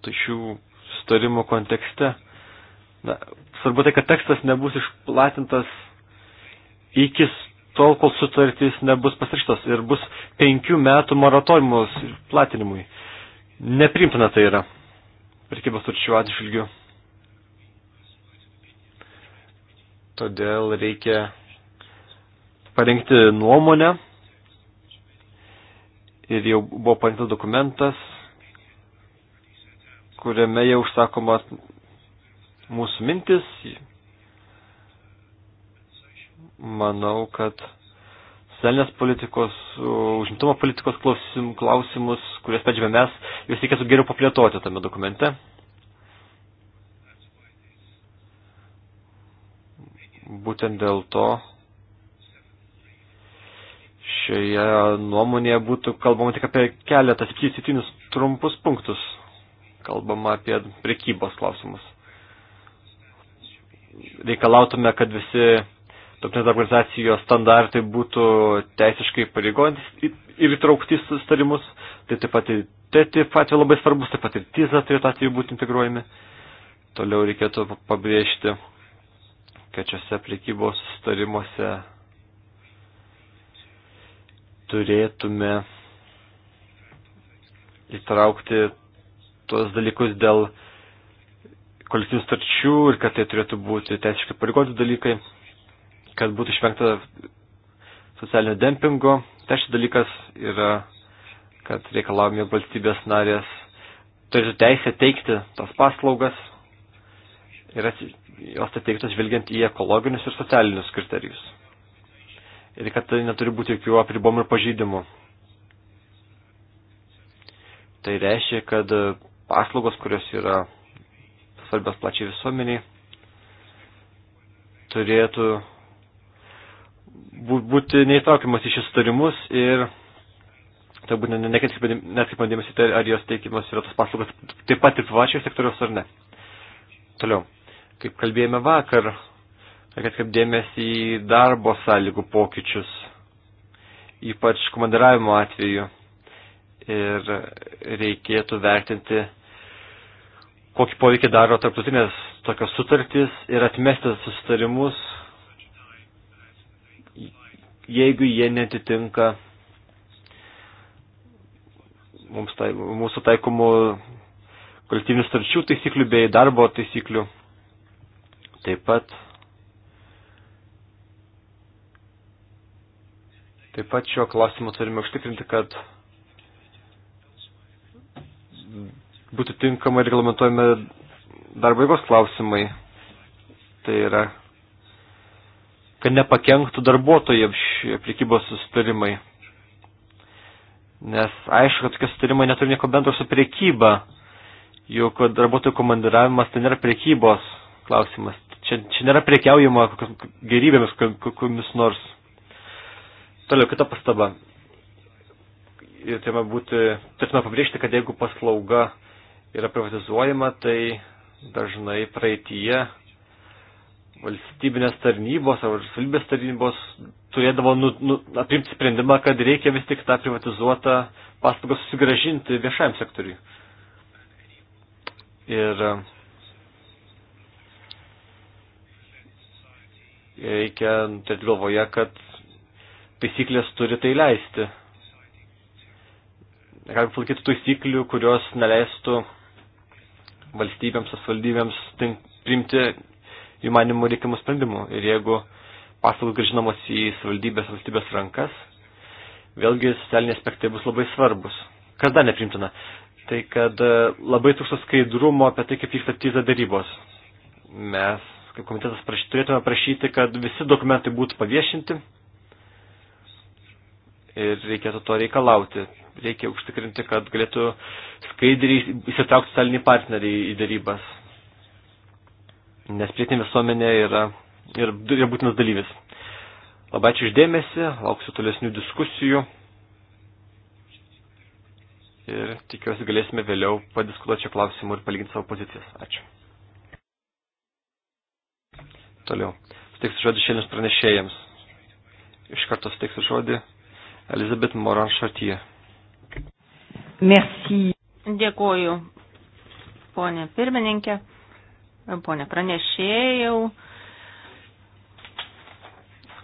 tai šių sustarimų kontekste na, svarbu tai, kad tekstas nebus išplatintas iki tol, kol sutartys nebus pasirašytos ir bus penkių metų moratoriumus platinimui. Neprimtina tai yra prekybos turčių atžvilgių. Todėl reikia parengti nuomonę ir jau buvo parengtas dokumentas, kuriame jau užsakoma mūsų mintis, manau, kad socialinės politikos, užimtumo politikos klausim, klausimus, kurias pedžiame mes, juos reikėtų geriau paplėtoti tame dokumente. Būtent dėl to šioje nuomonėje būtų kalbama tik apie keletą septynis trumpus punktus. Kalbama apie prekybos klausimus reikalautume, kad visi tarptautinės organizacijos standartai būtų teisiškai pareigojantis ir įtraukti sustarimus, tai taip pat ir TTIP atveju labai svarbus, taip pat ir TISA turėtų atveju būti integruojami. Toliau reikėtų pabrėžti, kad šiuose prekybos sustarimuose turėtume įtraukti tuos dalykus dėl kolektyvinių starčių ir kad tai turėtų būti teisiškai pareigoti dalykai kad būtų išvengta socialinio dempingo. Trečias dalykas yra, kad reikalavome, jog valstybės narės turėtų teisę teikti tas paslaugas ir jos tai teiktas žvelgiant į ekologinius ir socialinius kriterijus. Ir kad tai neturi būti jokių apribomų ir pažydimų. Tai reiškia, kad paslaugos, kurios yra svarbios plačiai visuomeniai, turėtų būti neįtraukiamas į šis sutarimus ir tai būtent ne kaip pandėmės į tai, ar jos teikimas yra tas paslaugas taip pat ir privačiojo sektoriaus ar ne. Toliau, kaip kalbėjome vakar, kad kaip dėmesį į darbo sąlygų pokyčius, ypač komandiravimo atveju. Ir reikėtų vertinti, kokį poveikį daro tarptautinės tokios sutartys ir atmesti susitarimus, jeigu jie netitinka mums tai, mūsų taikomų kolektyvinių starčių taisyklių bei darbo taisyklių. Taip pat, taip pat šiuo klausimu turime užtikrinti, kad būtų tinkamai reglamentojami darbo jėgos klausimai. Tai yra kad nepakenktų darbuotojams šie prekybos sustarimai. Nes aišku, kad tokie sustarimai neturi nieko bendro su prekyba, juk darbuotojų komandiravimas tai nėra prekybos klausimas. Čia, čia nėra prekiaujama gerybėmis kokiamis nors. Toliau kita pastaba. Ir turime būti, turime pabrėžti, kad jeigu paslauga yra privatizuojama, tai dažnai praeityje valstybinės tarnybos ar valstybės tarnybos turėdavo nu, nu, apimti sprendimą, kad reikia vis tik tą privatizuotą paslaugą susigražinti viešajam sektoriui. Ir e, reikia turėti galvoje, kad taisyklės turi tai leisti. Galime palaikyti taisyklių, kurios neleistų valstybėms, asvaldybėms priimti jų manimų reikiamų sprendimų. Ir jeigu paslaugos grįžinamos į savivaldybės valstybės rankas, vėlgi socialiniai aspektai bus labai svarbus. Kas dar neprimtina? Tai kad e, labai trūksta skaidrumo apie tai, kaip vyksta tyza darybos. Mes, kaip komitetas, prašy, turėtume prašyti, kad visi dokumentai būtų paviešinti ir reikėtų to reikalauti. Reikia užtikrinti, kad galėtų skaidriai įsitraukti socialiniai partneriai į darybas nes prietinė visuomenė yra ir, ir būtinas dalyvis. Labai ačiū išdėmesi, lauksiu tolesnių diskusijų ir tikiuosi galėsime vėliau padiskutuoti čia klausimų ir palyginti savo pozicijas. Ačiū. Toliau. Suteiksiu žodį šiandien pranešėjams. Iš karto suteiksiu žodį Elizabeth Moran Šartyje. Merci. Dėkuoju, ponė pirmininkė ponė pranešėjau,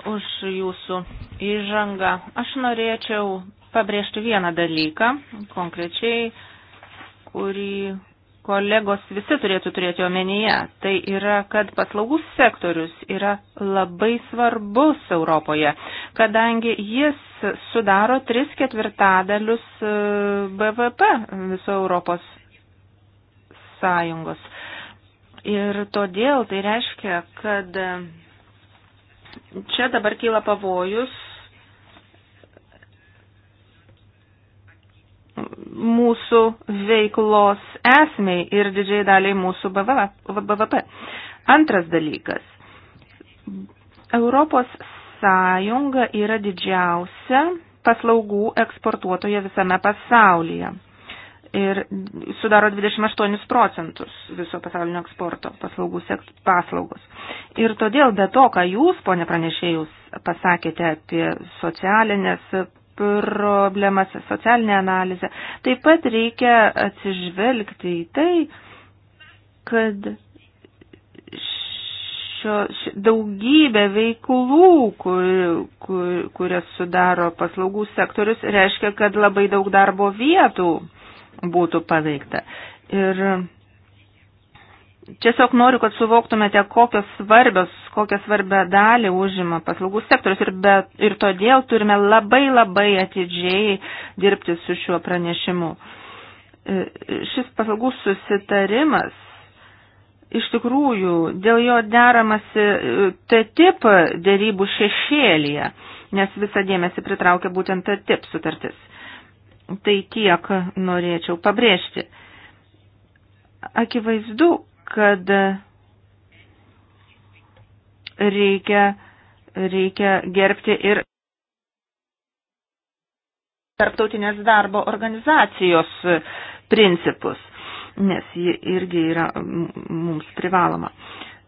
už jūsų įžangą. Aš norėčiau pabrėžti vieną dalyką, konkrečiai, kurį kolegos visi turėtų turėti omenyje. Tai yra, kad paslaugų sektorius yra labai svarbus Europoje, kadangi jis sudaro 3 ketvirtadalius e, BVP viso Europos Sąjungos. Ir todėl tai reiškia, kad čia dabar kyla pavojus mūsų veiklos esmei ir didžiai daliai mūsų BVP. Antras dalykas. Europos Sąjunga yra didžiausia paslaugų eksportuotoja visame pasaulyje ir sudaro 28 procentus viso pasaulinio eksporto paslaugų sekt, paslaugos. Ir todėl be to, ką jūs, ponė pranešėjus, pasakėte apie socialinės problemas, socialinę analizę, taip pat reikia atsižvelgti į tai, kad šio, ši, daugybė veiklų, kur, kur, kurias sudaro paslaugų sektorius, reiškia, kad labai daug darbo vietų būtų paveikta. Ir tiesiog noriu, kad suvoktumėte, kokios svarbios, kokią svarbę dalį užima paslaugų sektorius ir, be, ir todėl turime labai labai atidžiai dirbti su šiuo pranešimu. E, šis paslaugų susitarimas iš tikrųjų dėl jo deramasi e, TTIP dėrybų šešėlyje, nes visą dėmesį pritraukia būtent TTIP sutartis. Tai tiek norėčiau pabrėžti. Akivaizdu, kad reikia, reikia gerbti ir tarptautinės darbo organizacijos principus, nes ji irgi yra mums privaloma.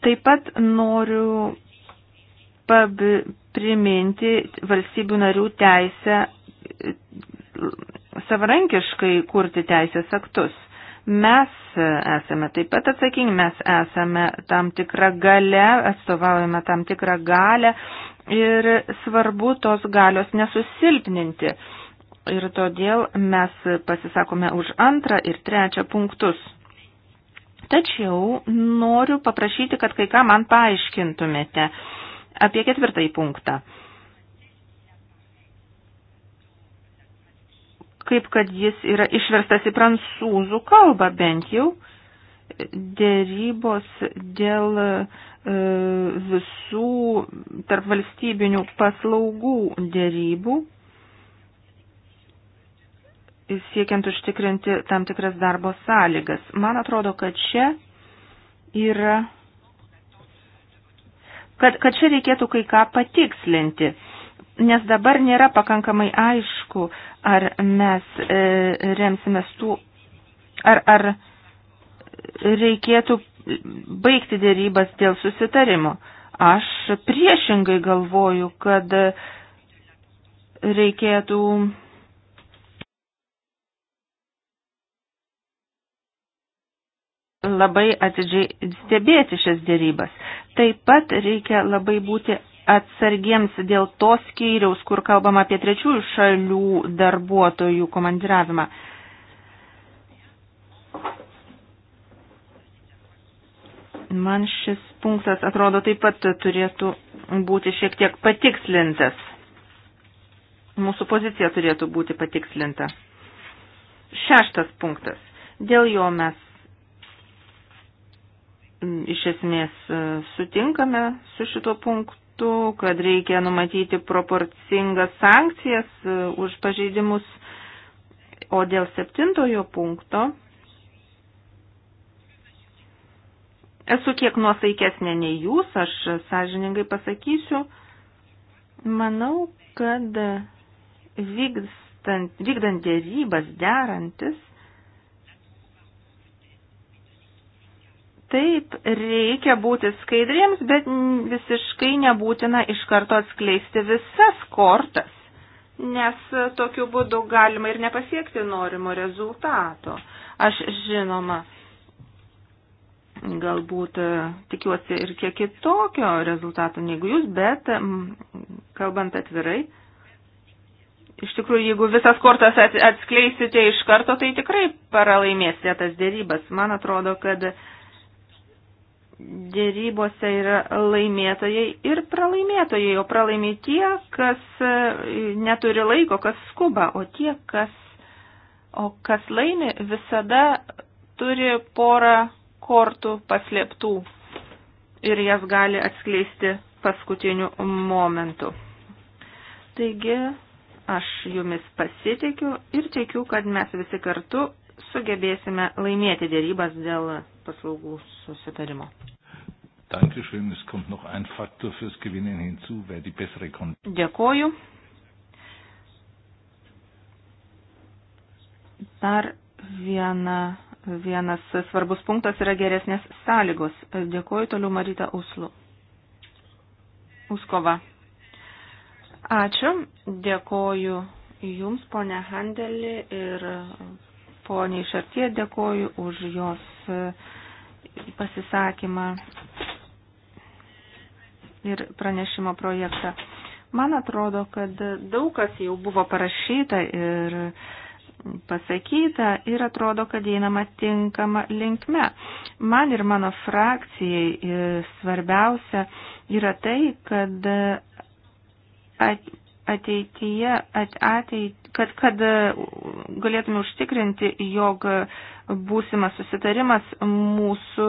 Taip pat noriu pab priminti valstybių narių teisę savarankiškai kurti teisės aktus. Mes esame taip pat atsakingi, mes esame tam tikrą galę, atstovaujame tam tikrą galę ir svarbu tos galios nesusilpninti. Ir todėl mes pasisakome už antrą ir trečią punktus. Tačiau noriu paprašyti, kad kai ką man paaiškintumėte apie ketvirtąjį punktą. kaip kad jis yra išverstas į prancūzų kalbą bent jau. Dėrybos dėl e, visų tarpvalstybinių paslaugų dėrybų siekiant užtikrinti tam tikras darbo sąlygas. Man atrodo, kad čia yra, kad, kad čia reikėtų kai ką patikslinti, nes dabar nėra pakankamai aišku, ar mes e, remsimės tų, ar, ar reikėtų baigti dėrybas dėl susitarimo. Aš priešingai galvoju, kad reikėtų labai atidžiai stebėti šias dėrybas. Taip pat reikia labai būti atsargiems dėl to skyriaus, kur kalbam apie trečiųjų šalių darbuotojų komandiravimą. Man šis punktas atrodo taip pat turėtų būti šiek tiek patikslintas. Mūsų pozicija turėtų būti patikslinta. Šeštas punktas. Dėl jo mes mm, iš esmės e, sutinkame su šituo punktu aspektų, kad reikia numatyti proporcingas sankcijas e, už pažeidimus. O dėl septintojo punkto esu kiek nuosaikesnė nei jūs, aš sąžiningai pasakysiu, manau, kad vykstant, vykdant dėrybas derantis, Taip, reikia būti skaidriems, bet visiškai nebūtina iš karto atskleisti visas kortas, nes tokiu būdu galima ir nepasiekti norimo rezultato. Aš žinoma, galbūt e, tikiuosi ir kiek kitokio rezultato negu jūs, bet kalbant atvirai, iš tikrųjų, jeigu visas kortas atskleisite iš karto, tai tikrai paralaimėsite tas dėrybas. Man atrodo, kad dėrybose yra laimėtojai ir pralaimėtojai, o pralaimi tie, kas e, neturi laiko, kas skuba, o tie, kas, o kas laimi, visada turi porą kortų paslėptų ir jas gali atskleisti paskutiniu momentu. Taigi, aš jumis pasitikiu ir tikiu, kad mes visi kartu sugebėsime laimėti dėrybas dėl paslaugų susitarimo. Dankeschön, es kommt noch ein Faktor fürs Gewinnen hinzu, wer die bessere Kondition. Dėkoju. Dar viena, vienas svarbus punktas yra geresnės sąlygos. Dėkoju toliau Marita Uslu. Uskova. Ačiū. Dėkoju Jums, ponė Handelį ir poniai Šartie, dėkoju už jos E, pasisakymą ir pranešimo projektą. Man atrodo, kad daug kas jau buvo parašyta ir pasakyta ir atrodo, kad einama tinkama linkme. Man ir mano frakcijai e, svarbiausia yra tai, kad ateityje, at, ateit, kad, kad galėtume užtikrinti, jog būsimas susitarimas mūsų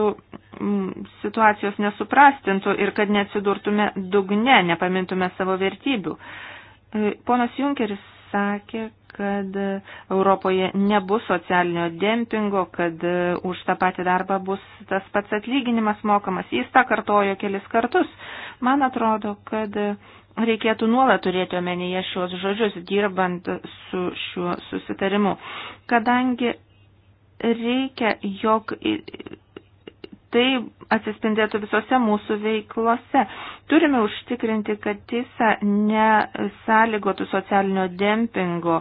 situacijos nesuprastintų ir kad neatsidurtume dugne, nepamintume savo vertybių. E, ponas Junkeris sakė, kad Europoje nebus socialinio dempingo, kad e, už tą patį darbą bus tas pats atlyginimas mokamas. Jis tą kartojo kelis kartus. Man atrodo, kad reikėtų nuolat turėti omenyje šios žodžius, dirbant su šiuo susitarimu, kadangi reikia, jog tai atsispindėtų visose mūsų veiklose. Turime užtikrinti, kad TISA nesąlygotų socialinio dempingo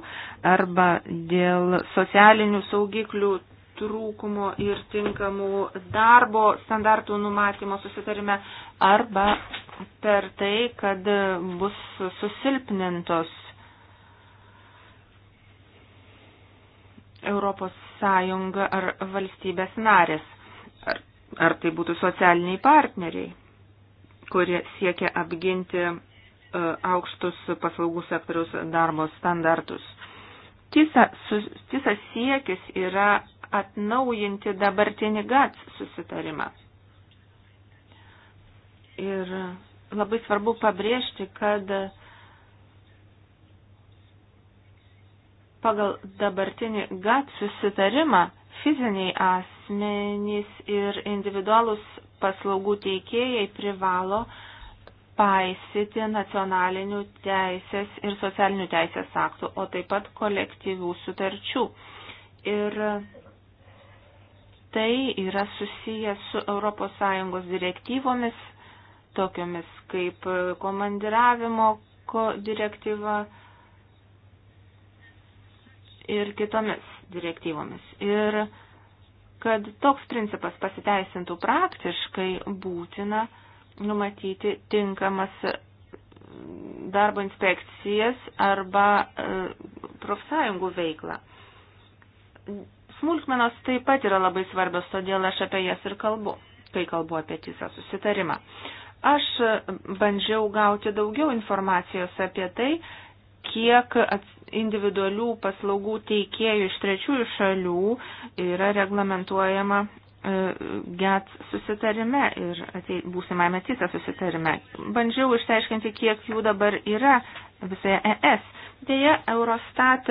arba dėl socialinių saugiklių trūkumo ir tinkamų darbo standartų numatymo susitarime arba per tai, kad bus susilpnintos Europos sąjunga ar valstybės narės, ar, ar tai būtų socialiniai partneriai, kurie siekia apginti e, aukštus paslaugų sektoriaus darbo standartus. Tisa, sus, tisa siekis yra atnaujinti dabartinį GATS susitarimą. Ir labai svarbu pabrėžti, kad Pagal dabartinį GAT susitarimą fiziniai asmenys ir individualus paslaugų teikėjai privalo paisyti nacionalinių teisės ir socialinių teisės aktų, o taip pat kolektyvių sutarčių. Ir tai yra susiję su ES direktyvomis, tokiomis kaip komandiravimo direktyva, ir kitomis direktyvomis. Ir kad toks principas pasiteisintų praktiškai, būtina numatyti tinkamas darbo inspekcijas arba e, profsąjungų veiklą. Smulkmenos taip pat yra labai svarbios, todėl aš apie jas ir kalbu, kai kalbu apie tisą susitarimą. Aš bandžiau gauti daugiau informacijos apie tai, kiek ats individualių paslaugų teikėjų iš trečiųjų šalių yra reglamentuojama e, GATS susitarime ir ateit, būsimame CISA susitarime. Bandžiau išteiškinti, kiek jų dabar yra visoje ES. Deja, Eurostat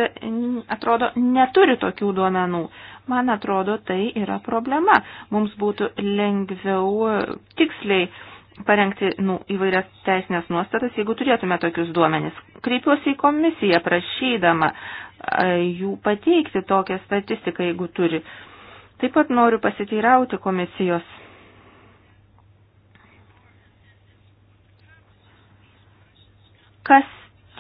atrodo neturi tokių duomenų. Man atrodo, tai yra problema. Mums būtų lengviau e, tiksliai parengti nu, įvairias teisinės nuostatas, jeigu turėtume tokius duomenis. Kreipiuosi į komisiją prašydama jų pateikti tokią statistiką, jeigu turi. Taip pat noriu pasiteirauti komisijos. Kas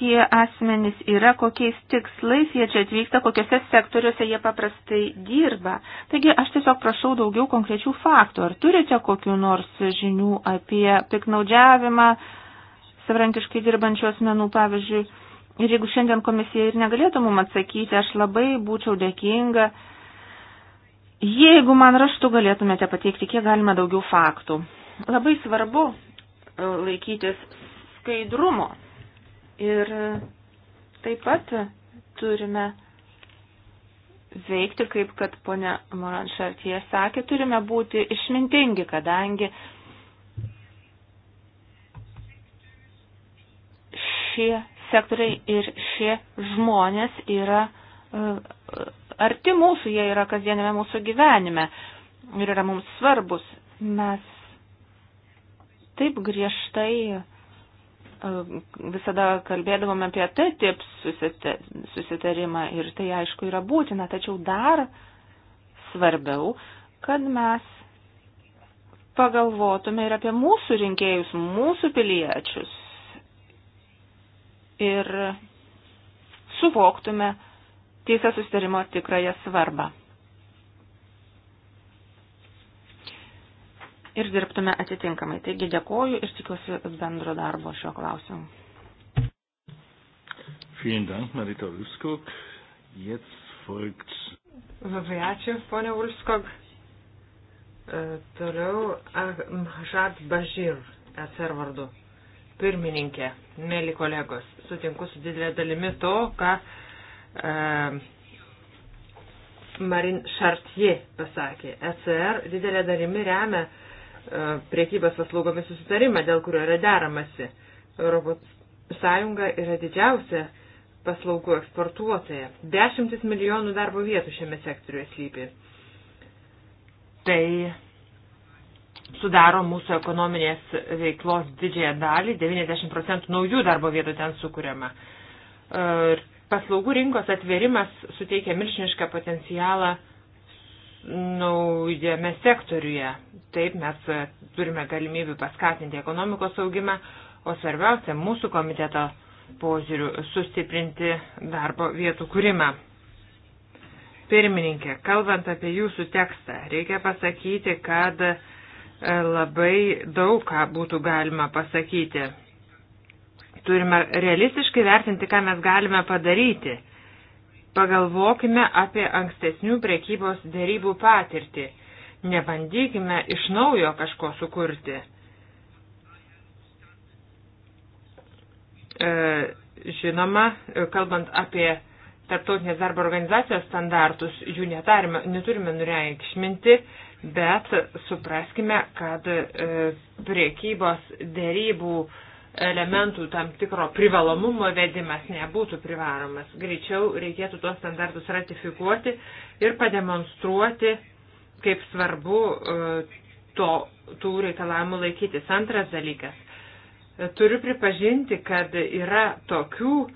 tie asmenys yra, kokiais tikslais jie čia atvyksta, kokiuose sektoriuose jie paprastai dirba. Taigi aš tiesiog prašau daugiau konkrečių faktų. Ar turite kokiu nors žinių apie piknaudžiavimą savarankiškai dirbančių asmenų, pavyzdžiui, ir jeigu šiandien komisija ir negalėtų mum atsakyti, aš labai būčiau dėkinga, jeigu man raštu galėtumėte pateikti kiek galima daugiau faktų. Labai svarbu laikytis skaidrumo Ir taip pat turime veikti, kaip kad ponia Moranšartie sakė, turime būti išmintingi, kadangi šie sektoriai ir šie žmonės yra e, arti mūsų, jie yra kasdienėme mūsų gyvenime ir yra mums svarbus. Mes taip griežtai E, visada kalbėdavome apie TTIP susitarimą ir tai aišku yra būtina, tačiau dar svarbiau, kad mes pagalvotume ir apie mūsų rinkėjus, mūsų piliečius ir suvoktume teisę susitarimo tikrąją svarbą. ir dirbtume atitinkamai. Taigi dėkoju ir tikiuosi bendro darbo šio klausimu. Vielen Dank, Marita Ulfskog. Jetzt folgt. Labai ačiū, ponia Ulfskog. E, toliau Ahmad Bažir, atsar e vardu. Pirmininkė, mėly kolegos, sutinku su didelė dalimi to, ką e, Marin Chartier pasakė. ECR didelė dalimi remia E, priekybos paslaugomis susitarimą, dėl kurio yra deramasi. Europos Sąjunga yra didžiausia paslaugų eksportuotoja. Dešimtis milijonų darbo vietų šiame sektoriuje slypi. Tai sudaro mūsų ekonominės veiklos didžiąją dalį, 90 procentų naujų darbo vietų ten sukūriama. E, paslaugų rinkos atvėrimas suteikia milžinišką potencialą naujame sektoriuje. Taip mes e, turime galimybę paskatinti ekonomikos augimą, o svarbiausia mūsų komiteto požiūrių sustiprinti darbo vietų kūrimą. Pirmininkė, kalbant apie jūsų tekstą, reikia pasakyti, kad e, labai daug ką būtų galima pasakyti. Turime realistiškai vertinti, ką mes galime padaryti Pagalvokime apie ankstesnių prekybos dėrybų patirtį. Nebandykime iš naujo kažko sukurti. E, žinoma, kalbant apie tarptautinės darbo organizacijos standartus, jų netarime, neturime nureikšminti, bet supraskime, kad e, priekybos dėrybų e, elementų tam tikro privalomumo vedimas nebūtų privaromas. Greičiau reikėtų tuos standartus ratifikuoti ir pademonstruoti, kaip svarbu e, to, tų reikalavimų laikytis. Antras dalykas. E, turiu pripažinti, kad yra tokių e,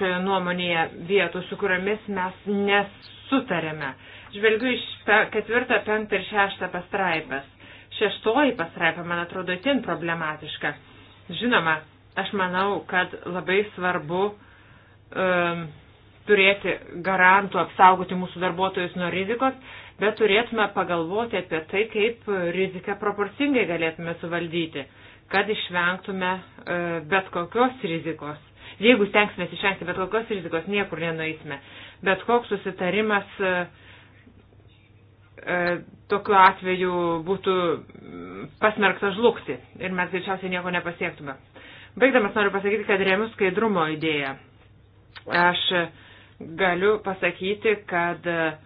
šioje nuomonėje vietų, su kuriamis mes nesutarėme. Žvelgiu iš ketvirtą, penktą ir šeštą pastraipas Šeštoji pasraipa, man atrodo, itin problematiška. Žinoma, aš manau, kad labai svarbu um, turėti garantų apsaugoti mūsų darbuotojus nuo rizikos, bet turėtume pagalvoti apie tai, kaip riziką proporcingai galėtume suvaldyti, kad išvengtume uh, bet kokios rizikos. Jeigu stengsime išvengti bet kokios rizikos, niekur nenueisime. Bet koks susitarimas uh, E, tokiu atveju būtų mm, pasmerktas žlugti ir mes greičiausiai nieko nepasiektume. Baigdamas noriu pasakyti, kad remiu skaidrumo idėją. Aš galiu pasakyti, kad uh,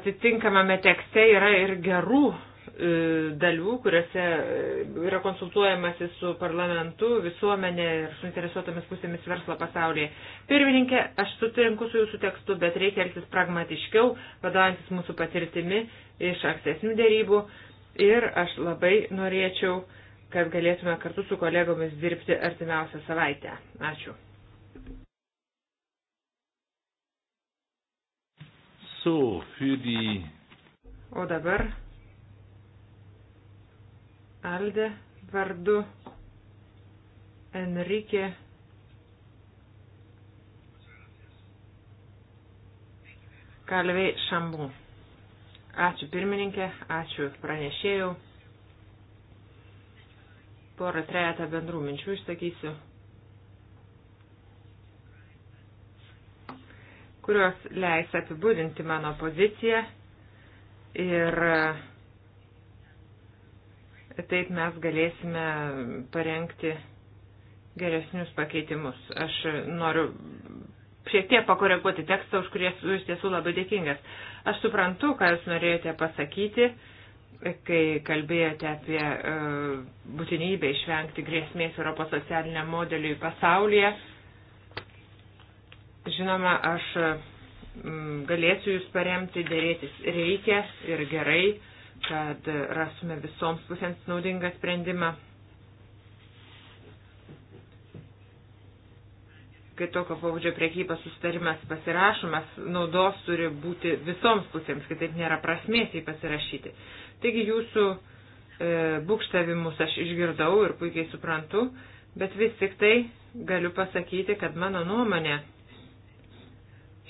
atitinkamame tekste yra ir gerų E, dalių, kuriuose e, yra konsultuojamasi su parlamentu, visuomenė ir suinteresuotomis pusėmis verslo pasaulyje. Pirmininkė, aš sutinku su jūsų tekstu, bet reikia elgtis pragmatiškiau, vadovantis mūsų patirtimi iš ankstesnių dėrybų. Ir aš labai norėčiau, kad galėtume kartu su kolegomis dirbti artimiausią savaitę. Ačiū. So, für die... O dabar Alde vardu Enrique. Kalvei Šambu. Ačiū pirmininkė, ačiū pranešėjau. Porą trejata bendrų minčių išsakysiu, kurios leis apibūdinti mano poziciją ir uh, taip mes galėsime parengti geresnius pakeitimus. Aš noriu šiek tiek pakoreguoti tekstą, už kurį esu iš tiesų labai dėkingas. Aš suprantu, ką jūs norėjote pasakyti, kai kalbėjote apie uh, būtinybę išvengti grėsmės Europos socialiniam modeliui pasaulyje. Žinoma, aš mm, galėsiu jūs paremti, dėrėtis reikia ir gerai. Uh, kad rasume visoms pusėms naudingą sprendimą. Kai tokio pavadžio priekybos sustarimas pasirašomas, naudos turi būti visoms pusėms, kitaip nėra prasmės jį pasirašyti. Taigi jūsų e, būkštavimus aš išgirdau ir puikiai suprantu, bet vis tik tai galiu pasakyti, kad mano nuomonė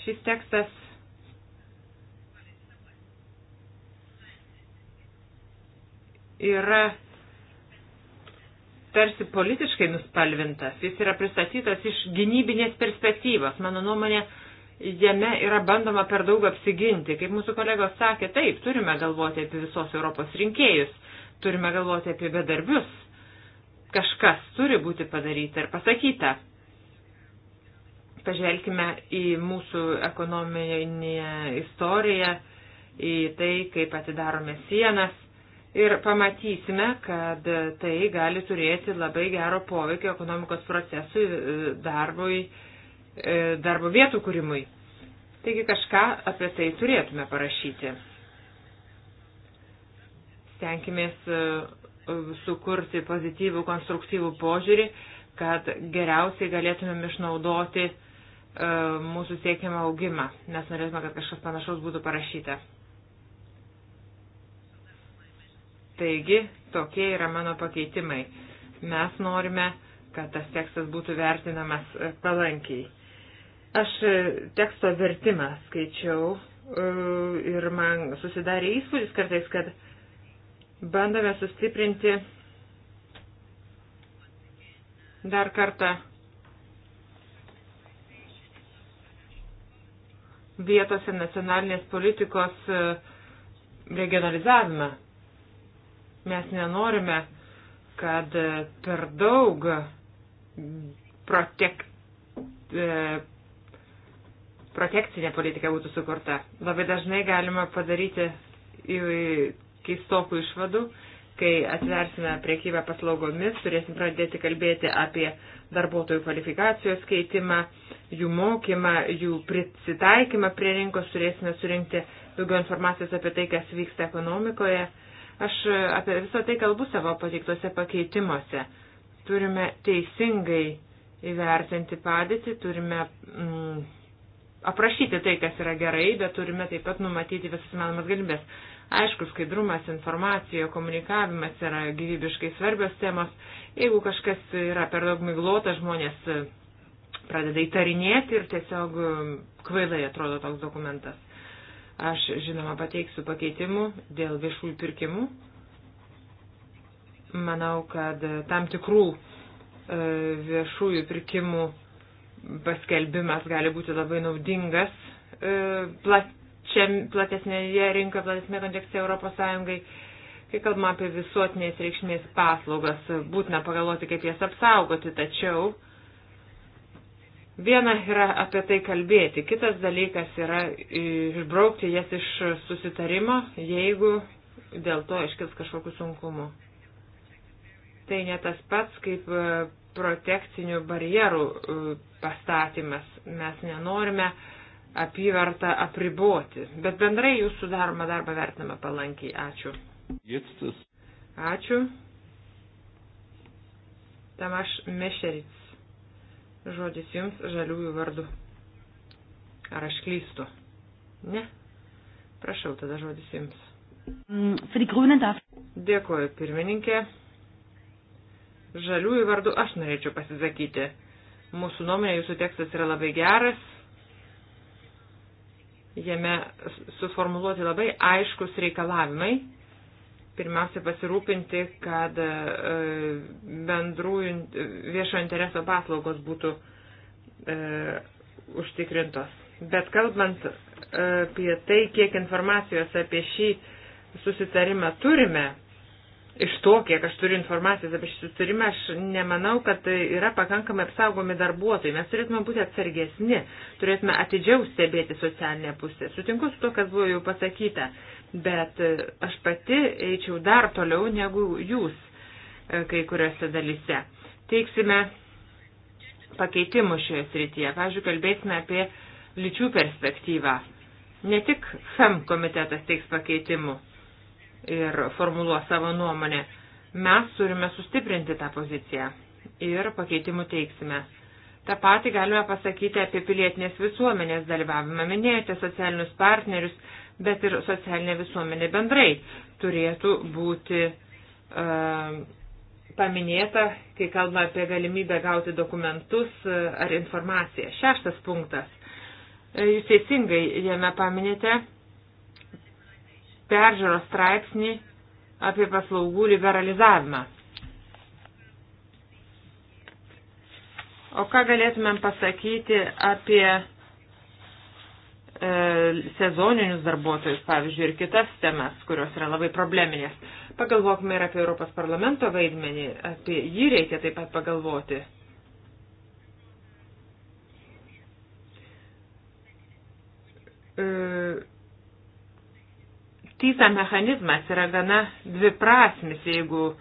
šis tekstas yra tarsi politiškai nuspalvintas, jis yra pristatytas iš gynybinės perspektyvos. Mano nuomonė, jame yra bandoma per daug apsiginti. Kaip mūsų kolegos sakė, taip, turime galvoti apie visos Europos rinkėjus, turime galvoti apie bedarbius. Kažkas turi būti padaryta ir pasakyta. Pažvelkime į mūsų ekonominę istoriją, į tai, kaip atidarome sienas, ir pamatysime, kad tai gali turėti labai gero poveikio ekonomikos procesui, e, darbui, e, darbo vietų kūrimui. Taigi kažką apie tai turėtume parašyti. Stenkimės e, sukurti pozityvų, konstruktyvų požiūrį, kad geriausiai galėtumėm išnaudoti mūsų siekiamą augimą. Nes norėtume, kad kažkas panašaus būtų parašyta. Taigi, tokie yra mano pakeitimai. Mes norime, kad tas tekstas būtų vertinamas e, palankiai. Aš e, teksto vertimą skaičiau e, ir man susidarė įspūdis kartais, kad bandome sustiprinti dar kartą vietos ir nacionalinės politikos regionalizavimą. Mes nenorime, kad e, per daug protek, e, protekcinė politika būtų sukurta. Labai dažnai galima padaryti keistokų išvadų, kai atversime priekybę paslaugomis, turėsim pradėti kalbėti apie darbuotojų kvalifikacijos keitimą, jų mokymą, jų prisitaikymą prie rinkos, turėsime surinkti daugiau informacijos apie tai, kas vyksta ekonomikoje Aš e, apie visą tai kalbu savo pateiktose pakeitimuose. Turime teisingai įvertinti padėtį, turime mm, aprašyti tai, kas yra gerai, bet turime taip pat numatyti visas įmanomas galimybės. Aišku, skaidrumas, informacija, komunikavimas yra gyvybiškai svarbios temos. Jeigu kažkas yra per daug myglota, žmonės e, pradeda įtarinėti ir tiesiog e, kvailai atrodo toks dokumentas. Aš, žinoma, pateiksiu pakeitimų dėl viešųjų pirkimų. Manau, kad e, tam tikrų e, viešųjų pirkimų paskelbimas gali būti labai naudingas e, platesnėje rinkoje, platesnėje kontekste Europos Sąjungai. Kai kalbame apie visuotinės reikšmės paslaugas, būtina pagalvoti, kaip jas apsaugoti, tačiau uh, Viena yra apie tai kalbėti, kitas dalykas yra išbraukti jas iš susitarimo, jeigu dėl to iškils kažkokių sunkumų. Tai ne tas pats kaip e, protekcinių barjerų e, pastatymas. Mes nenorime apyvartą apriboti, bet bendrai jūsų daromą darbą vertiname palankiai. Ačiū. Ačiū. Tamaš Mešeric. Žodis jums žaliųjų vardu. Ar aš klystu? Ne. Prašau, tada žodis jums. Mm, Dėkuoju, pirmininkė. Žaliųjų vardu aš norėčiau pasisakyti. Mūsų nuomonė, jūsų tekstas yra labai geras. Jame suformuluoti labai aiškus reikalavimai pirmiausia pasirūpinti, kad e, bendrųjų viešo intereso paslaugos būtų e, užtikrintos. Bet kalbant e, apie tai, kiek informacijos apie šį susitarimą turime, iš to, kiek aš turiu informacijos apie šį susitarimą, aš nemanau, kad tai yra pakankamai apsaugomi darbuotojai. Mes turėtume būti atsargesni, turėtume atidžiau stebėti socialinę pusę. Sutinku su to, kas buvo jau pasakyta bet e, aš pati eičiau dar toliau negu jūs e, kai kuriuose dalyse. Teiksime pakeitimų šioje srityje. Pavyzdžiui, kalbėsime apie lyčių perspektyvą. Ne tik FEM komitetas teiks pakeitimų ir formuluos savo nuomonę. Mes turime sustiprinti tą poziciją ir pakeitimų teiksime. Ta patį galime pasakyti apie pilietinės visuomenės dalyvavimą. Minėjote socialinius partnerius, bet ir socialinė visuomenė bendrai turėtų būti e, paminėta, kai kalba apie galimybę gauti dokumentus e, ar informaciją. Šeštas punktas. E, jūs teisingai jame paminėte peržiūros straipsnį apie paslaugų liberalizavimą. O ką galėtumėm pasakyti apie E, sezoninius darbuotojus, pavyzdžiui, ir kitas temas, kurios yra labai probleminės. Pagalvokime ir apie Europos parlamento vaidmenį, apie jį reikia taip pat pagalvoti. E, Tysa mechanizmas yra gana dviprasmis, jeigu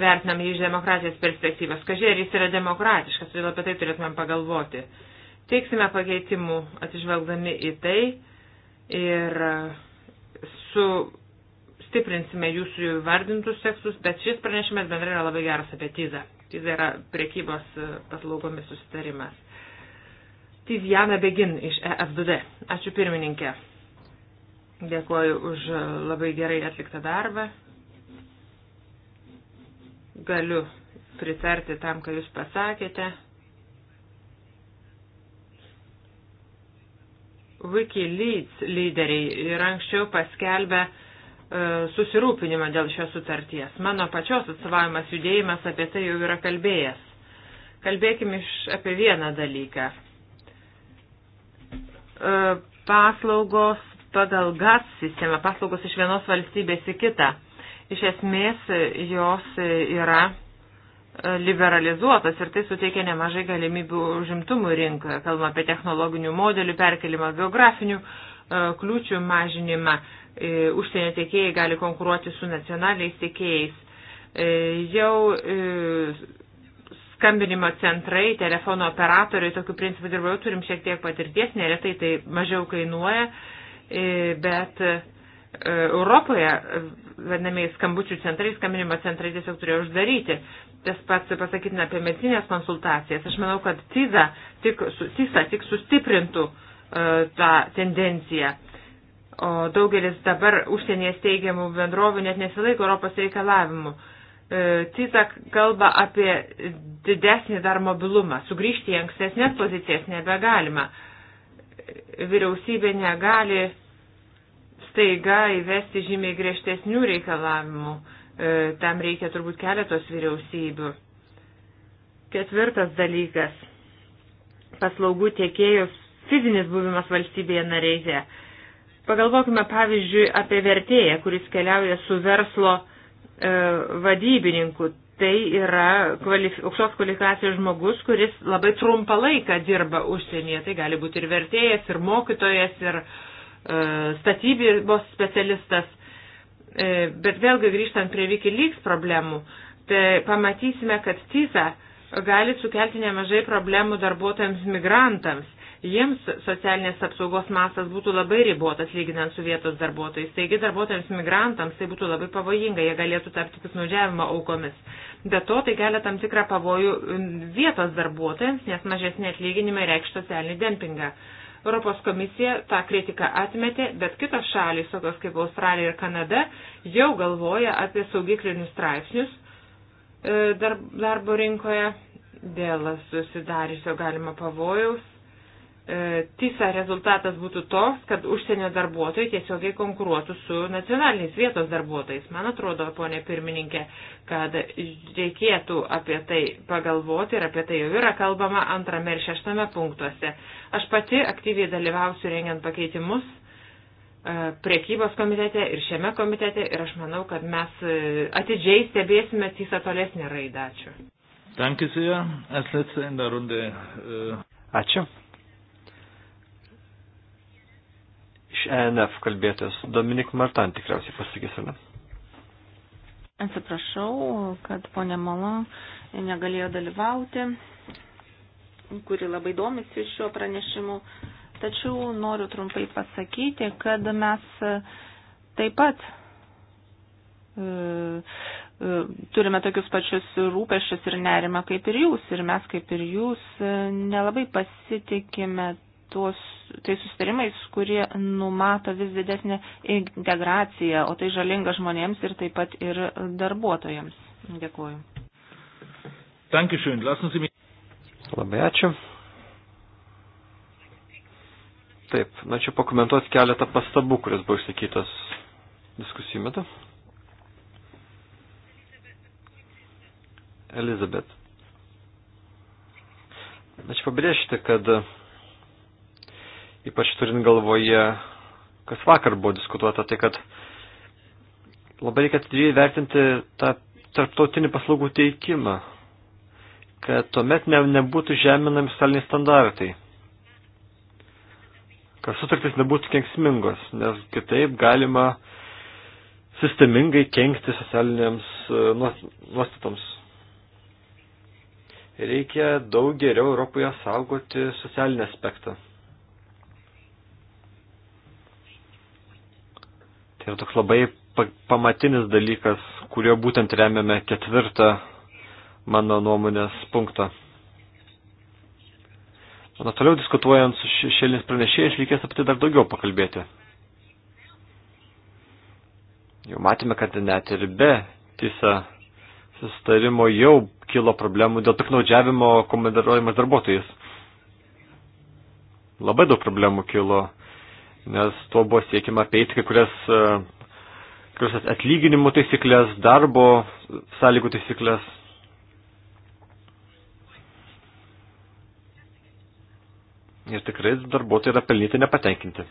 vertinam jį iš demokratijos perspektyvos. Kažkai, ar jis yra demokratiškas, todėl apie tai turėtumėm pagalvoti. Uh, Teiksime pakeitimų atsižvelgdami į tai ir su stiprinsime jūsų įvardintus tekstus, bet šis pranešimas bendrai yra labai geras apie tizą. Tiza yra priekybos e, paslaugomis susitarimas. Tizjana Begin iš EFDD. Ačiū pirmininkė. Dėkuoju už e, labai gerai atliktą darbą. Galiu pritarti tam, ką jūs pasakėte. Wikileaks lyderiai ir anksčiau paskelbė e, susirūpinimą dėl šios sutarties. Mano pačios atstovavimas judėjimas apie tai jau yra kalbėjęs. Kalbėkime iš apie vieną dalyką. E, paslaugos pagal GATS sistemą, paslaugos iš vienos valstybės į kitą. Iš esmės jos yra liberalizuotas ir tai suteikia nemažai galimybių užimtumų rinkoje. Kalbame apie technologinių modelių perkelimą, geografinių e, kliūčių mažinimą. E, užsienio tiekėjai gali konkuruoti su nacionaliais tiekėjais. E, jau skambinimo centrai, telefono operatoriai, tokiu principu dirbau, turim šiek tiek patirties, neretai tai mažiau kainuoja, bet Europoje, vadinamiai, skambučių centrai, skambinimo centrai tiesiog turėjo uždaryti tas pats pasakytina apie medicinės konsultacijas. Aš manau, kad CISA tik, CISA tik sustiprintų uh, tą tendenciją. O daugelis dabar užsienyje steigiamų bendrovių net nesilaiko Europos reikalavimų. E, CISA kalba apie didesnį dar mobilumą. Sugrįžti į ankstesnės pozicijas nebegalima. Vyriausybė negali staiga įvesti žymiai griežtesnių reikalavimų. Uh, E, tam reikia turbūt keletos vyriausybių. Ketvirtas dalykas - paslaugų tiekėjus fizinis buvimas valstybėje narėje. Pagalvokime pavyzdžiui apie vertėją, kuris keliauja su verslo e, vadybininku. Tai yra kvalif aukštos kvalifikacijos žmogus, kuris labai trumpą laiką dirba užsienyje. Tai gali būti ir vertėjas, ir mokytojas, ir e, statybos specialistas. E, bet vėlgi grįžtant prie Wikileaks problemų, tai pamatysime, kad TISA gali sukelti nemažai problemų darbuotojams migrantams. Jiems socialinės apsaugos mastas būtų labai ribotas lyginant su vietos darbuotojais. Taigi darbuotojams migrantams tai būtų labai pavojinga, jie galėtų tapti piknaudžiavimo aukomis. Be to, tai kelia tam tikrą pavojų vietos darbuotojams, nes mažesni atlyginimai reikš socialinį dempingą. Europos komisija tą kritiką atmetė, bet kitos šalys, tokios kaip Australija ir Kanada, jau galvoja apie saugiklinius straipsnius e, darbo rinkoje dėl susidariusio galima pavojaus E, TISA rezultatas būtų toks, kad užsienio darbuotojai tiesiogiai konkuruotų su nacionaliniais vietos darbuotojais. Man atrodo, ponė pirmininkė, kad reikėtų apie tai pagalvoti ir apie tai jau yra kalbama antrame ir šeštame punktuose. Aš pati aktyviai dalyvausiu rengiant pakeitimus e, priekybos komitete ir šiame komitete ir aš manau, kad mes e, atidžiai stebėsime TISA tolesnį raidą. Ačiū. Danke sehr. Als letzter in der Runde. Äh Ačiū. iš ENF kalbėtės. Dominik Martan tikriausiai pasakys, ar ne? Atsiprašau, kad ponė Malon negalėjo dalyvauti, kuri labai domisi šiuo pranešimu. Tačiau noriu trumpai pasakyti, kad mes taip pat e, e, turime tokius pačius rūpešius ir nerimą kaip ir jūs. Ir mes kaip ir jūs e, nelabai pasitikime tuos, tai sustarimais, kurie numato vis didesnę integraciją, o tai žalinga žmonėms ir taip pat ir darbuotojams. Dėkuoju. Dankeschön. Lassen Sie mich. Labai ačiū. Taip, norėčiau pakomentuoti keletą pastabų, kurias buvo išsakytas diskusijų metu. Elizabet. Norėčiau pabrėžti, kad ypač turint galvoje, kas vakar buvo diskutuota, tai kad labai reikia atidžiai vertinti tą tarptautinį paslaugų teikimą, kad tuomet ne, nebūtų žeminami saliniai standartai, kad sutartys nebūtų kenksmingos, nes kitaip galima sistemingai kenkti socialiniams e, nuostatoms. Reikia daug geriau Europoje saugoti socialinį aspektą. Tai yra toks labai pamatinis dalykas, kurio būtent remiame ketvirtą mano nuomonės punktą. Na, toliau diskutuojant su šešėlinis pranešėjais, reikės apie tai dar daugiau pakalbėti. Jau matėme, kad net ir be tisa sustarimo jau kilo problemų dėl piknaudžiavimo komandaruojamas darbuotojais. Labai daug problemų kilo nes tuo buvo siekiama peiti kai kurias, e, kai kurias atlyginimų taisyklės, darbo sąlygų taisyklės. Ir tikrai darbuotojai yra pelnyti nepatenkinti.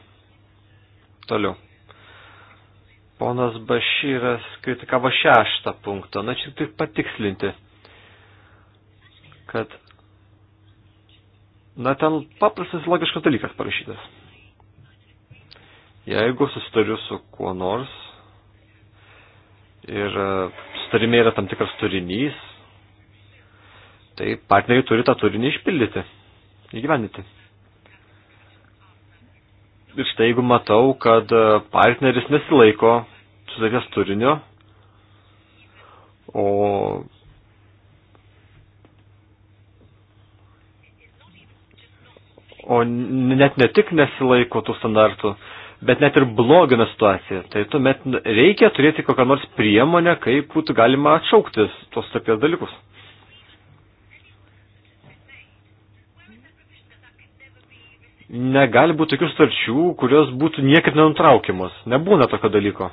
Toliau. Ponas Bašyras kritikavo šeštą punktą. Na, čia tik patikslinti, kad, na, ten paprastas logiškas dalykas parašytas. Jeigu susitariu su kuo nors ir e, sutarime yra tam tikras turinys, tai partneriai turi tą turinį išpildyti, įgyvendyti. Ir štai jeigu matau, kad e, partneris nesilaiko sutarties turinio, o o net ne tik nesilaiko tų standartų, bet net ir blogina situaciją. Tai tuomet reikia turėti kokią nors priemonę, kaip būtų galima atšaukti tos sutarties dalykus. Negali būti tokių sutarčių, kurios būtų niekaip nenutraukiamos. Nebūna tokio dalyko.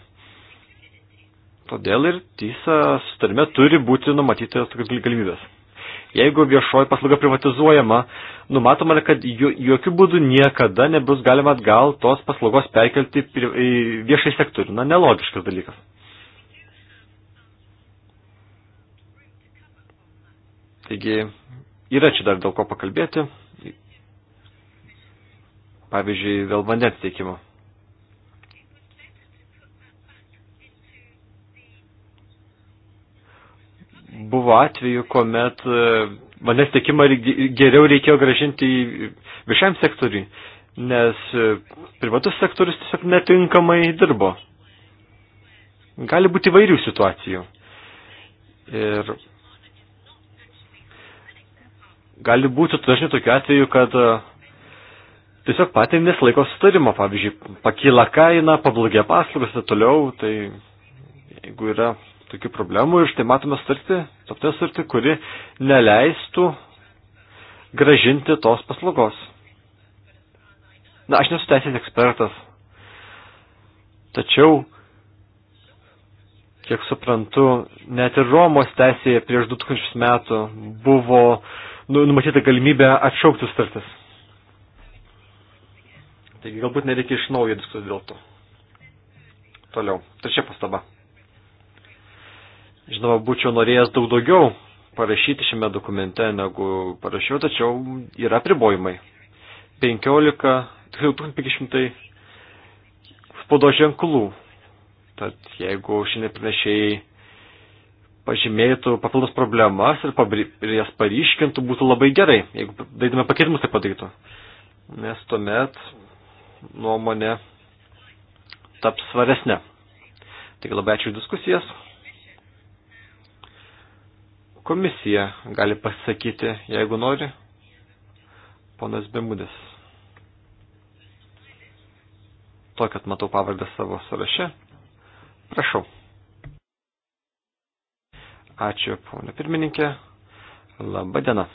Todėl ir tysa sutarime turi būti numatytas tokias galimybės. Jeigu viešoji paslauga privatizuojama, numatoma, kad jokių būdų niekada nebus galima atgal tos paslaugos perkelti į viešai sektorių. Na, nelogiškas dalykas. Taigi, yra čia dar dėl ko pakalbėti. Pavyzdžiui, dėl vandens teikimo. buvo atveju, kuomet e, vandens tiekimą geriau reikėjo gražinti į viešam sektoriui, nes e, privatus sektorius tiesiog netinkamai dirbo. Gali būti vairių situacijų. Ir gali būti dažnai tokiu atveju, kad e, tiesiog patį nesilaiko sutarimo, pavyzdžiui, pakyla kaina, pablogė paslaugas ir toliau, tai jeigu yra tokių problemų ir štai matome sutartį, tokia sutartį, kuri neleistų gražinti tos paslaugos. Na, aš nesu teisės ekspertas, tačiau, kiek suprantu, net ir Romos teisėje prieš 2000 metų buvo nu, numatyta galimybė atšaukti sutartis. Taigi galbūt nereikia iš naujo diskutuoti dėl to. Toliau. Trečia pastaba. Žinoma, būčiau norėjęs daug daugiau parašyti šiame dokumente, negu parašiau, tačiau yra pribojimai. 15, 1500 spaudo ženklų. Tad jeigu šiandien pranešėjai pažymėtų papildomas problemas ir, pabri, ir jas paryškintų, būtų labai gerai, jeigu daidame pakeitimus tai padarytų. Nes tuomet nuomonė taps svaresnė. Taigi labai ačiū diskusijas. Komisija gali pasakyti, jeigu nori, ponas Bemudis. Tokiat matau pavardę savo sąraše. Prašau. Ačiū, ponė pirmininkė. Labadiena.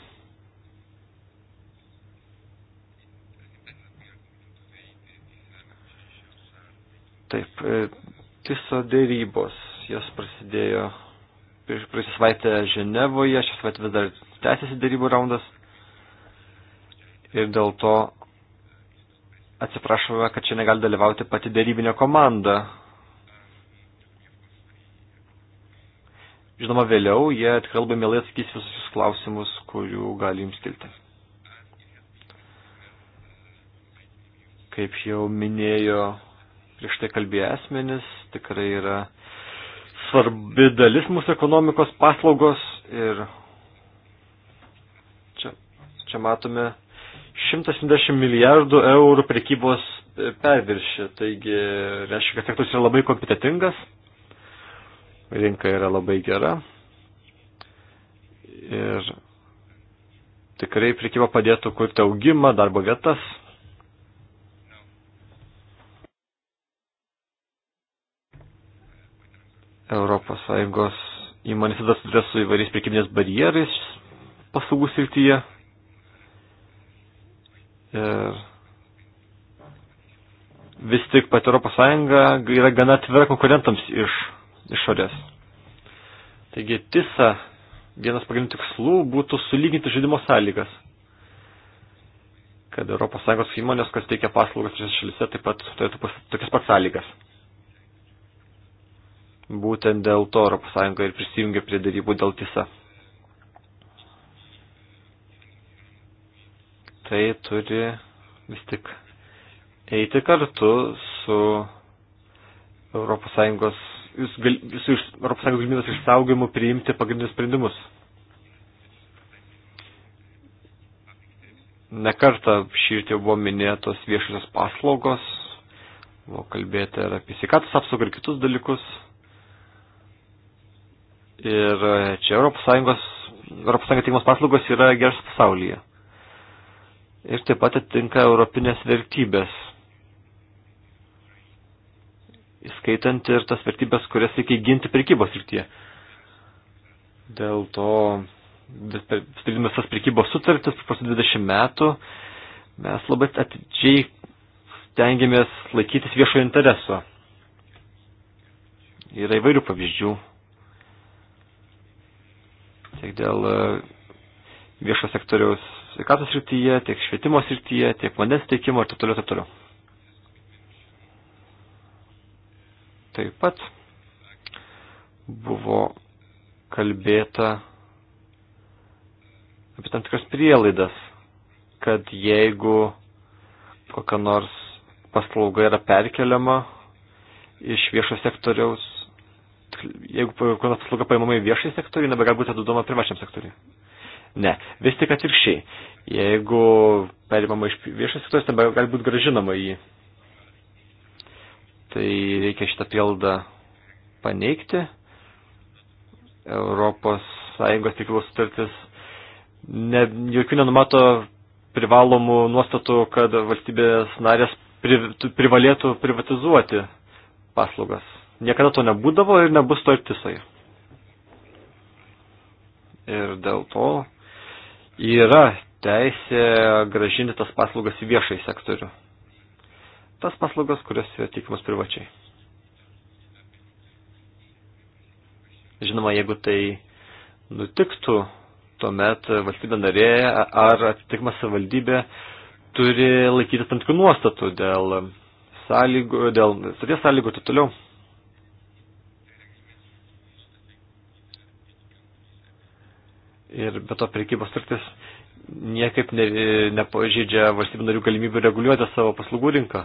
Taip, tiso e, dėrybos, jos prasidėjo prieš praeisą savaitę Ženevoje, šią savaitę vis dar tęsiasi darybų raundas. Ir dėl to atsiprašome, kad čia negali dalyvauti pati darybinė komanda. Žinoma, vėliau jie atkalbai mielai atsakys visus jūs klausimus, kurių gali jums kilti. Kaip jau minėjo prieš tai kalbėję asmenis, tikrai yra svarbi dalis mūsų ekonomikos paslaugos ir čia, čia matome 170 milijardų eurų prekybos e, perviršį. Taigi, reiškia, kad sektorius yra labai kompetitingas, rinka yra labai gera ir tikrai prekyba padėtų kurti augimą, darbo vietas. ES įmonės visada susiduria su įvairiais prekybinės barjerais paslaugų srityje. Ir vis tik pati ES yra gana atvira konkurentams iš išorės. Taigi TISA vienas pagrindinių tikslų būtų sulyginti žaidimo sąlygas, kad ES įmonės, kas teikia paslaugas šiose šalise, taip pat turėtų tokias pat sąlygas. Būtent dėl to ES ir prisijungė prie darybų dėl tisa. Tai turi vis tik eiti kartu su ES jūs, gal, jūs iš Europos Sąjungos galimybės išsaugojimų priimti pagrindinius sprendimus. Nekartą šįryt jau buvo minėtos viešosios paslaugos, buvo kalbėti ir apie sveikatos apsaugą ir kitus dalykus. Ir e, čia Europos Sąjungos, Europos Sąjungos teikimos paslaugos yra geras pasaulyje. Ir taip pat atitinka europinės vertybės. Įskaitant ir tas vertybės, kurias reikia ginti prekybos rytyje. Dėl to, stebėdamas tas prekybos sutartis, pas 20 metų, mes labai atidžiai stengiamės laikytis viešojo intereso. Yra įvairių pavyzdžių tiek dėl e, viešo sektoriaus sveikatos srityje, tiek švietimo srityje, tiek vandens teikimo ir taip toliau, taip toliau. Taip pat buvo kalbėta apie tam tikras prielaidas, kad jeigu kokia nors paslauga yra perkeliama iš viešo sektoriaus jeigu kokia paslauga paimama į viešąjį sektorių, nebegali būti atduodama privačiam sektoriui. Ne, vis tik atvirkščiai. Jeigu perimama iš viešas sektorius, nebegali būti gražinama į. Tai reikia šitą pildą paneigti. Europos Sąjungos tiklos sutartis ne, jokių nenumato privalomų nuostatų, kad valstybės narės priv, privalėtų privatizuoti paslaugas. Niekada to nebūdavo ir nebus to ir tisai. Ir dėl to yra teisė gražinti tas paslaugas į viešai sektorių. Tas paslaugas, kurios yra teikimas privačiai. Žinoma, jeigu tai nutiktų, tuomet valstybė narė ar atitikmas savivaldybė turi laikyti tam tikrų nuostatų dėl sąlygų, dėl stoties sąlygų ir taip toliau. ir be to prekybos sutartis niekaip ne, nepažydžia valstybių narių galimybių reguliuoti savo paslaugų rinką.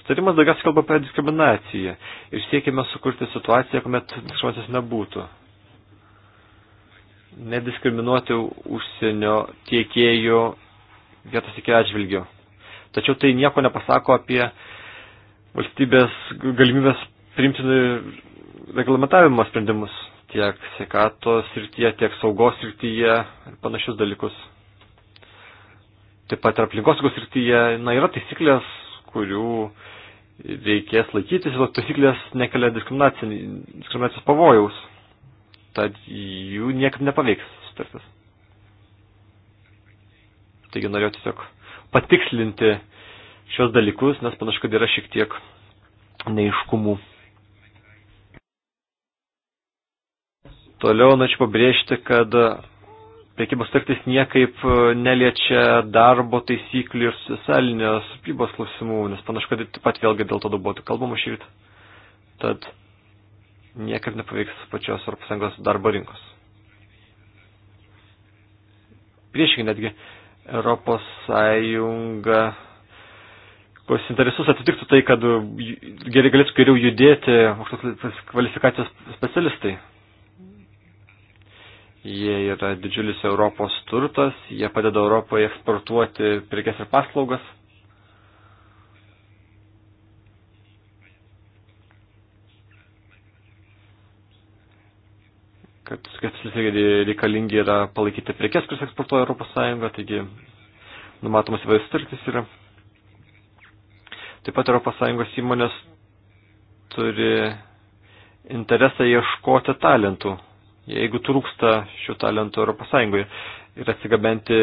Sutarimas daugiausiai kalba apie diskriminaciją ir siekime sukurti situaciją, kuomet diskriminacijos nebūtų. Nediskriminuoti užsienio tiekėjų vietos iki atžvilgių. Tačiau tai nieko nepasako apie valstybės galimybės priimti reglamentavimo sprendimus tiek sveikatos srityje, tiek saugos srityje ir panašius dalykus. Taip pat ir aplinkosaugos srityje, na, yra taisyklės, kurių reikės laikytis, tos taisyklės nekelia diskriminacijos pavojaus, tad jų niekam nepaveiks sutartis. Taigi norėjau tiesiog patikslinti šios dalykus, nes panašu, kad yra šiek tiek neiškumų. Toliau norėčiau pabrėžti, kad priekybos sutartis niekaip e, neliečia darbo taisyklių ir socialinės apybos klausimų, nes panašu, kad taip pat vėlgi dėl to darbuotojų kalbama šį rytą. Tad niekaip nepaveiks pačios ES darbo rinkos. Priešingai netgi Europos Sąjunga, kurios interesus atitiktų tai, kad gerai galėtų geriau judėti aukštos kvalifikacijos specialistai. Jie yra didžiulis Europos turtas, jie padeda Europoje eksportuoti prekes ir paslaugas. Kad skirtis reikalingi yra palaikyti prekes, kuris eksportuoja Europos Sąjungą, taigi numatomas įvairius turtis yra. Taip pat Europos Sąjungos įmonės turi interesą ieškoti talentų jeigu trūksta šių talentų Europos Sąjungoje ir atsigabenti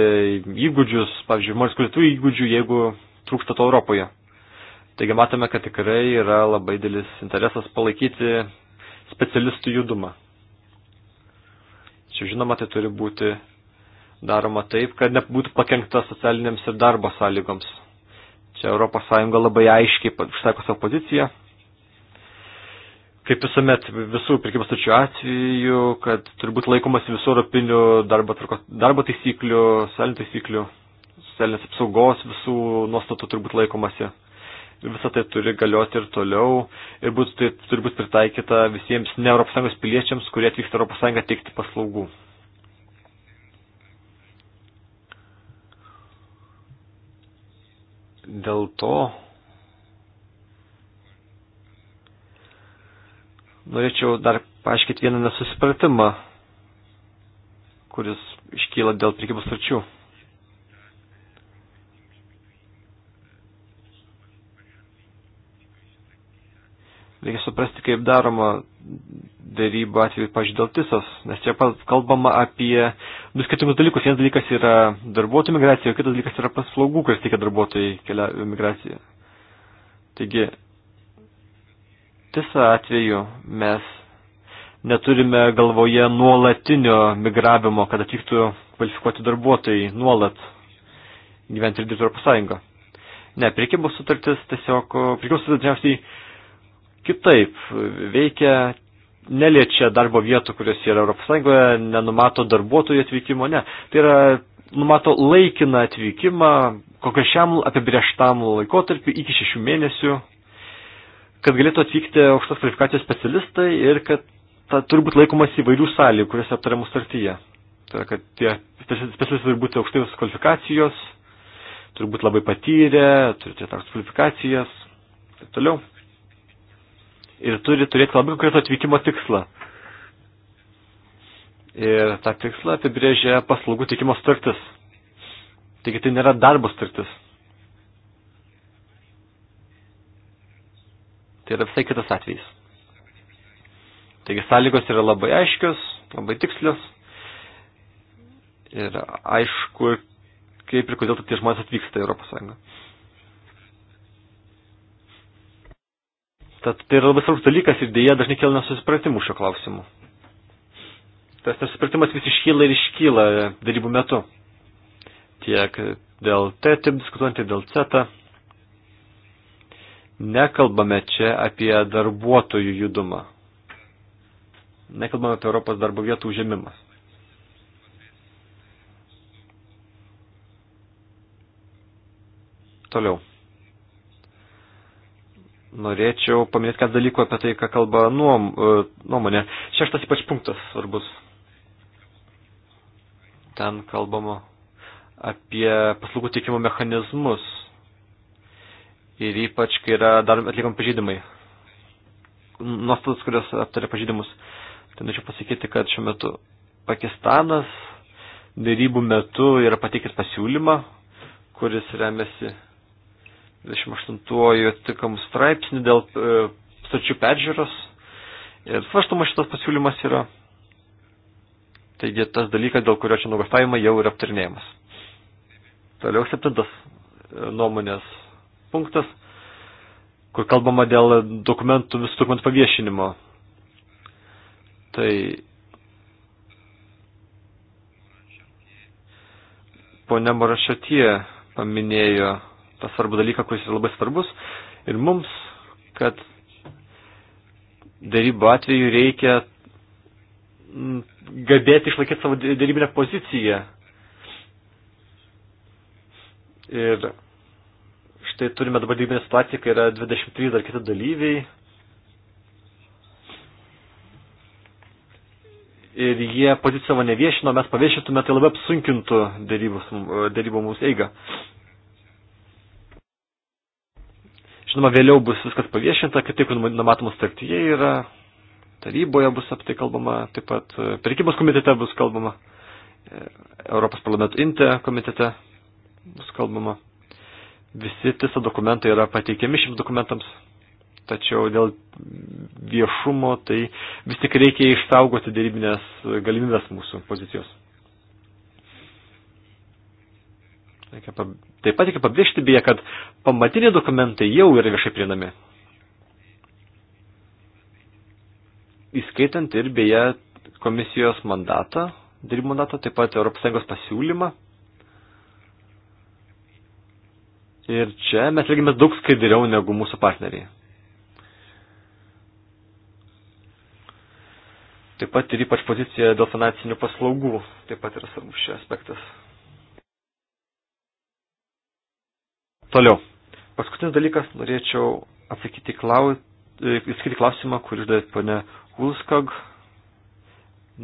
įgūdžius, pavyzdžiui, žmonės, kurie turi įgūdžių, jeigu trūksta to Europoje. Taigi matome, kad tikrai yra labai dėlis interesas palaikyti specialistų judumą. Čia žinoma, tai turi būti daroma taip, kad nebūtų pakengta socialinėms ir darbo sąlygoms. Čia ES labai aiškiai užsako savo poziciją kaip visuomet visų prekybos sutarčių atveju, kad turi būti laikomas visų europinių darbo, tarko, darbo taisyklių, socialinių taisyklių, socialinės apsaugos visų nuostatų turi būti laikomasi. Ir visą tai turi galioti ir toliau, ir būtų, tai turi būti pritaikyta visiems ne ES piliečiams, kurie atvyksta ES teikti paslaugų. Dėl to Norėčiau dar paaiškinti vieną nesusipratimą, kuris iškyla dėl prikybos tarčių. reikia suprasti, kaip daroma dėryba atveju, pažiūrėjau, dėl tisos, nes čia kalbama apie du skirtingus dalykus. Vienas dalykas yra darbuotojų migracija, o kitas dalykas yra paslaugų, kurias teikia darbuotojai kelia migracija. Taigi, TISA atveju mes neturime galvoje nuolatinio migravimo, kad atvyktų kvalifikuoti darbuotojai nuolat gyventi ir dirbti Europos Sąjungą. Ne, priekybos sutartis tiesiog, priekybos sutartis dažniausiai kitaip veikia, neliečia darbo vietų, kurios yra Europos Sąjungoje, nenumato darbuotojų atvykimo, ne. Tai yra numato laikiną atvykimą kokiam apibrieštam laikotarpiu iki šešių mėnesių kad galėtų atvykti aukštos kvalifikacijos specialistai ir kad ta, turi būti laikomas įvairių sąlygų, kurias aptariamų startyje. Tai yra, kad tie specialistai turi būti aukštos kvalifikacijos, turi būti labai patyrę, turi turėti aukštas kvalifikacijas ir toliau. Ir turi turėti labai konkretų atvykimo tikslą. Ir tą tikslą apibrėžia paslaugų teikimo startis. Taigi tai nėra darbo startis. Tai yra visai kitas atvejis. Taigi sąlygos yra labai aiškios, labai tikslios. Ir aišku, kaip ir kodėl tie žmonės atvyksta į Europos Sąjungą. Tad tai yra labai svarbus dalykas ir dėja dažnai kėl nesusipratimų šio klausimu. Tas nesusipratimas vis iškyla ir iškyla darybų metu. Tiek dėl T-tip diskutuojant, tiek dėl CETA. Nekalbame čia apie darbuotojų judumą. Nekalbame apie Europos darbo vietų užėmimą. Toliau. Norėčiau paminėti ką dalykų apie tai, ką kalba nuom, e, nuomonė. Šeštas ypač punktas svarbus. Ten kalbama apie paslaugų teikimo mechanizmus ir ypač, kai yra dar atlikom pažydimai. Nuostatas, kurios aptarė pažydimus. Tai norėčiau pasakyti, kad šiuo metu Pakistanas dėrybų metu yra patikęs pasiūlymą, kuris remiasi 28-ojų atikamų straipsnių dėl e, stačių peržiūros. Ir svarstama šitas pasiūlymas yra. Taigi tas dalykas, dėl kurio čia nuogastavimai jau yra aptarinėjimas. Toliau septintas e, nuomonės punktas, kur kalbama dėl dokumentų, visų dokumentų paviešinimo. Tai ponia Morašatie paminėjo tą svarbų dalyką, kuris yra labai svarbus ir mums, kad dėrybų atveju reikia mm, gabėti išlaikyti savo dėrybinę poziciją. Ir Štai turime dabar lygmenę situaciją, kai yra 23 dar kiti dalyviai. Ir jie poziciją savo neviešino, mes paviešintume, tai labai apsunkintų dėrybų mūsų eigą. Žinoma, vėliau bus viskas paviešinta, kad taip numatomos tarptyje yra, taryboje bus apie tai kalbama, taip pat e, prekybos komitete bus kalbama, e, Europos parlamento inte komitete bus kalbama. Visi TISA dokumentai yra pateikiami šiems dokumentams, tačiau dėl viešumo tai vis tik reikia išsaugoti dėrybinės galimybės mūsų pozicijos. Reikia pab... Taip pat reikia pabrėžti beje, kad pamatiniai dokumentai jau yra viešai prieinami. Įskaitant ir beje komisijos mandatą, dirbų mandatą, taip pat ES pasiūlymą Ir čia mes elgiamės daug skaidriau negu mūsų partneriai. Taip pat ir ypač pozicija dėl finansinių paslaugų, taip pat yra svarbus šis aspektas. Toliau. Paskutinis dalykas, norėčiau atsakyti klau... Įskirti e, klausimą, kurį uždavė ponė Hulskog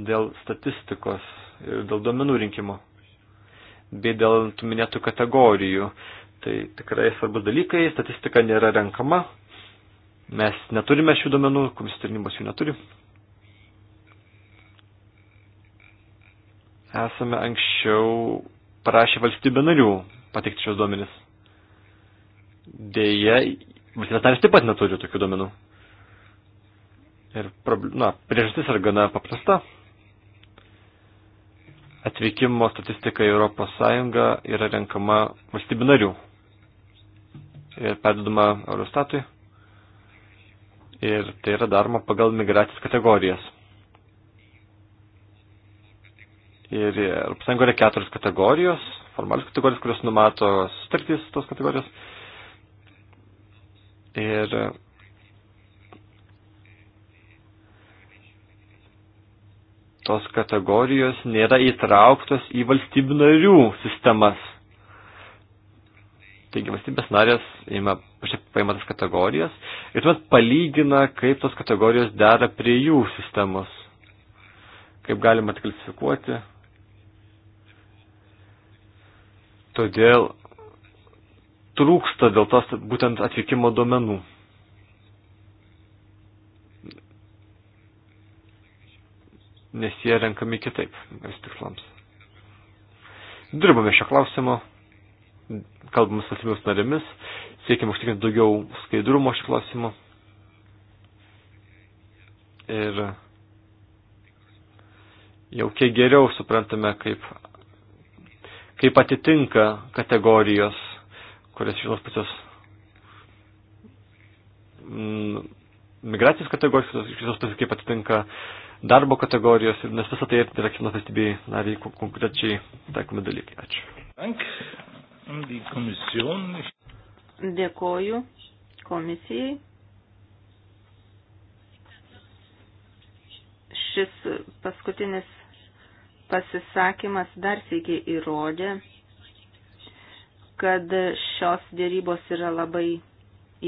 dėl statistikos ir dėl domenų rinkimo bei dėl tų minėtų kategorijų. Tai tikrai svarbus dalykai, statistika nėra renkama, mes neturime šių domenų, komisijos tarnybos jų neturi. Esame anksčiau parašę valstybė narių pateikti šios duomenis. Dėja, valstybės narės taip pat neturi tokių duomenų. Ir na, priežastis yra gana paprasta. Atvykimo statistika į Europos Sąjungą yra renkama valstybių narių ir perdodama Eurostatui. Ir tai yra daroma pagal migracijos kategorijas. Ir ES yra keturios kategorijos, formalios kategorijos, kurios numato sutartys tos kategorijos. Ir tos kategorijos nėra įtrauktos į valstybių narių sistemas. Taigi valstybės narės ima, paima tas kategorijas ir tuomet palygina, kaip tos kategorijos dera prie jų sistemos, kaip galima klasifikuoti. Todėl trūksta dėl tos būtent atvykimo duomenų. Nes jie renkami kitaip, vis tikslams. Dirbame šio klausimo kalbame su valstybės narėmis, siekiam užtikrinti daugiau skaidrumo šį klausimą. Ir jau kiek geriau suprantame, kaip, kaip atitinka kategorijos, kurias iš vienos pusės mm, migracijos kategorijos, iš vienos pusės kaip atitinka darbo kategorijos, nes visą tai yra kiekvienos valstybei nariai konkrečiai taikomi dalykai. Ačiū. Dank. Dėkoju komisijai. Šis paskutinis pasisakymas dar sėkiai įrodė, kad šios dėrybos yra labai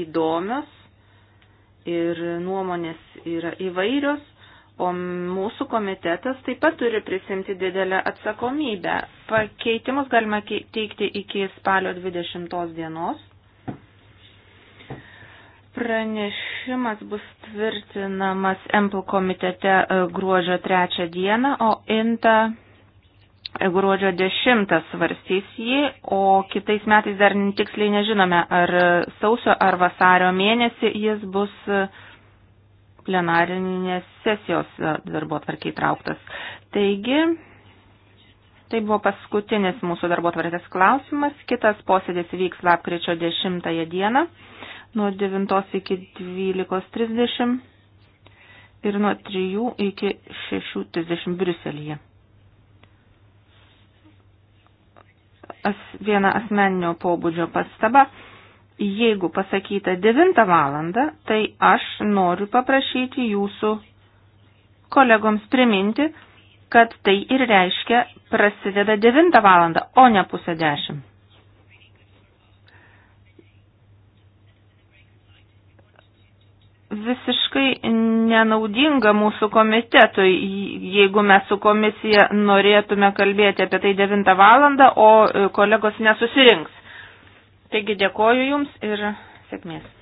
įdomios ir nuomonės yra įvairios, o mūsų komitetas taip pat turi prisimti didelę atsakomybę Pakeitimus galima teikti iki spalio 20 dienos. Pranešimas bus tvirtinamas MPL komitete e, gruodžio 3 dieną, o INTA e, gruodžio 10 svarstys jį, o kitais metais dar tiksliai nežinome, ar e, sausio ar vasario mėnesį jis bus plenarinės sesijos darbo tvarkiai trauktas. Taigi, Tai buvo paskutinis mūsų darbo tvarkės klausimas. Kitas posėdis vyks lapkričio 10 dieną nuo 9 iki 12.30 ir nuo 3 iki 6.30 Briuselėje. As, viena asmeninio pobūdžio pastaba. Jeigu pasakyta 9 valandą, tai aš noriu paprašyti jūsų kolegoms priminti, kad tai ir reiškia prasideda 9 valandą, o ne pusę 10. Visiškai nenaudinga mūsų komitetui, jeigu mes su komisija norėtume kalbėti apie tai 9 valandą, o e, kolegos nesusirinks. Taigi dėkoju Jums ir sėkmės.